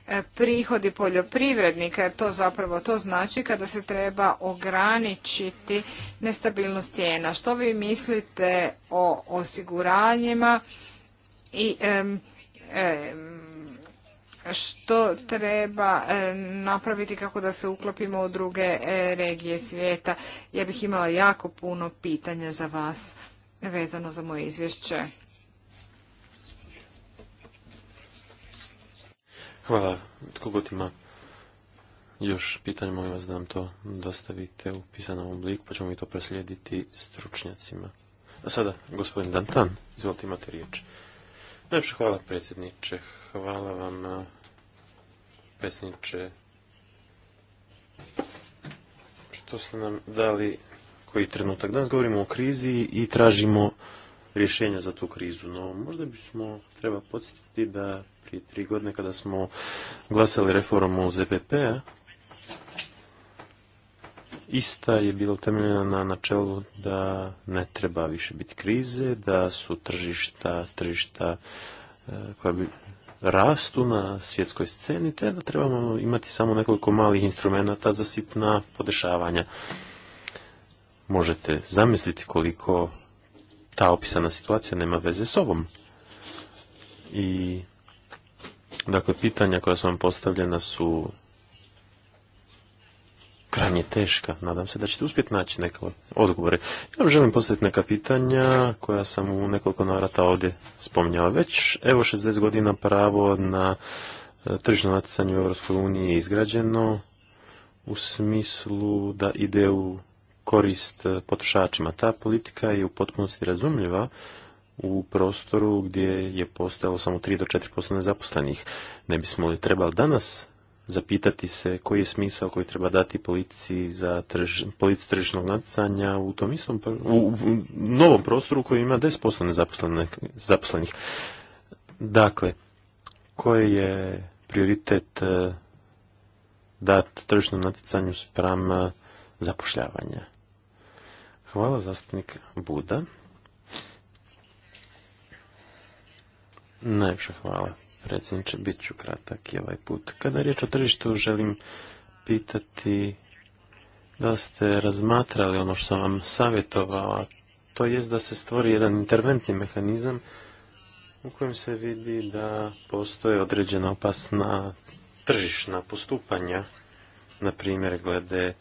e, prihodi poljoprivrednika, jer to zapravo to znači kada se treba ograničiti nestabilnost cijena. Što vi mislite o osiguranjima i što treba e, napraviti kako da se uklopimo u druge e, regije svijeta? Ja bih imala jako puno pitanja za vas vezano za moje izvješće. Hvala. Tko god ima još pitanje, molim vas da nam to dostavite u pisanom obliku, pa ćemo mi to preslijediti stručnjacima. A sada, gospodin Dantan, izvolite imate riječ. Najpše hvala predsjedniče, hvala vam predsjedniče što ste nam dali koji trenutak. Danas govorimo o krizi i tražimo rješenja za tu krizu. No, možda bismo treba podsjetiti da prije tri godine kada smo glasali reformu ZPP-a, ista je bila utemeljena na načelu da ne treba više biti krize, da su tržišta, tržišta e, koja bi rastu na svjetskoj sceni, te da trebamo imati samo nekoliko malih instrumenata za sitna podešavanja možete zamisliti koliko ta opisana situacija nema veze s ovom. I, dakle, pitanja koja su vam postavljena su krajnje teška. Nadam se da ćete uspjeti naći neke odgovore. Ja vam želim postaviti neka pitanja koja sam u nekoliko navrata ovdje spominjala. Već evo 60 godina pravo na e, tržišno natjecanje u EU je izgrađeno u smislu da ide u korist e, potrošačima. Ta politika je u potpunosti razumljiva u prostoru gdje je postojalo samo 3 do 4% nezaposlenih. Ne bismo li trebali danas zapitati se koji je smisao koji treba dati politici za trž, politici tržišnog natjecanja u tom istom u, novom prostoru koji ima 10% zaposlenih. Dakle, koji je prioritet e, dati tržišnom natjecanju spram e, zapošljavanja? Hvala zastupnik Buda. Najviše hvala predsjedniče, bit ću kratak i ovaj put. Kada je riječ o tržištu, želim pitati da ste razmatrali ono što sam vam a to jest da se stvori jedan interventni mehanizam u kojem se vidi da postoje određena opasna tržišna postupanja, na primjer glede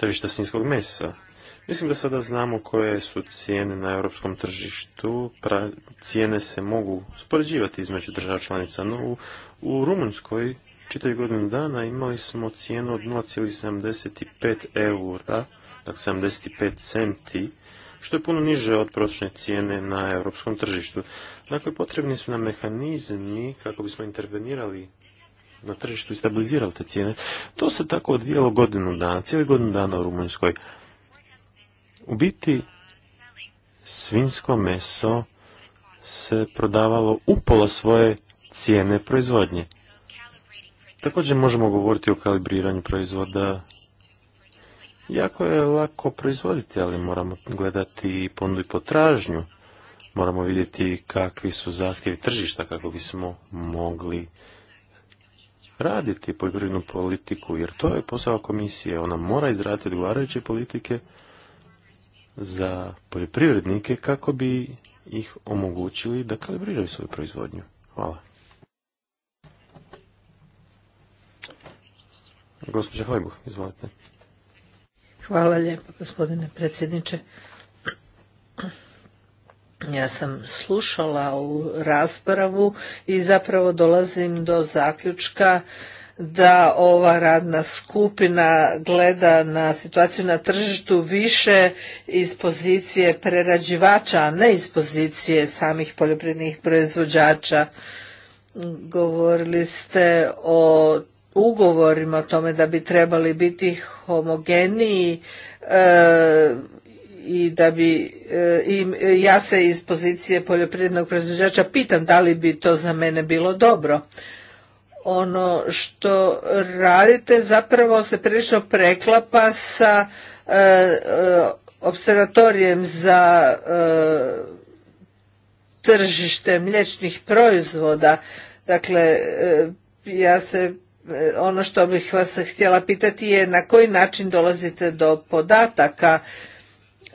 tržišta svinjskog mesa. Mislim da sada znamo koje su cijene na europskom tržištu. cijene se mogu spoređivati između država članica, no u, Rumunjskoj čitaju godinu dana imali smo cijenu od 0,75 eura, dakle 75 centi, što je puno niže od prosječne cijene na europskom tržištu. Dakle, potrebni su nam mehanizmi kako bismo intervenirali na tržištu i stabilizirali te cijene. To se tako odvijalo godinu dana, cijeli godinu dana u Rumunjskoj. U biti, svinsko meso se prodavalo upola svoje cijene proizvodnje. Također možemo govoriti o kalibriranju proizvoda. Jako je lako proizvoditi, ali moramo gledati ponudu i potražnju. Moramo vidjeti kakvi su zahtjevi tržišta kako bismo mogli raditi poljoprivrednu politiku, jer to je posao komisije. Ona mora izraditi odgovarajuće politike za poljoprivrednike kako bi ih omogućili da kalibriraju svoju proizvodnju. Hvala. Gospođa Hojbuh, izvolite. Hvala lijepo, gospodine predsjedniče. Ja sam slušala u raspravu i zapravo dolazim do zaključka da ova radna skupina gleda na situaciju na tržištu više iz pozicije prerađivača, a ne iz pozicije samih poljoprivrednih proizvođača. Govorili ste o ugovorima o tome da bi trebali biti homogeniji e, i da bi e, i e, ja se iz pozicije poljoprivrednog proizvođača pitam da li bi to za mene bilo dobro ono što radite zapravo se prilično preklapa sa e, e observatorijem za e, tržište mliječnih proizvoda dakle ja se ono što bih vas htjela pitati je na koji način dolazite do podataka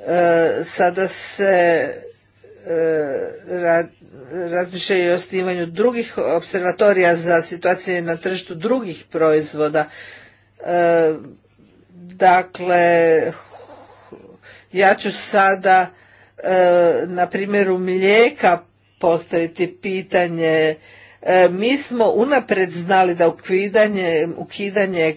E, sada se e, razmišlja i o osnivanju drugih observatorija za situacije na tržištu drugih proizvoda. E, dakle, ja ću sada na primjeru mlijeka postaviti pitanje E, mi smo unapred znali da ukidanje, ukidanje e,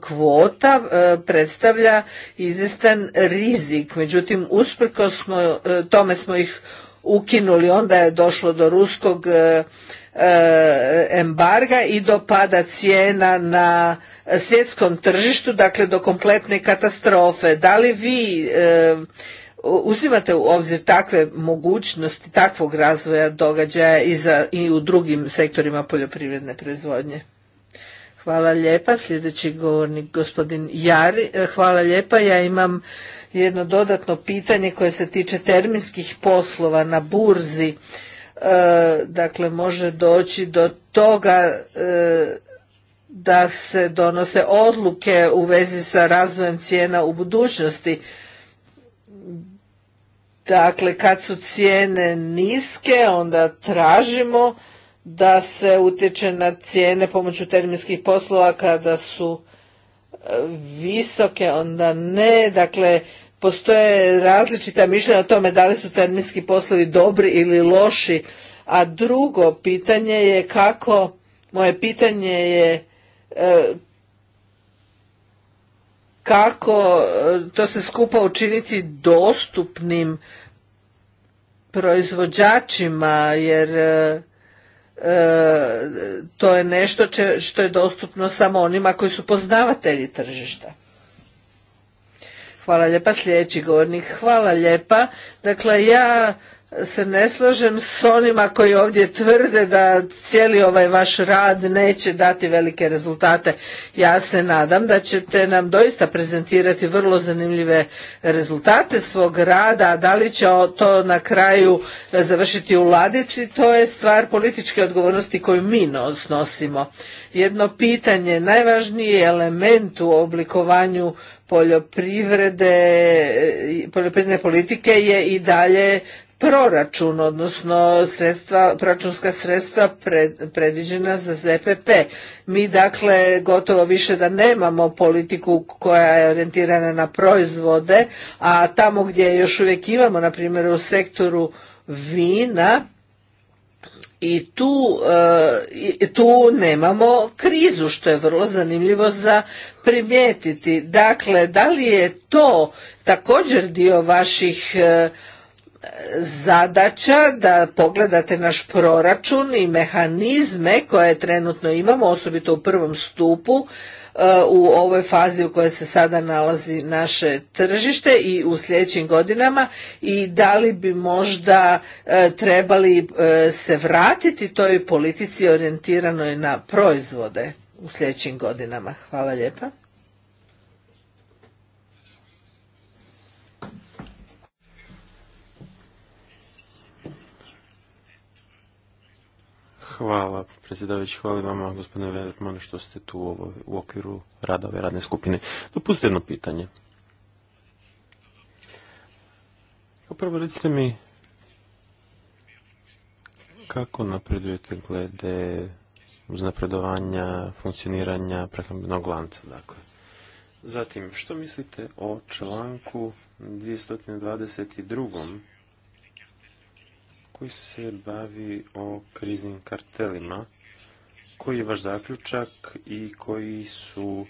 kvota e, predstavlja izvjestan rizik. Međutim, usprkos smo, tome smo ih ukinuli. Onda je došlo do ruskog embarga i do pada cijena na svjetskom tržištu, dakle do kompletne katastrofe. Da li vi uzimate u obzir takve mogućnosti takvog razvoja događaja i, u drugim sektorima poljoprivredne proizvodnje? Hvala lijepa. Sljedeći govornik gospodin Jari. E, hvala lijepa. Ja imam jedno dodatno pitanje koje se tiče terminskih poslova na burzi. E, dakle, može doći do toga e, da se donose odluke u vezi sa razvojem cijena u budućnosti. Dakle, kad su cijene niske, onda tražimo da se utječe na cijene pomoću terminskih poslova kada su e, visoke, onda ne. Dakle, postoje različita mišljenja o tome da li su terminski poslovi dobri ili loši. A drugo pitanje je kako, moje pitanje je e, kako e, to se skupa učiniti dostupnim proizvođačima jer e, e, to je nešto što je dostupno samo onima koji su poznavatelji tržišta. Hvala lijepa sljedeći govornik. Hvala lijepa. Dakle ja se ne slažem s onima koji ovdje tvrde da cijeli ovaj vaš rad neće dati velike rezultate. Ja se nadam da ćete nam doista prezentirati vrlo zanimljive rezultate svog rada, a da li će to na kraju završiti u ladici, to je stvar političke odgovornosti koju mi nosimo. Jedno pitanje, najvažniji element u oblikovanju poljoprivrede, eh, poljoprivredne politike je i dalje proračun, odnosno sredstva, proračunska sredstva predviđena za ZPP. Mi dakle gotovo više da nemamo politiku koja je orijentirana na proizvode, a tamo gdje još uvijek imamo, na primjer u sektoru vina, i tu, e, tu nemamo krizu što je vrlo zanimljivo za primijetiti. Dakle, da li je to također dio vaših e, zadaća da pogledate naš proračun i mehanizme koje trenutno imamo, osobito u prvom stupu, e, u ovoj fazi u kojoj se sada nalazi naše tržište i u sljedećim godinama i da li bi možda e, trebali e, se vratiti toj politici orijentiranoj na proizvode u sljedećim godinama. Hvala lijepa. Hvala, predsjedavajući, hvala vama, gospodine Vederman, što ste tu u, okviru rada ove radne skupine. Dopustite jedno pitanje. Upravo recite mi kako napredujete glede uznapredovanja, funkcioniranja prehrambenog lanca, dakle. Zatim, što mislite o članku 222 koji se bavi o kriznim kartelima. Koji je vaš zaključak i koji su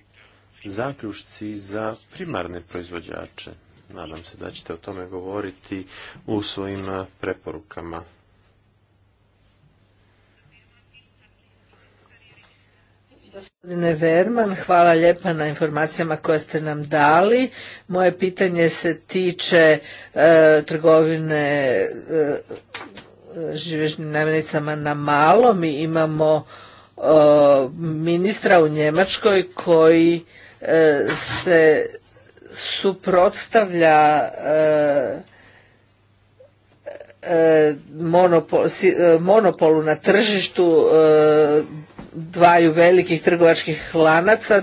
zaključci za primarne proizvođače? Nadam se da ćete o tome govoriti u svojim preporukama Gospodine Verman, hvala lijepa na informacijama koje ste nam dali. Moje pitanje se tiče e, trgovine e, živežnim namirnicama na malo. Mi imamo e, ministra u Njemačkoj koji se suprotstavlja monopolu na tržištu dvaju velikih trgovačkih lanaca,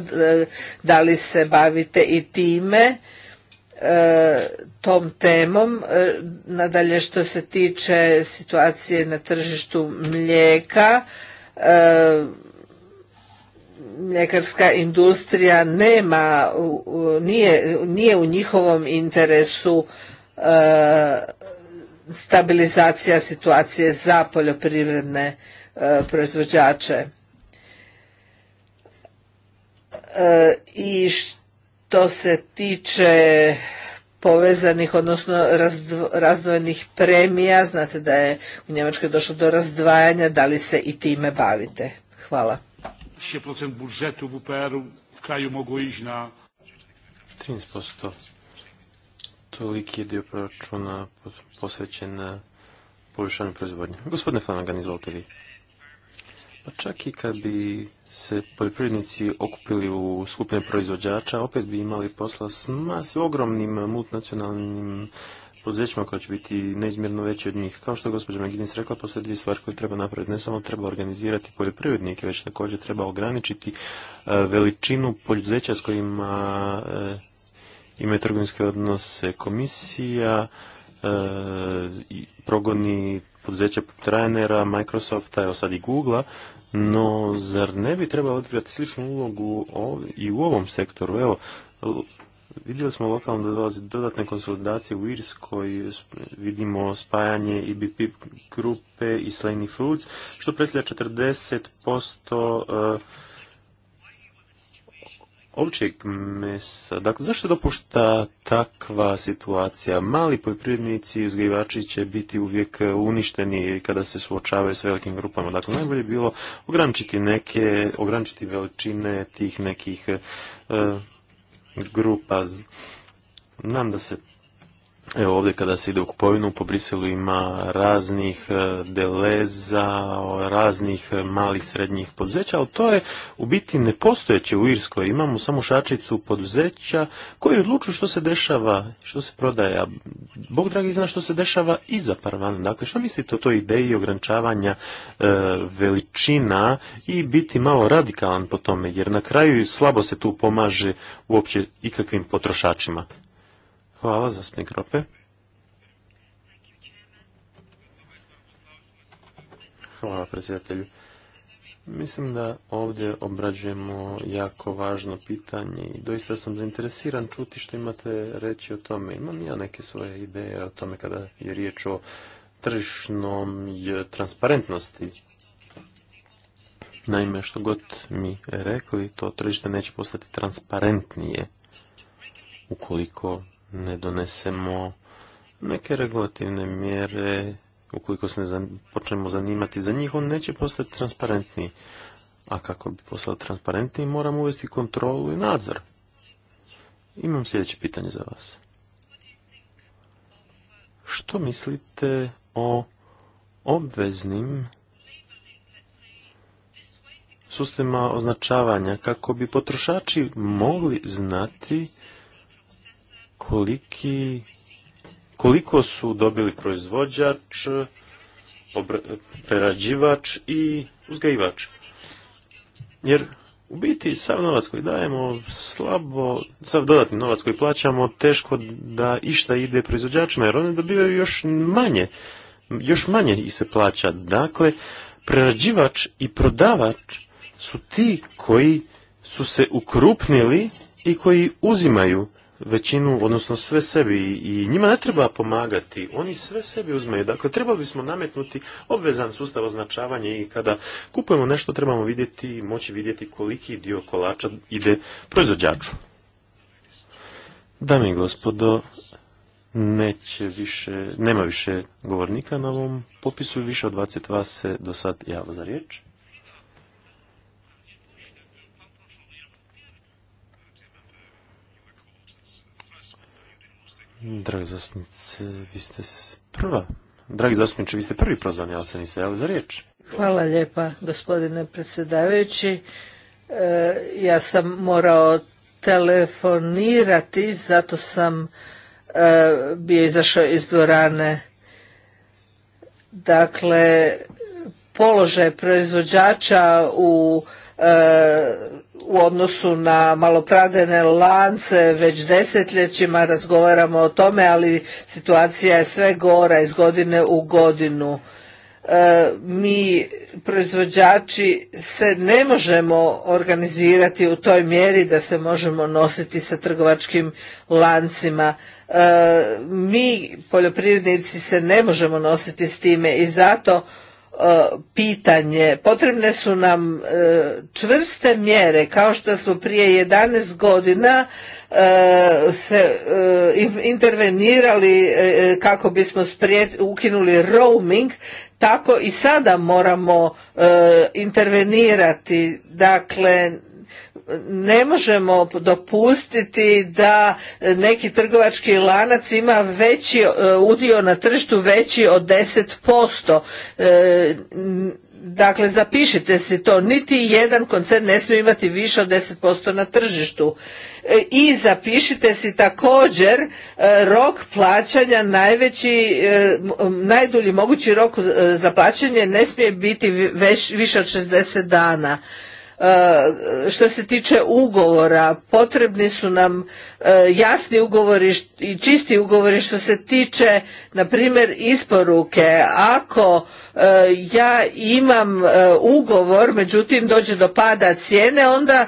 da li se bavite i time, e, tom temom. E, nadalje što se tiče situacije na tržištu mlijeka, e, mljekarska industrija nema, nije, nije u njihovom interesu stabilizacija situacije za poljoprivredne proizvođače. E, i što se tiče povezanih, odnosno razdvojenih premija, znate da je u Njemačkoj došlo do razdvajanja, da li se i time bavite? Hvala. 13% budžetu VPR-u v kraju mogu ići na... 13%. Toliki je dio proračuna posvećen na e, povišanju proizvodnje. Gospodine Flanagan, izvolite vi. Pa čak i kad bi se poljoprivrednici okupili u skupine proizvođača, opet bi imali posla s, s ogromnim multinacionalnim poduzećima koja će biti neizmjerno veći od njih. Kao što je gospođa Magidins rekla, postoje dvije stvari koje treba napraviti. Ne samo treba organizirati poljoprivrednike, već također treba ograničiti e, veličinu poduzeća s kojima e, imaju trgovinske odnose. Komisija e, progoni poduzeća Trainera, Microsofta, evo sad i Googlea, no zar ne bi trebalo odigrati sličnu ulogu i u ovom sektoru? Evo, vidjeli smo lokalno da dolazi dodatne konsolidacije u Irskoj, vidimo spajanje IBP grupe i Slaney Foods, što predstavlja 40% Ovčik mesa. Dakle, zašto dopušta takva situacija? Mali poljoprivrednici i uzgajivači će biti uvijek uništeni kada se suočavaju s velikim grupama. Dakle, najbolje je bilo ograničiti neke, ograničiti veličine tih nekih eh, grupa. Znam da se Evo ovdje kada se ide u kupovinu, po Briselu ima raznih e, deleza, raznih e, malih srednjih poduzeća, ali to je u biti nepostojeće u Irskoj. Imamo samo šačicu poduzeća koji odlučuju što se dešava, što se prodaje. Bog dragi zna što se dešava iza parvana. Dakle, što mislite o toj ideji ograničavanja e, veličina i biti malo radikalan po tome, jer na kraju slabo se tu pomaže uopće ikakvim potrošačima. Hvala, zastupnik Rope. Hvala, predsjedatelju. Mislim da ovdje obrađujemo jako važno pitanje i doista sam zainteresiran čuti što imate reći o tome. Imam ja neke svoje ideje o tome kada je riječ o tržišnom transparentnosti. Naime, što god mi rekli, to tržište neće postati transparentnije ukoliko ne donesemo neke regulativne mjere, ukoliko se ne počnemo zanimati za njih, on neće postati transparentniji. A kako bi postao transparentniji, moramo uvesti kontrolu i nadzor. Imam sljedeće pitanje za vas. Što mislite o obveznim sustavima označavanja kako bi potrošači mogli znati koliki, koliko su dobili proizvođač, prerađivač i uzgajivač. Jer u biti sav novac koji dajemo slabo, sav dodatni novac koji plaćamo teško da išta ide proizvođačima jer oni dobivaju još manje, još manje i se plaća. Dakle, prerađivač i prodavač su ti koji su se ukrupnili i koji uzimaju većinu, odnosno sve sebi i njima ne treba pomagati, oni sve sebi uzmeju. Dakle, trebali bismo nametnuti obvezan sustav označavanja i kada kupujemo nešto trebamo vidjeti, moći vidjeti koliki dio kolača ide proizvođaču. Dame i gospodo, neće više, nema više govornika na ovom popisu, više od 20 vas se do sad javo za riječ. Dragi zastupnice, vi ste prva. Dragi zastupniče, vi ste prvi prozvan, ali se niste javili za riječ. Hvala lijepa, gospodine predsjedavajući. E, ja sam morao telefonirati, zato sam e, bio izašao iz dvorane. Dakle, položaj proizvođača u e, u odnosu na malopradene lance već desetljećima razgovaramo o tome, ali situacija je sve gora iz godine u godinu. E, mi proizvođači se ne možemo organizirati u toj mjeri da se možemo nositi sa trgovačkim lancima. E, mi poljoprivrednici se ne možemo nositi s time i zato E, pitanje. Potrebne su nam e, čvrste mjere kao što smo prije 11 godina e, se intervenirali kako bismo ukinuli roaming, tako i sada moramo intervenirati. Dakle, ne možemo dopustiti da neki trgovački lanac ima veći e, udio na tržištu veći od 10%. E, dakle, zapišite si to, niti jedan koncern ne smije imati više od 10% na tržištu. E, I zapišite si također rok plaćanja najveći, najdulji mogući rok za plaćanje ne smije biti više od 60 dana što se tiče ugovora, potrebni su nam e, jasni ugovori i čisti ugovori što se tiče, na primjer, isporuke. Ako e, ja imam e, ugovor, međutim dođe do pada cijene, onda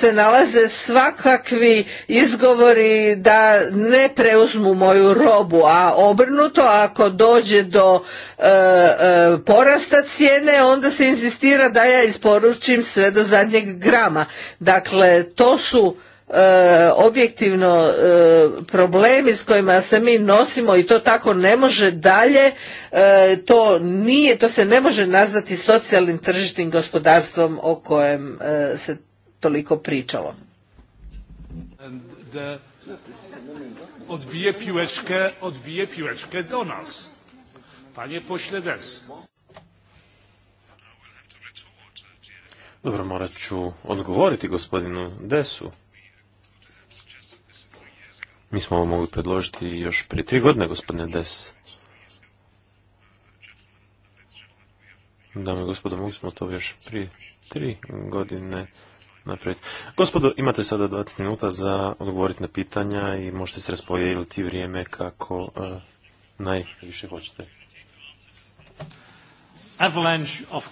se nalaze svakakvi izgovori da ne preuzmu moju robu, a obrnuto ako dođe do porasta cijene, onda se inzistira da ja isporučim sve do zadnjeg grama. Dakle, to su e, objektivno e, problemi s kojima se mi nosimo i to tako ne može dalje e, to nije to se ne može nazvati socijalnim tržišnim gospodarstvom o kojem se toliko pričalo the... odbije piłeczkę odbije piłeczkę do nas panie pośle Dobro, morat ću odgovoriti gospodinu Desu. Mi smo ovo mogli predložiti još prije tri godine, gospodine Des. Dame i gospodo, mogli smo to još prije tri godine naprijed. Gospodo, imate sada 20 minuta za odgovoriti na pitanja i možete se raspodijeliti vrijeme kako eh, najviše hoćete avalanche of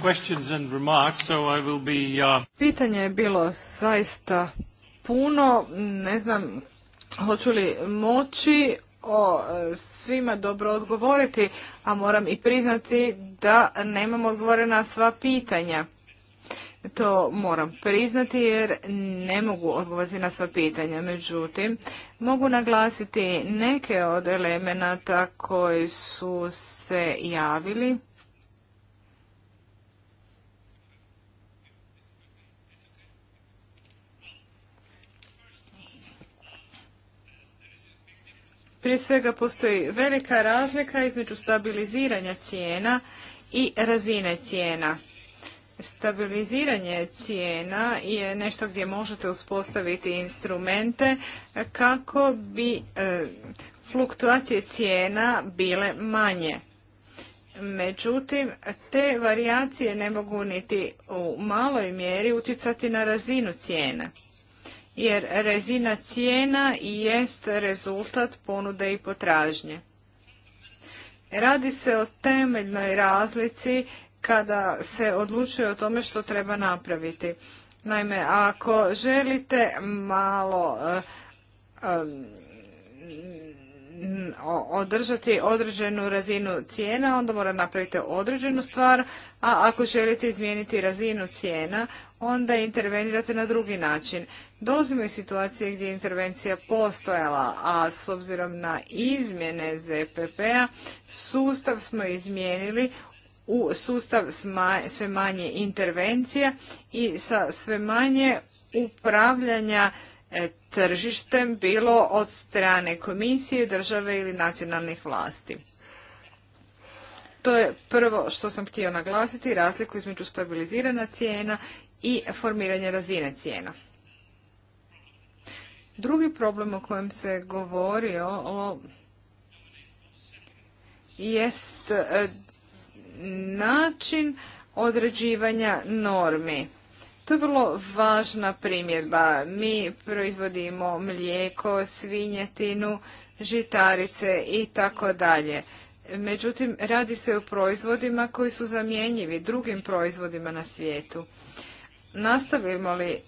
questions and remarks, so I will be... Uh, Pitanje je bilo zaista puno, ne znam hoću li moći o e, svima dobro odgovoriti, a moram i priznati da nemam odgovore na sva pitanja. To moram priznati jer ne mogu odgovoriti na sva pitanja. Međutim, mogu naglasiti neke od elemenata koji su se javili Prije svega postoji velika razlika između stabiliziranja cijena i razine cijena. Stabiliziranje cijena je nešto gdje možete uspostaviti instrumente kako bi e, fluktuacije cijena bile manje. Međutim, te varijacije ne mogu niti u maloj mjeri utjecati na razinu cijena jer rezina cijena jest rezultat ponude i potražnje. Radi se o temeljnoj razlici kada se odlučuje o tome što treba napraviti. Naime, ako želite malo eh, eh, održati određenu razinu cijena, onda mora napraviti određenu stvar, a ako želite izmijeniti razinu cijena, onda intervenirate na drugi način. Dolazimo iz situacije gdje je intervencija postojala, a s obzirom na izmjene ZPP-a, sustav smo izmijenili u sustav sve manje intervencija i sa sve manje upravljanja e, tržištem bilo od strane komisije, države ili nacionalnih vlasti. To je prvo što sam htio naglasiti, razliku između stabilizirana cijena i formiranje razine cijena. Drugi problem o kojem se govori o, jest e, način određivanja normi. To je vrlo važna primjedba. Mi proizvodimo mlijeko, svinjetinu, žitarice i tako dalje. Međutim, radi se o proizvodima koji su zamjenjivi drugim proizvodima na svijetu. Nastavimo li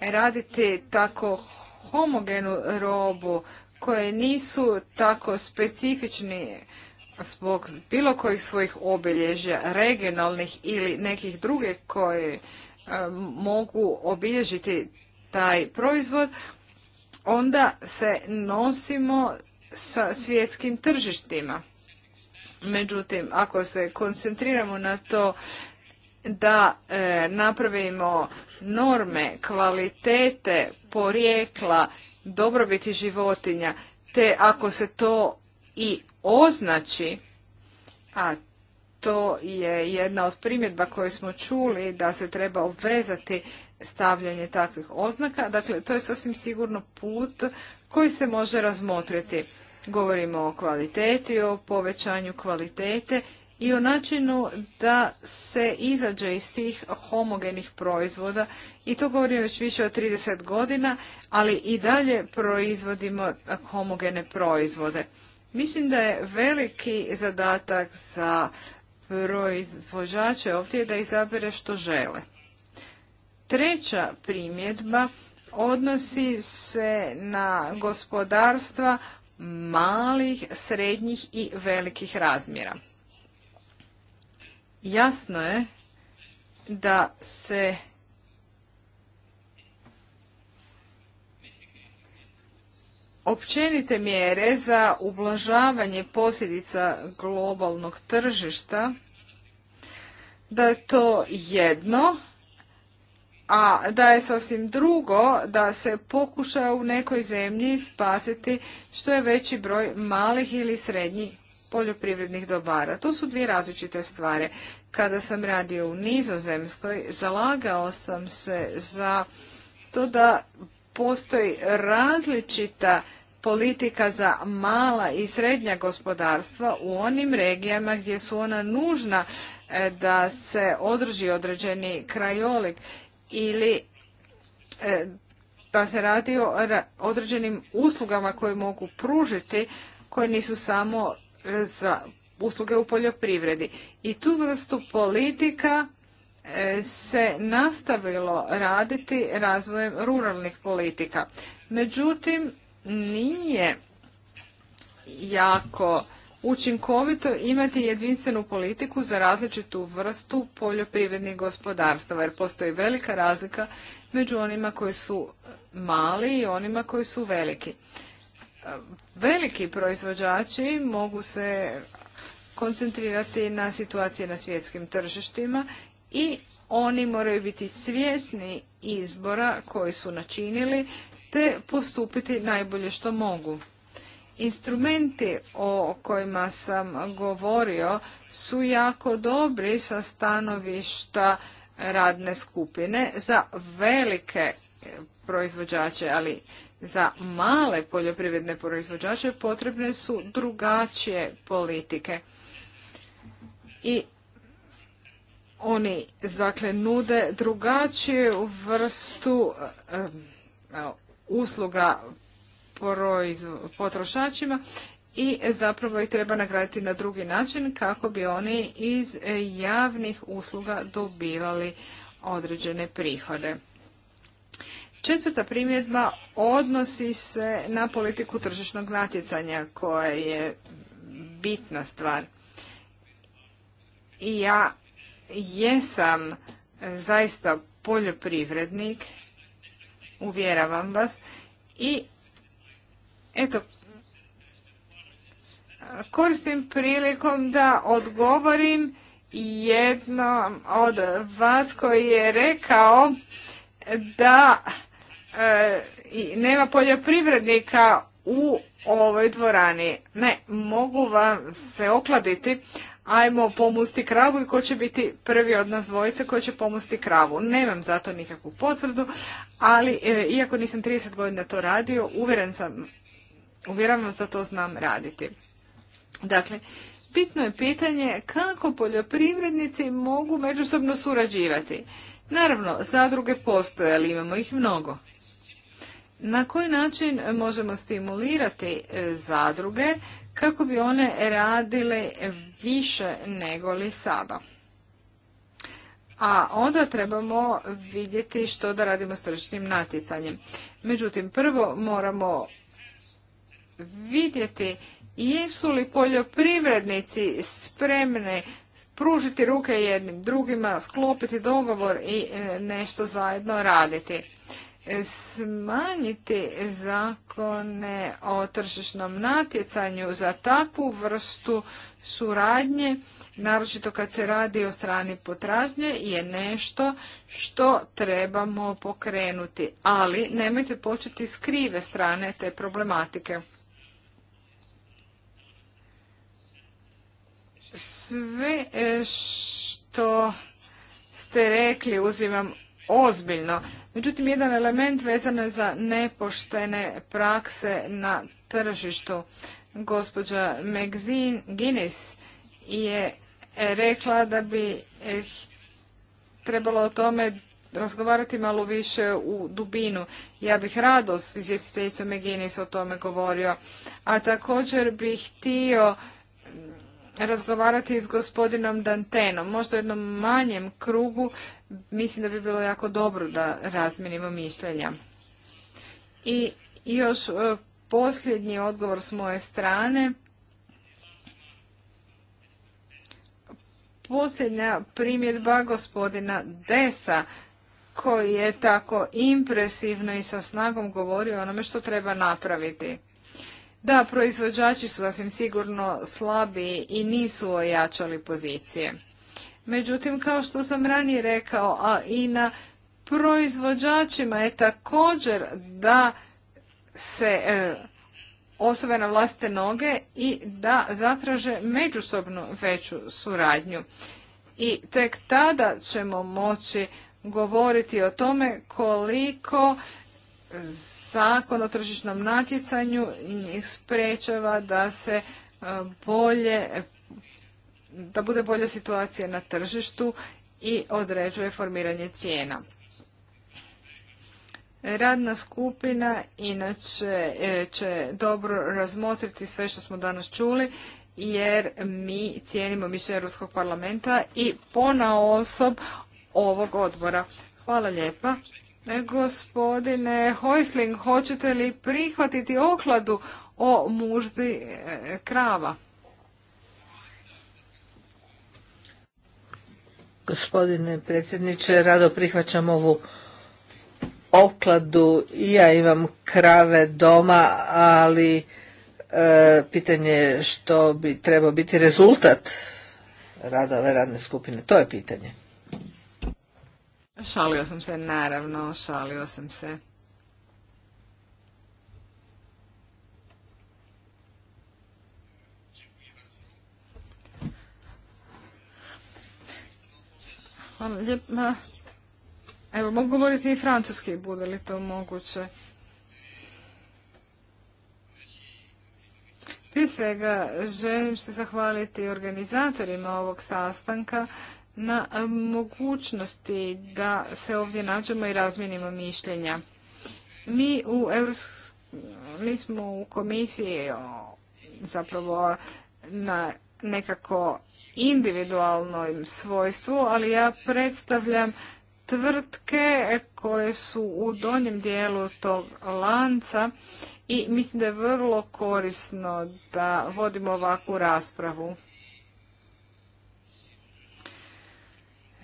raditi tako homogenu robu koje nisu tako specifični zbog bilo kojih svojih obilježja, regionalnih ili nekih druge koje e, mogu obilježiti taj proizvod, onda se nosimo sa svjetskim tržištima. Međutim, ako se koncentriramo na to da e, napravimo norme kvalitete porijekla dobrobiti životinja te ako se to i označi a to je jedna od primjedba koje smo čuli da se treba obvezati stavljanje takvih oznaka dakle to je sasvim sigurno put koji se može razmotriti govorimo o kvaliteti o povećanju kvalitete i o načinu da se izađe iz tih homogenih proizvoda i to govorim već više od 30 godina, ali i dalje proizvodimo homogene proizvode. Mislim da je veliki zadatak za proizvođače ovdje da izabere što žele. Treća primjedba odnosi se na gospodarstva malih, srednjih i velikih razmjera. Jasno je da se općenite mjere za ublažavanje posljedica globalnog tržišta, da je to jedno, a da je sasvim drugo da se pokuša u nekoj zemlji spasiti što je veći broj malih ili srednjih poljoprivrednih dobara. To su dvije različite stvari. Kada sam radio u Nizozemskoj, zalagao sam se za to da postoji različita politika za mala i srednja gospodarstva u onim regijama gdje su ona nužna e, da se održi određeni krajolik ili e, da se radi o određenim uslugama koje mogu pružiti koje nisu samo za usluge u poljoprivredi. I tu vrstu politika e, se nastavilo raditi razvojem ruralnih politika. Međutim, nije jako učinkovito imati jedinstvenu politiku za različitu vrstu poljoprivrednih gospodarstava, jer postoji velika razlika među onima koji su mali i onima koji su veliki veliki proizvođači mogu se koncentrirati na situacije na svjetskim tržištima i oni moraju biti svjesni izbora koji su načinili te postupiti najbolje što mogu. Instrumenti o kojima sam govorio su jako dobri sa stanovišta radne skupine za velike proizvođače, ali za male poljoprivredne proizvođače potrebne su drugačije politike. I oni dakle nude drugačiju vrstu usluga potrošačima i zapravo ih treba nagraditi na drugi način kako bi oni iz javnih usluga dobivali određene prihode. Četvrta primjedba odnosi se na politiku tržišnog natjecanja koja je bitna stvar. I ja jesam zaista poljoprivrednik, uvjeravam vas, i eto, koristim prilikom da odgovorim jednom od vas koji je rekao da E, i nema poljoprivrednika u ovoj dvorani. Ne, mogu vam se okladiti, ajmo pomusti kravu i ko će biti prvi od nas dvojice koji će pomusti kravu. Nemam zato nikakvu potvrdu, ali e, iako nisam 30 godina to radio, uvjeren sam, uvjeram vas da to znam raditi. Dakle, bitno je pitanje kako poljoprivrednici mogu međusobno surađivati. Naravno, zadruge postoje, ali imamo ih mnogo. Na koji način možemo stimulirati e, zadruge kako bi one radile više nego li sada? A onda trebamo vidjeti što da radimo s tržišnim natjecanjem. Međutim, prvo moramo vidjeti jesu li poljoprivrednici spremni pružiti ruke jednim drugima, sklopiti dogovor i e, nešto zajedno raditi smanjiti zakone o tržišnom natjecanju za takvu vrstu suradnje, naročito kad se radi o strani potražnje, je nešto što trebamo pokrenuti. Ali nemojte početi s krive strane te problematike. Sve e, što ste rekli uzimam ozbiljno. Međutim, jedan element vezano je za nepoštene prakse na tržištu. Gospođa McGinnis je rekla da bi eh, trebalo o tome razgovarati malo više u dubinu. Ja bih rado s izvjestiteljicom o tome govorio. A također bih htio razgovarati s gospodinom Dantenom, možda u jednom manjem krugu, mislim da bi bilo jako dobro da razminimo mišljenja. I još e, posljednji odgovor s moje strane. Posljednja primjedba gospodina Desa, koji je tako impresivno i sa snagom govorio o onome što treba napraviti. Da, proizvođači su sasvim sigurno slabi i nisu ojačali pozicije. Međutim, kao što sam ranije rekao, a i na proizvođačima je također da se e, osobe na vlastite noge i da zatraže međusobnu veću suradnju. I tek tada ćemo moći govoriti o tome koliko zakon o tržišnom natjecanju sprečava da se e, bolje da bude bolja situacija na tržištu i određuje formiranje cijena. Radna skupina inače e, će dobro razmotriti sve što smo danas čuli jer mi cijenimo mišljenje Europskog parlamenta i pona osob ovog odbora. Hvala lijepa. Gospodine Hojsling, hoćete li prihvatiti okladu o muždi e, krava? Gospodine predsjedniče, rado prihvaćam ovu okladu. Ja imam krave doma, ali e, pitanje je što bi trebao biti rezultat rada ove radne skupine. To je pitanje. Šalio sam se, naravno, šalio sam se. Hvala Evo, mogu govoriti i francuski, bude li to moguće. Prije svega, želim se zahvaliti organizatorima ovog sastanka na e, mogućnosti da se ovdje nađemo i razmijenimo mišljenja. Mi u mi smo u komisiji zapravo na nekako individualnom svojstvu, ali ja predstavljam tvrtke koje su u donjem dijelu tog lanca i mislim da je vrlo korisno da vodimo ovakvu raspravu.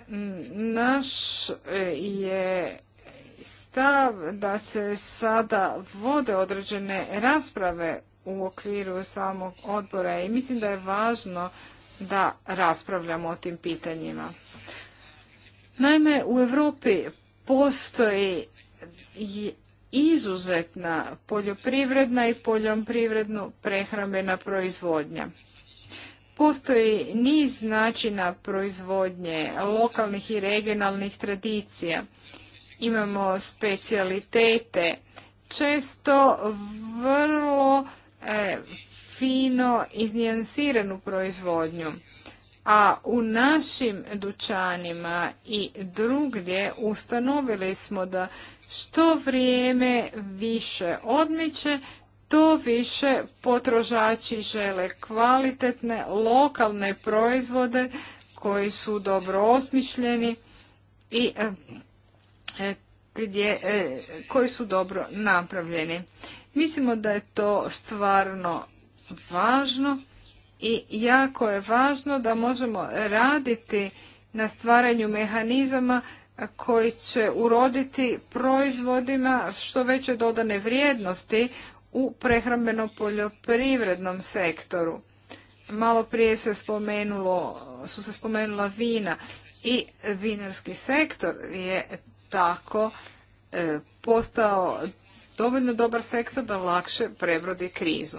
naš e, je stav da se sada vode određene rasprave u okviru samog odbora i mislim da je važno da raspravljamo o tim pitanjima. Naime, u Europi postoji izuzetna poljoprivredna i poljoprivredno prehrambena proizvodnja. Postoji niz načina proizvodnje lokalnih i regionalnih tradicija. Imamo specijalitete, često vrlo e, fino iznijansiranu proizvodnju. A u našim dućanima i drugdje ustanovili smo da što vrijeme više odmiče, što više potrošači žele kvalitetne lokalne proizvode koji su dobro osmišljeni i e, e, e, koji su dobro napravljeni. Mislimo da je to stvarno važno i jako je važno da možemo raditi na stvaranju mehanizama koji će uroditi proizvodima što veće dodane vrijednosti u prehrambeno-poljoprivrednom sektoru. Malo prije se spomenulo, su se spomenula vina i vinarski sektor je tako e, postao dovoljno dobar sektor da lakše prebrodi krizu.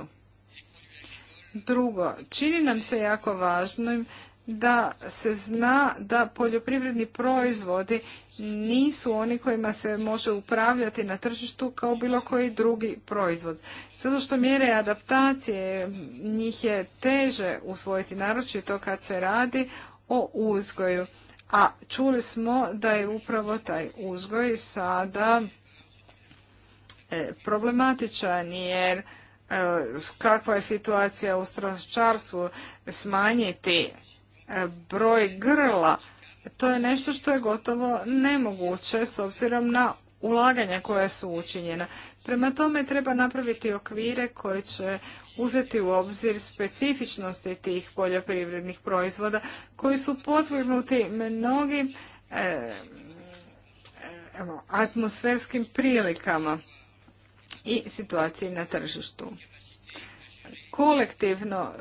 Drugo, čini nam se jako važnim da se zna da poljoprivredni proizvodi nisu oni kojima se može upravljati na tržištu kao bilo koji drugi proizvod. Zato što mjere adaptacije njih je teže usvojiti, naročito kad se radi o uzgoju. A čuli smo da je upravo taj uzgoj sada e, problematičan jer e, kakva je situacija u strošarstvu smanjiti broj grla, to je nešto što je gotovo nemoguće s obzirom na ulaganja koja su učinjena. Prema tome treba napraviti okvire koje će uzeti u obzir specifičnosti tih poljoprivrednih proizvoda koji su potvrnuti mnogim e, atmosferskim prilikama i situaciji na tržištu. Kolektivno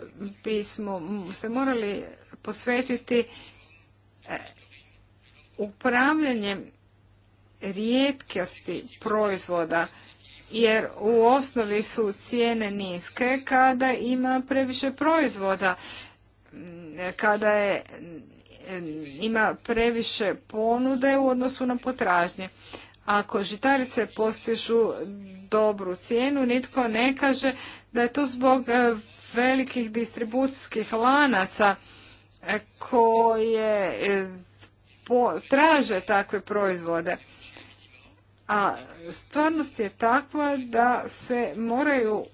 bismo se morali posvetiti e, upravljanjem rijetkosti proizvoda jer u osnovi su cijene niske kada ima previše proizvoda kada je ima previše ponude u odnosu na potražnje. Ako žitarice postižu dobru cijenu, nitko ne kaže da je to zbog e, velikih distribucijskih lanaca koje e, traže takve proizvode. A stvarnost je takva da se moraju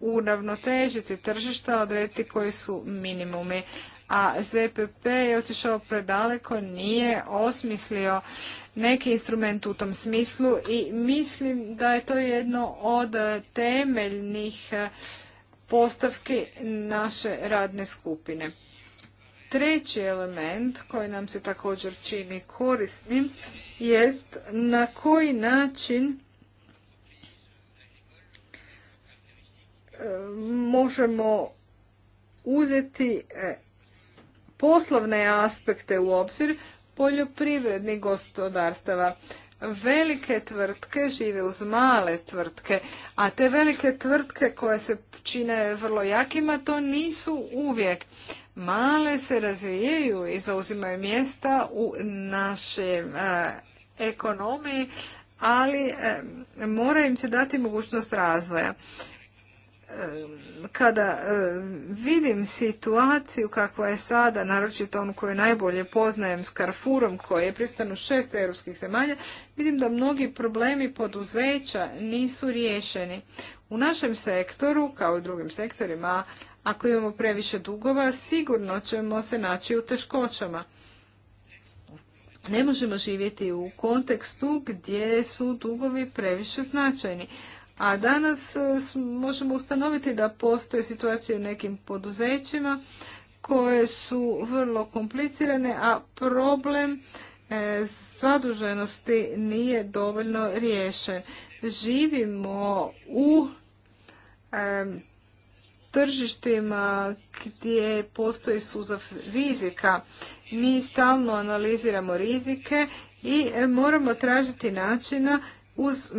unavnotežiti tržišta, odrediti koji su minimumi. A ZPP je otišao predaleko, nije osmislio neki instrument u tom smislu i mislim da je to jedno od temeljnih e, postavki naše radne skupine. Treći element koji nam se također čini korisnim jest na koji način e, možemo uzeti e, poslovne aspekte u obzir poljoprivrednih gospodarstava velike tvrtke žive uz male tvrtke, a te velike tvrtke koje se čine vrlo jakima to nisu uvijek. Male se razvijaju i zauzimaju mjesta u našem eh, ekonomiji, ali eh, mora im se dati mogućnost razvoja kada vidim situaciju kakva je sada, naročito onu koju najbolje poznajem s Karfurom koji je pristanu šest europskih zemalja, vidim da mnogi problemi poduzeća nisu riješeni. U našem sektoru, kao i u drugim sektorima, ako imamo previše dugova, sigurno ćemo se naći u teškoćama. Ne možemo živjeti u kontekstu gdje su dugovi previše značajni. A danas e, možemo ustanoviti da postoje situacije u nekim poduzećima koje su vrlo komplicirane, a problem e, zaduženosti nije dovoljno riješen. Živimo u e, tržištima gdje postoji suzav rizika. Mi stalno analiziramo rizike i moramo tražiti načina uz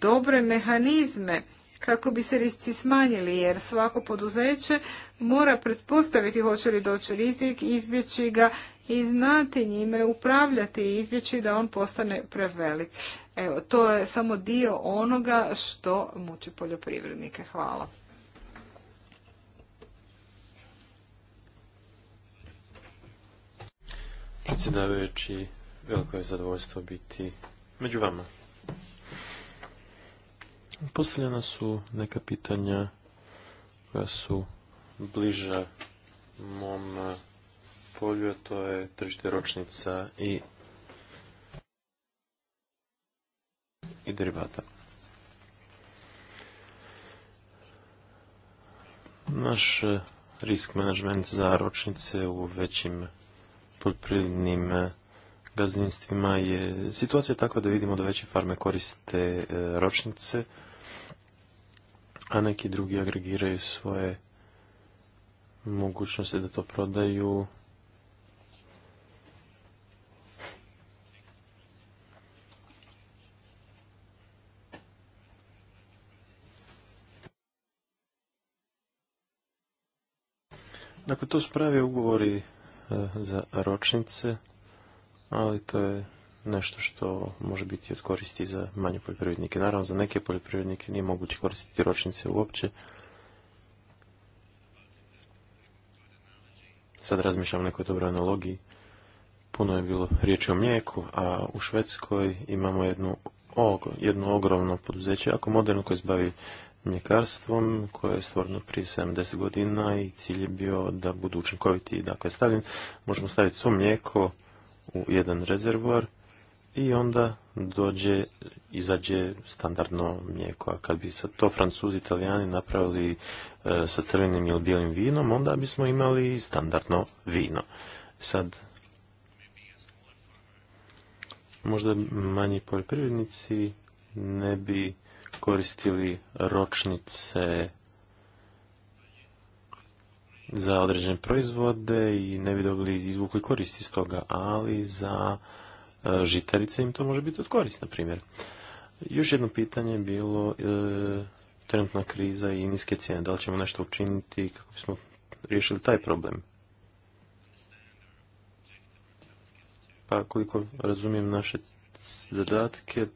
dobre mehanizme kako bi se rizici smanjili, jer svako poduzeće mora pretpostaviti hoće li doći rizik, izbjeći ga i znati njime upravljati i izbjeći da on postane prevelik. Evo, to je samo dio onoga što muči poljoprivrednike. Hvala. Predsjedavajući, veliko je zadovoljstvo biti među vama. Postavljena su neka pitanja koja su bliža mom polju, a to je tržište ročnica i, i derivata. Naš risk management za ročnice u većim poljoprivrednim gazdinstvima je situacija takva da vidimo da veće farme koriste e, ročnice a neki drugi agregiraju svoje mogućnosti da to prodaju. Dakle, to su pravi ugovori eh, za ročnice, ali to je nešto što može biti od koristi za manje poljoprivrednike. Naravno, za neke poljoprivrednike nije moguće koristiti ročnice uopće. Sad razmišljam o nekoj dobroj analogiji. Puno je bilo riječi o mlijeku, a u Švedskoj imamo jednu jedno ogromno poduzeće, jako moderno, koje se bavi mljekarstvom, koje je stvoreno prije 70 godina i cilj je bio da budu učinkoviti. Dakle, stavljen, možemo staviti svo mlijeko u jedan rezervoar i onda dođe, izađe standardno mlijeko. A kad bi sa to francuzi, italijani napravili e, sa crvenim ili bijelim vinom, onda bismo imali standardno vino. Sad, možda manji poljoprivrednici ne bi koristili ročnice za određene proizvode i ne bi dobili izvukli korist iz toga, ali za E, žitarice im to može biti od korist, na primjer. Još jedno pitanje je bilo e, trenutna kriza i niske cijene. Da li ćemo nešto učiniti kako bismo riješili taj problem? Pa koliko razumijem naše zadatke,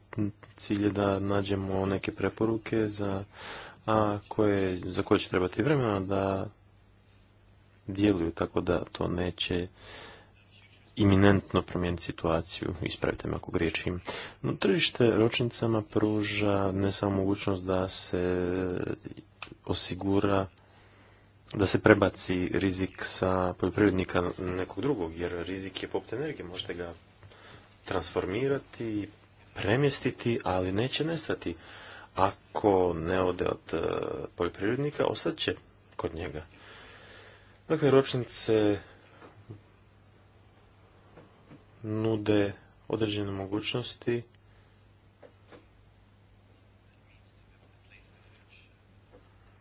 cilj je da nađemo neke preporuke za a koje, za koje će trebati vremena da djeluju tako da to neće iminentno promijeniti situaciju, ispravite me ako griječim. No, tržište ročnicama pruža ne samo mogućnost da se osigura da se prebaci rizik sa poljoprivrednika na nekog drugog, jer rizik je poput energije, možete ga transformirati, premjestiti, ali neće nestati. Ako ne ode od e, poljoprivrednika, ostat će kod njega. Dakle, ročnice nude određene mogućnosti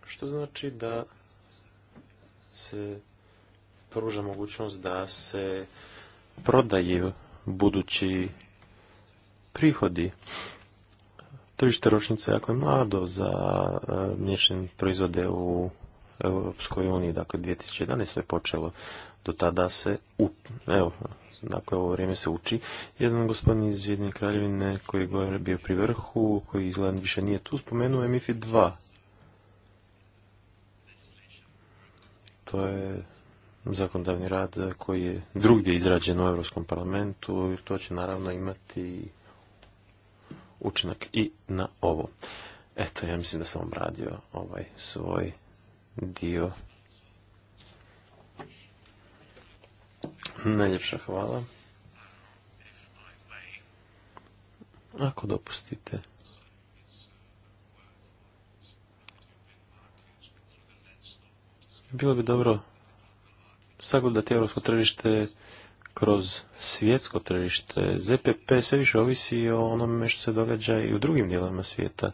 što znači da se pruža mogućnost da se prodaju budući prihodi. Tržište ročnice jako je mlado za e, mliječne proizvode u Europskoj uniji, dakle 2011. je počelo do tada se, u, evo, dakle ovo vrijeme se uči. Jedan gospodin iz Jedne kraljevine koji je gore bio pri vrhu, koji izgleda više nije tu, spomenuo je MIFID 2. To je zakonodavni rad koji je drugdje izrađen u Europskom parlamentu i to će naravno imati učinak i na ovo. Eto, ja mislim da sam obradio ovaj svoj dio Najljepša hvala. Ako dopustite. Bilo bi dobro sagledati europsko tržište kroz svjetsko tržište. ZPP sve više ovisi o onome što se događa i u drugim dijelama svijeta.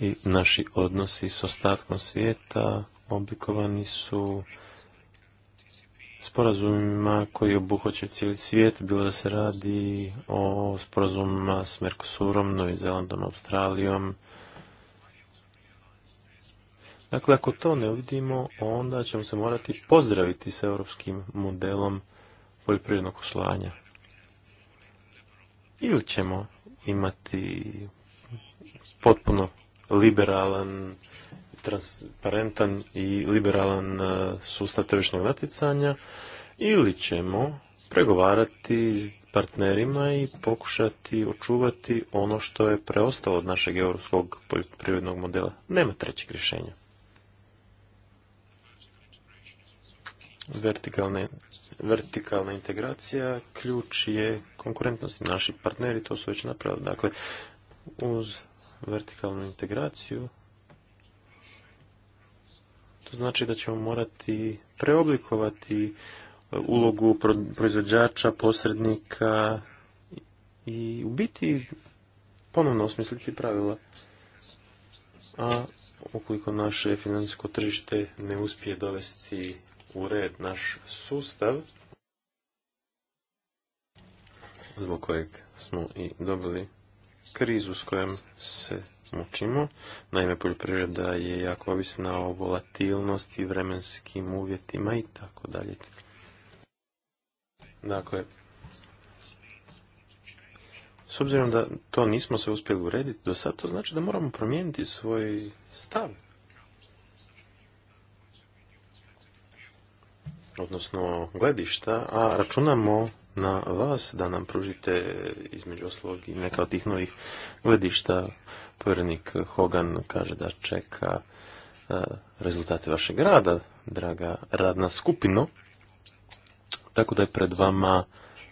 I naši odnosi s ostatkom svijeta oblikovani su sporazumima koji obuhvaćaju cijeli svijet, bilo da se radi o sporazumima s Mercosurom, Novi Zelandom, Australijom. Dakle, ako to ne vidimo, onda ćemo se morati pozdraviti s europskim modelom poljoprivrednog uslanja. Ili ćemo imati potpuno liberalan transparentan i liberalan e, sustav tržišnog natjecanja ili ćemo pregovarati s partnerima i pokušati očuvati ono što je preostalo od našeg europskog poljoprivrednog modela. Nema trećeg rješenja. Vertikalne, vertikalna integracija ključ je konkurentnosti. Naši partneri to su već napravili. Dakle, uz vertikalnu integraciju znači da ćemo morati preoblikovati e, ulogu proizvođača, posrednika i u biti ponovno osmisliti pravila. A ukoliko naše financijsko tržište ne uspije dovesti u red naš sustav, zbog kojeg smo i dobili krizu s kojom se mučimo. Naime, poljoprivreda je jako ovisna o volatilnosti, vremenskim uvjetima i tako dalje. Dakle, s obzirom da to nismo se uspjeli urediti do sad, to znači da moramo promijeniti svoj stav. Odnosno gledišta, a računamo na vas da nam pružite između ostalog i neka od tih novih gledišta. Povjerenik Hogan kaže da čeka e, rezultate vašeg rada, draga radna skupino. Tako da je pred vama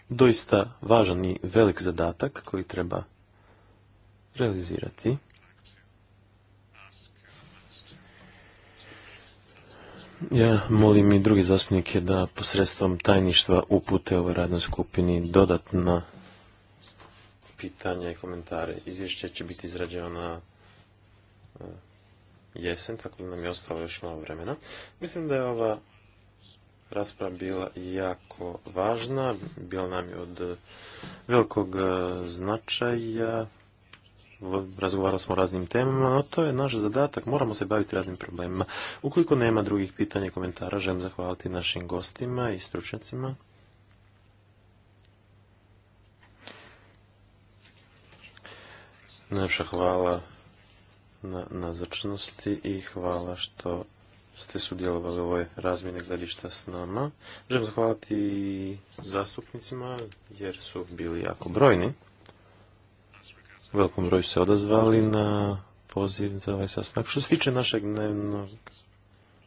doista važan i velik zadatak koji treba realizirati. Ja molim i drugi zastupnike da posredstvom tajništva upute ovoj radnoj skupini dodatna pitanja i komentare. Izvješće će biti izrađeno na eh, jesen, tako da nam je ostalo još malo vremena. Mislim da je ova rasprava bila jako važna, bila nam je od velikog eh, značaja razgovarali smo o raznim temama, no to je naš zadatak, moramo se baviti raznim problemima. Ukoliko nema drugih pitanja i komentara, želim zahvaliti našim gostima i stručnjacima. Najljepša hvala na nazočnosti i hvala što ste sudjelovali u ovoj razmjeni gledišta s nama. Želim zahvaliti i zastupnicima jer su bili jako brojni velikom broju se odazvali na poziv za ovaj sastanak. Što se tiče našeg dnevnog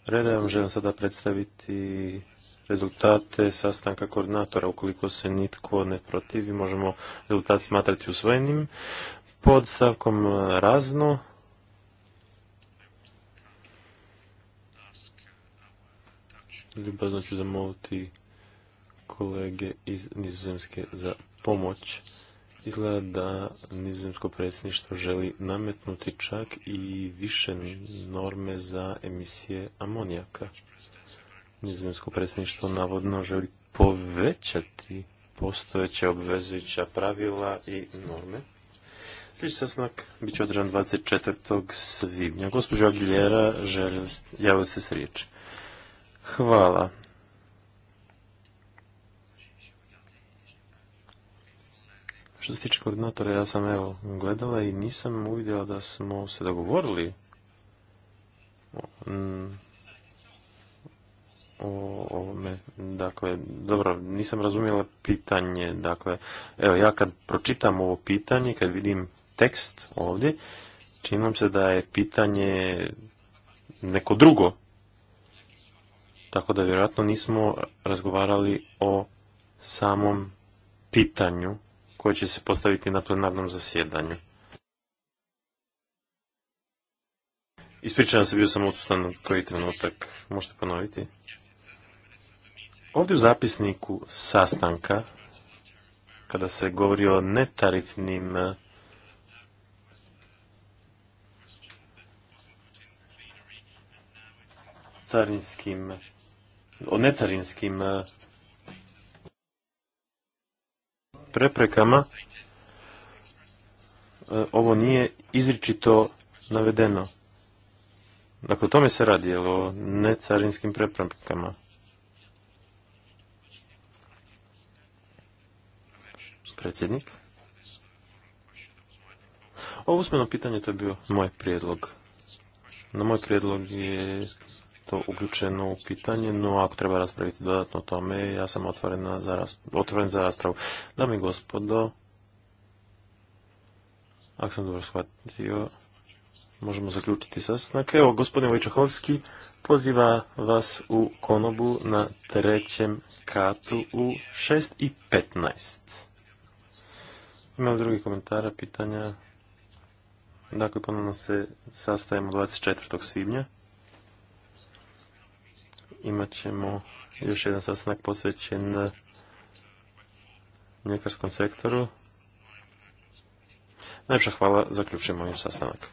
reda, ja vam želim sada predstaviti rezultate sastanka koordinatora. Ukoliko se nitko ne protivi, možemo rezultat smatrati usvojenim. Pod stavkom e, razno, ljubazno ću zamoliti kolege iz Nizozemske za pomoć. Izgleda da nizozemsko predsjedništvo želi nametnuti čak i više norme za emisije amonijaka. Nizozemsko predsjedništvo navodno želi povećati postojeća obvezujuća pravila i norme. Sljedeći sasnak bit će održan 24. svibnja. Gospođo Aguilera, javili ste s Hvala. Što se tiče koordinatora, ja sam evo gledala i nisam uvidjela da smo se dogovorili mm, o ovome. Dakle, dobro, nisam razumjela pitanje. Dakle, evo ja kad pročitam ovo pitanje, kad vidim tekst ovdje, činom se da je pitanje neko drugo. Tako da vjerojatno nismo razgovarali o samom pitanju koje će se postaviti na plenarnom zasjedanju. Ispričavam se, bio sam odsutan od koji trenutak. Možete ponoviti? Ovdje u zapisniku sastanka, kada se govori o netarifnim carinskim o netarinskim preprekama, e, ovo nije izričito navedeno. Dakle, o tome se radi, jel, o necarinskim preprekama. Predsjednik. Ovo usmeno pitanje, to je bio moj prijedlog. Na moj prijedlog je to uključeno u pitanje, no ako treba raspraviti dodatno o tome, ja sam otvoren za, raspravu, otvoren za Dame i gospodo, ako sam dobro shvatio, možemo zaključiti sastanak. Evo, gospodin Vojčahovski poziva vas u konobu na trećem katu u šest i Imam drugi komentara, pitanja. Dakle, ponovno se sastajemo 24. svibnja imat ćemo još jedan sastanak posvećen mljekarskom sektoru. Najpša hvala, zaključujemo ovim sastanak.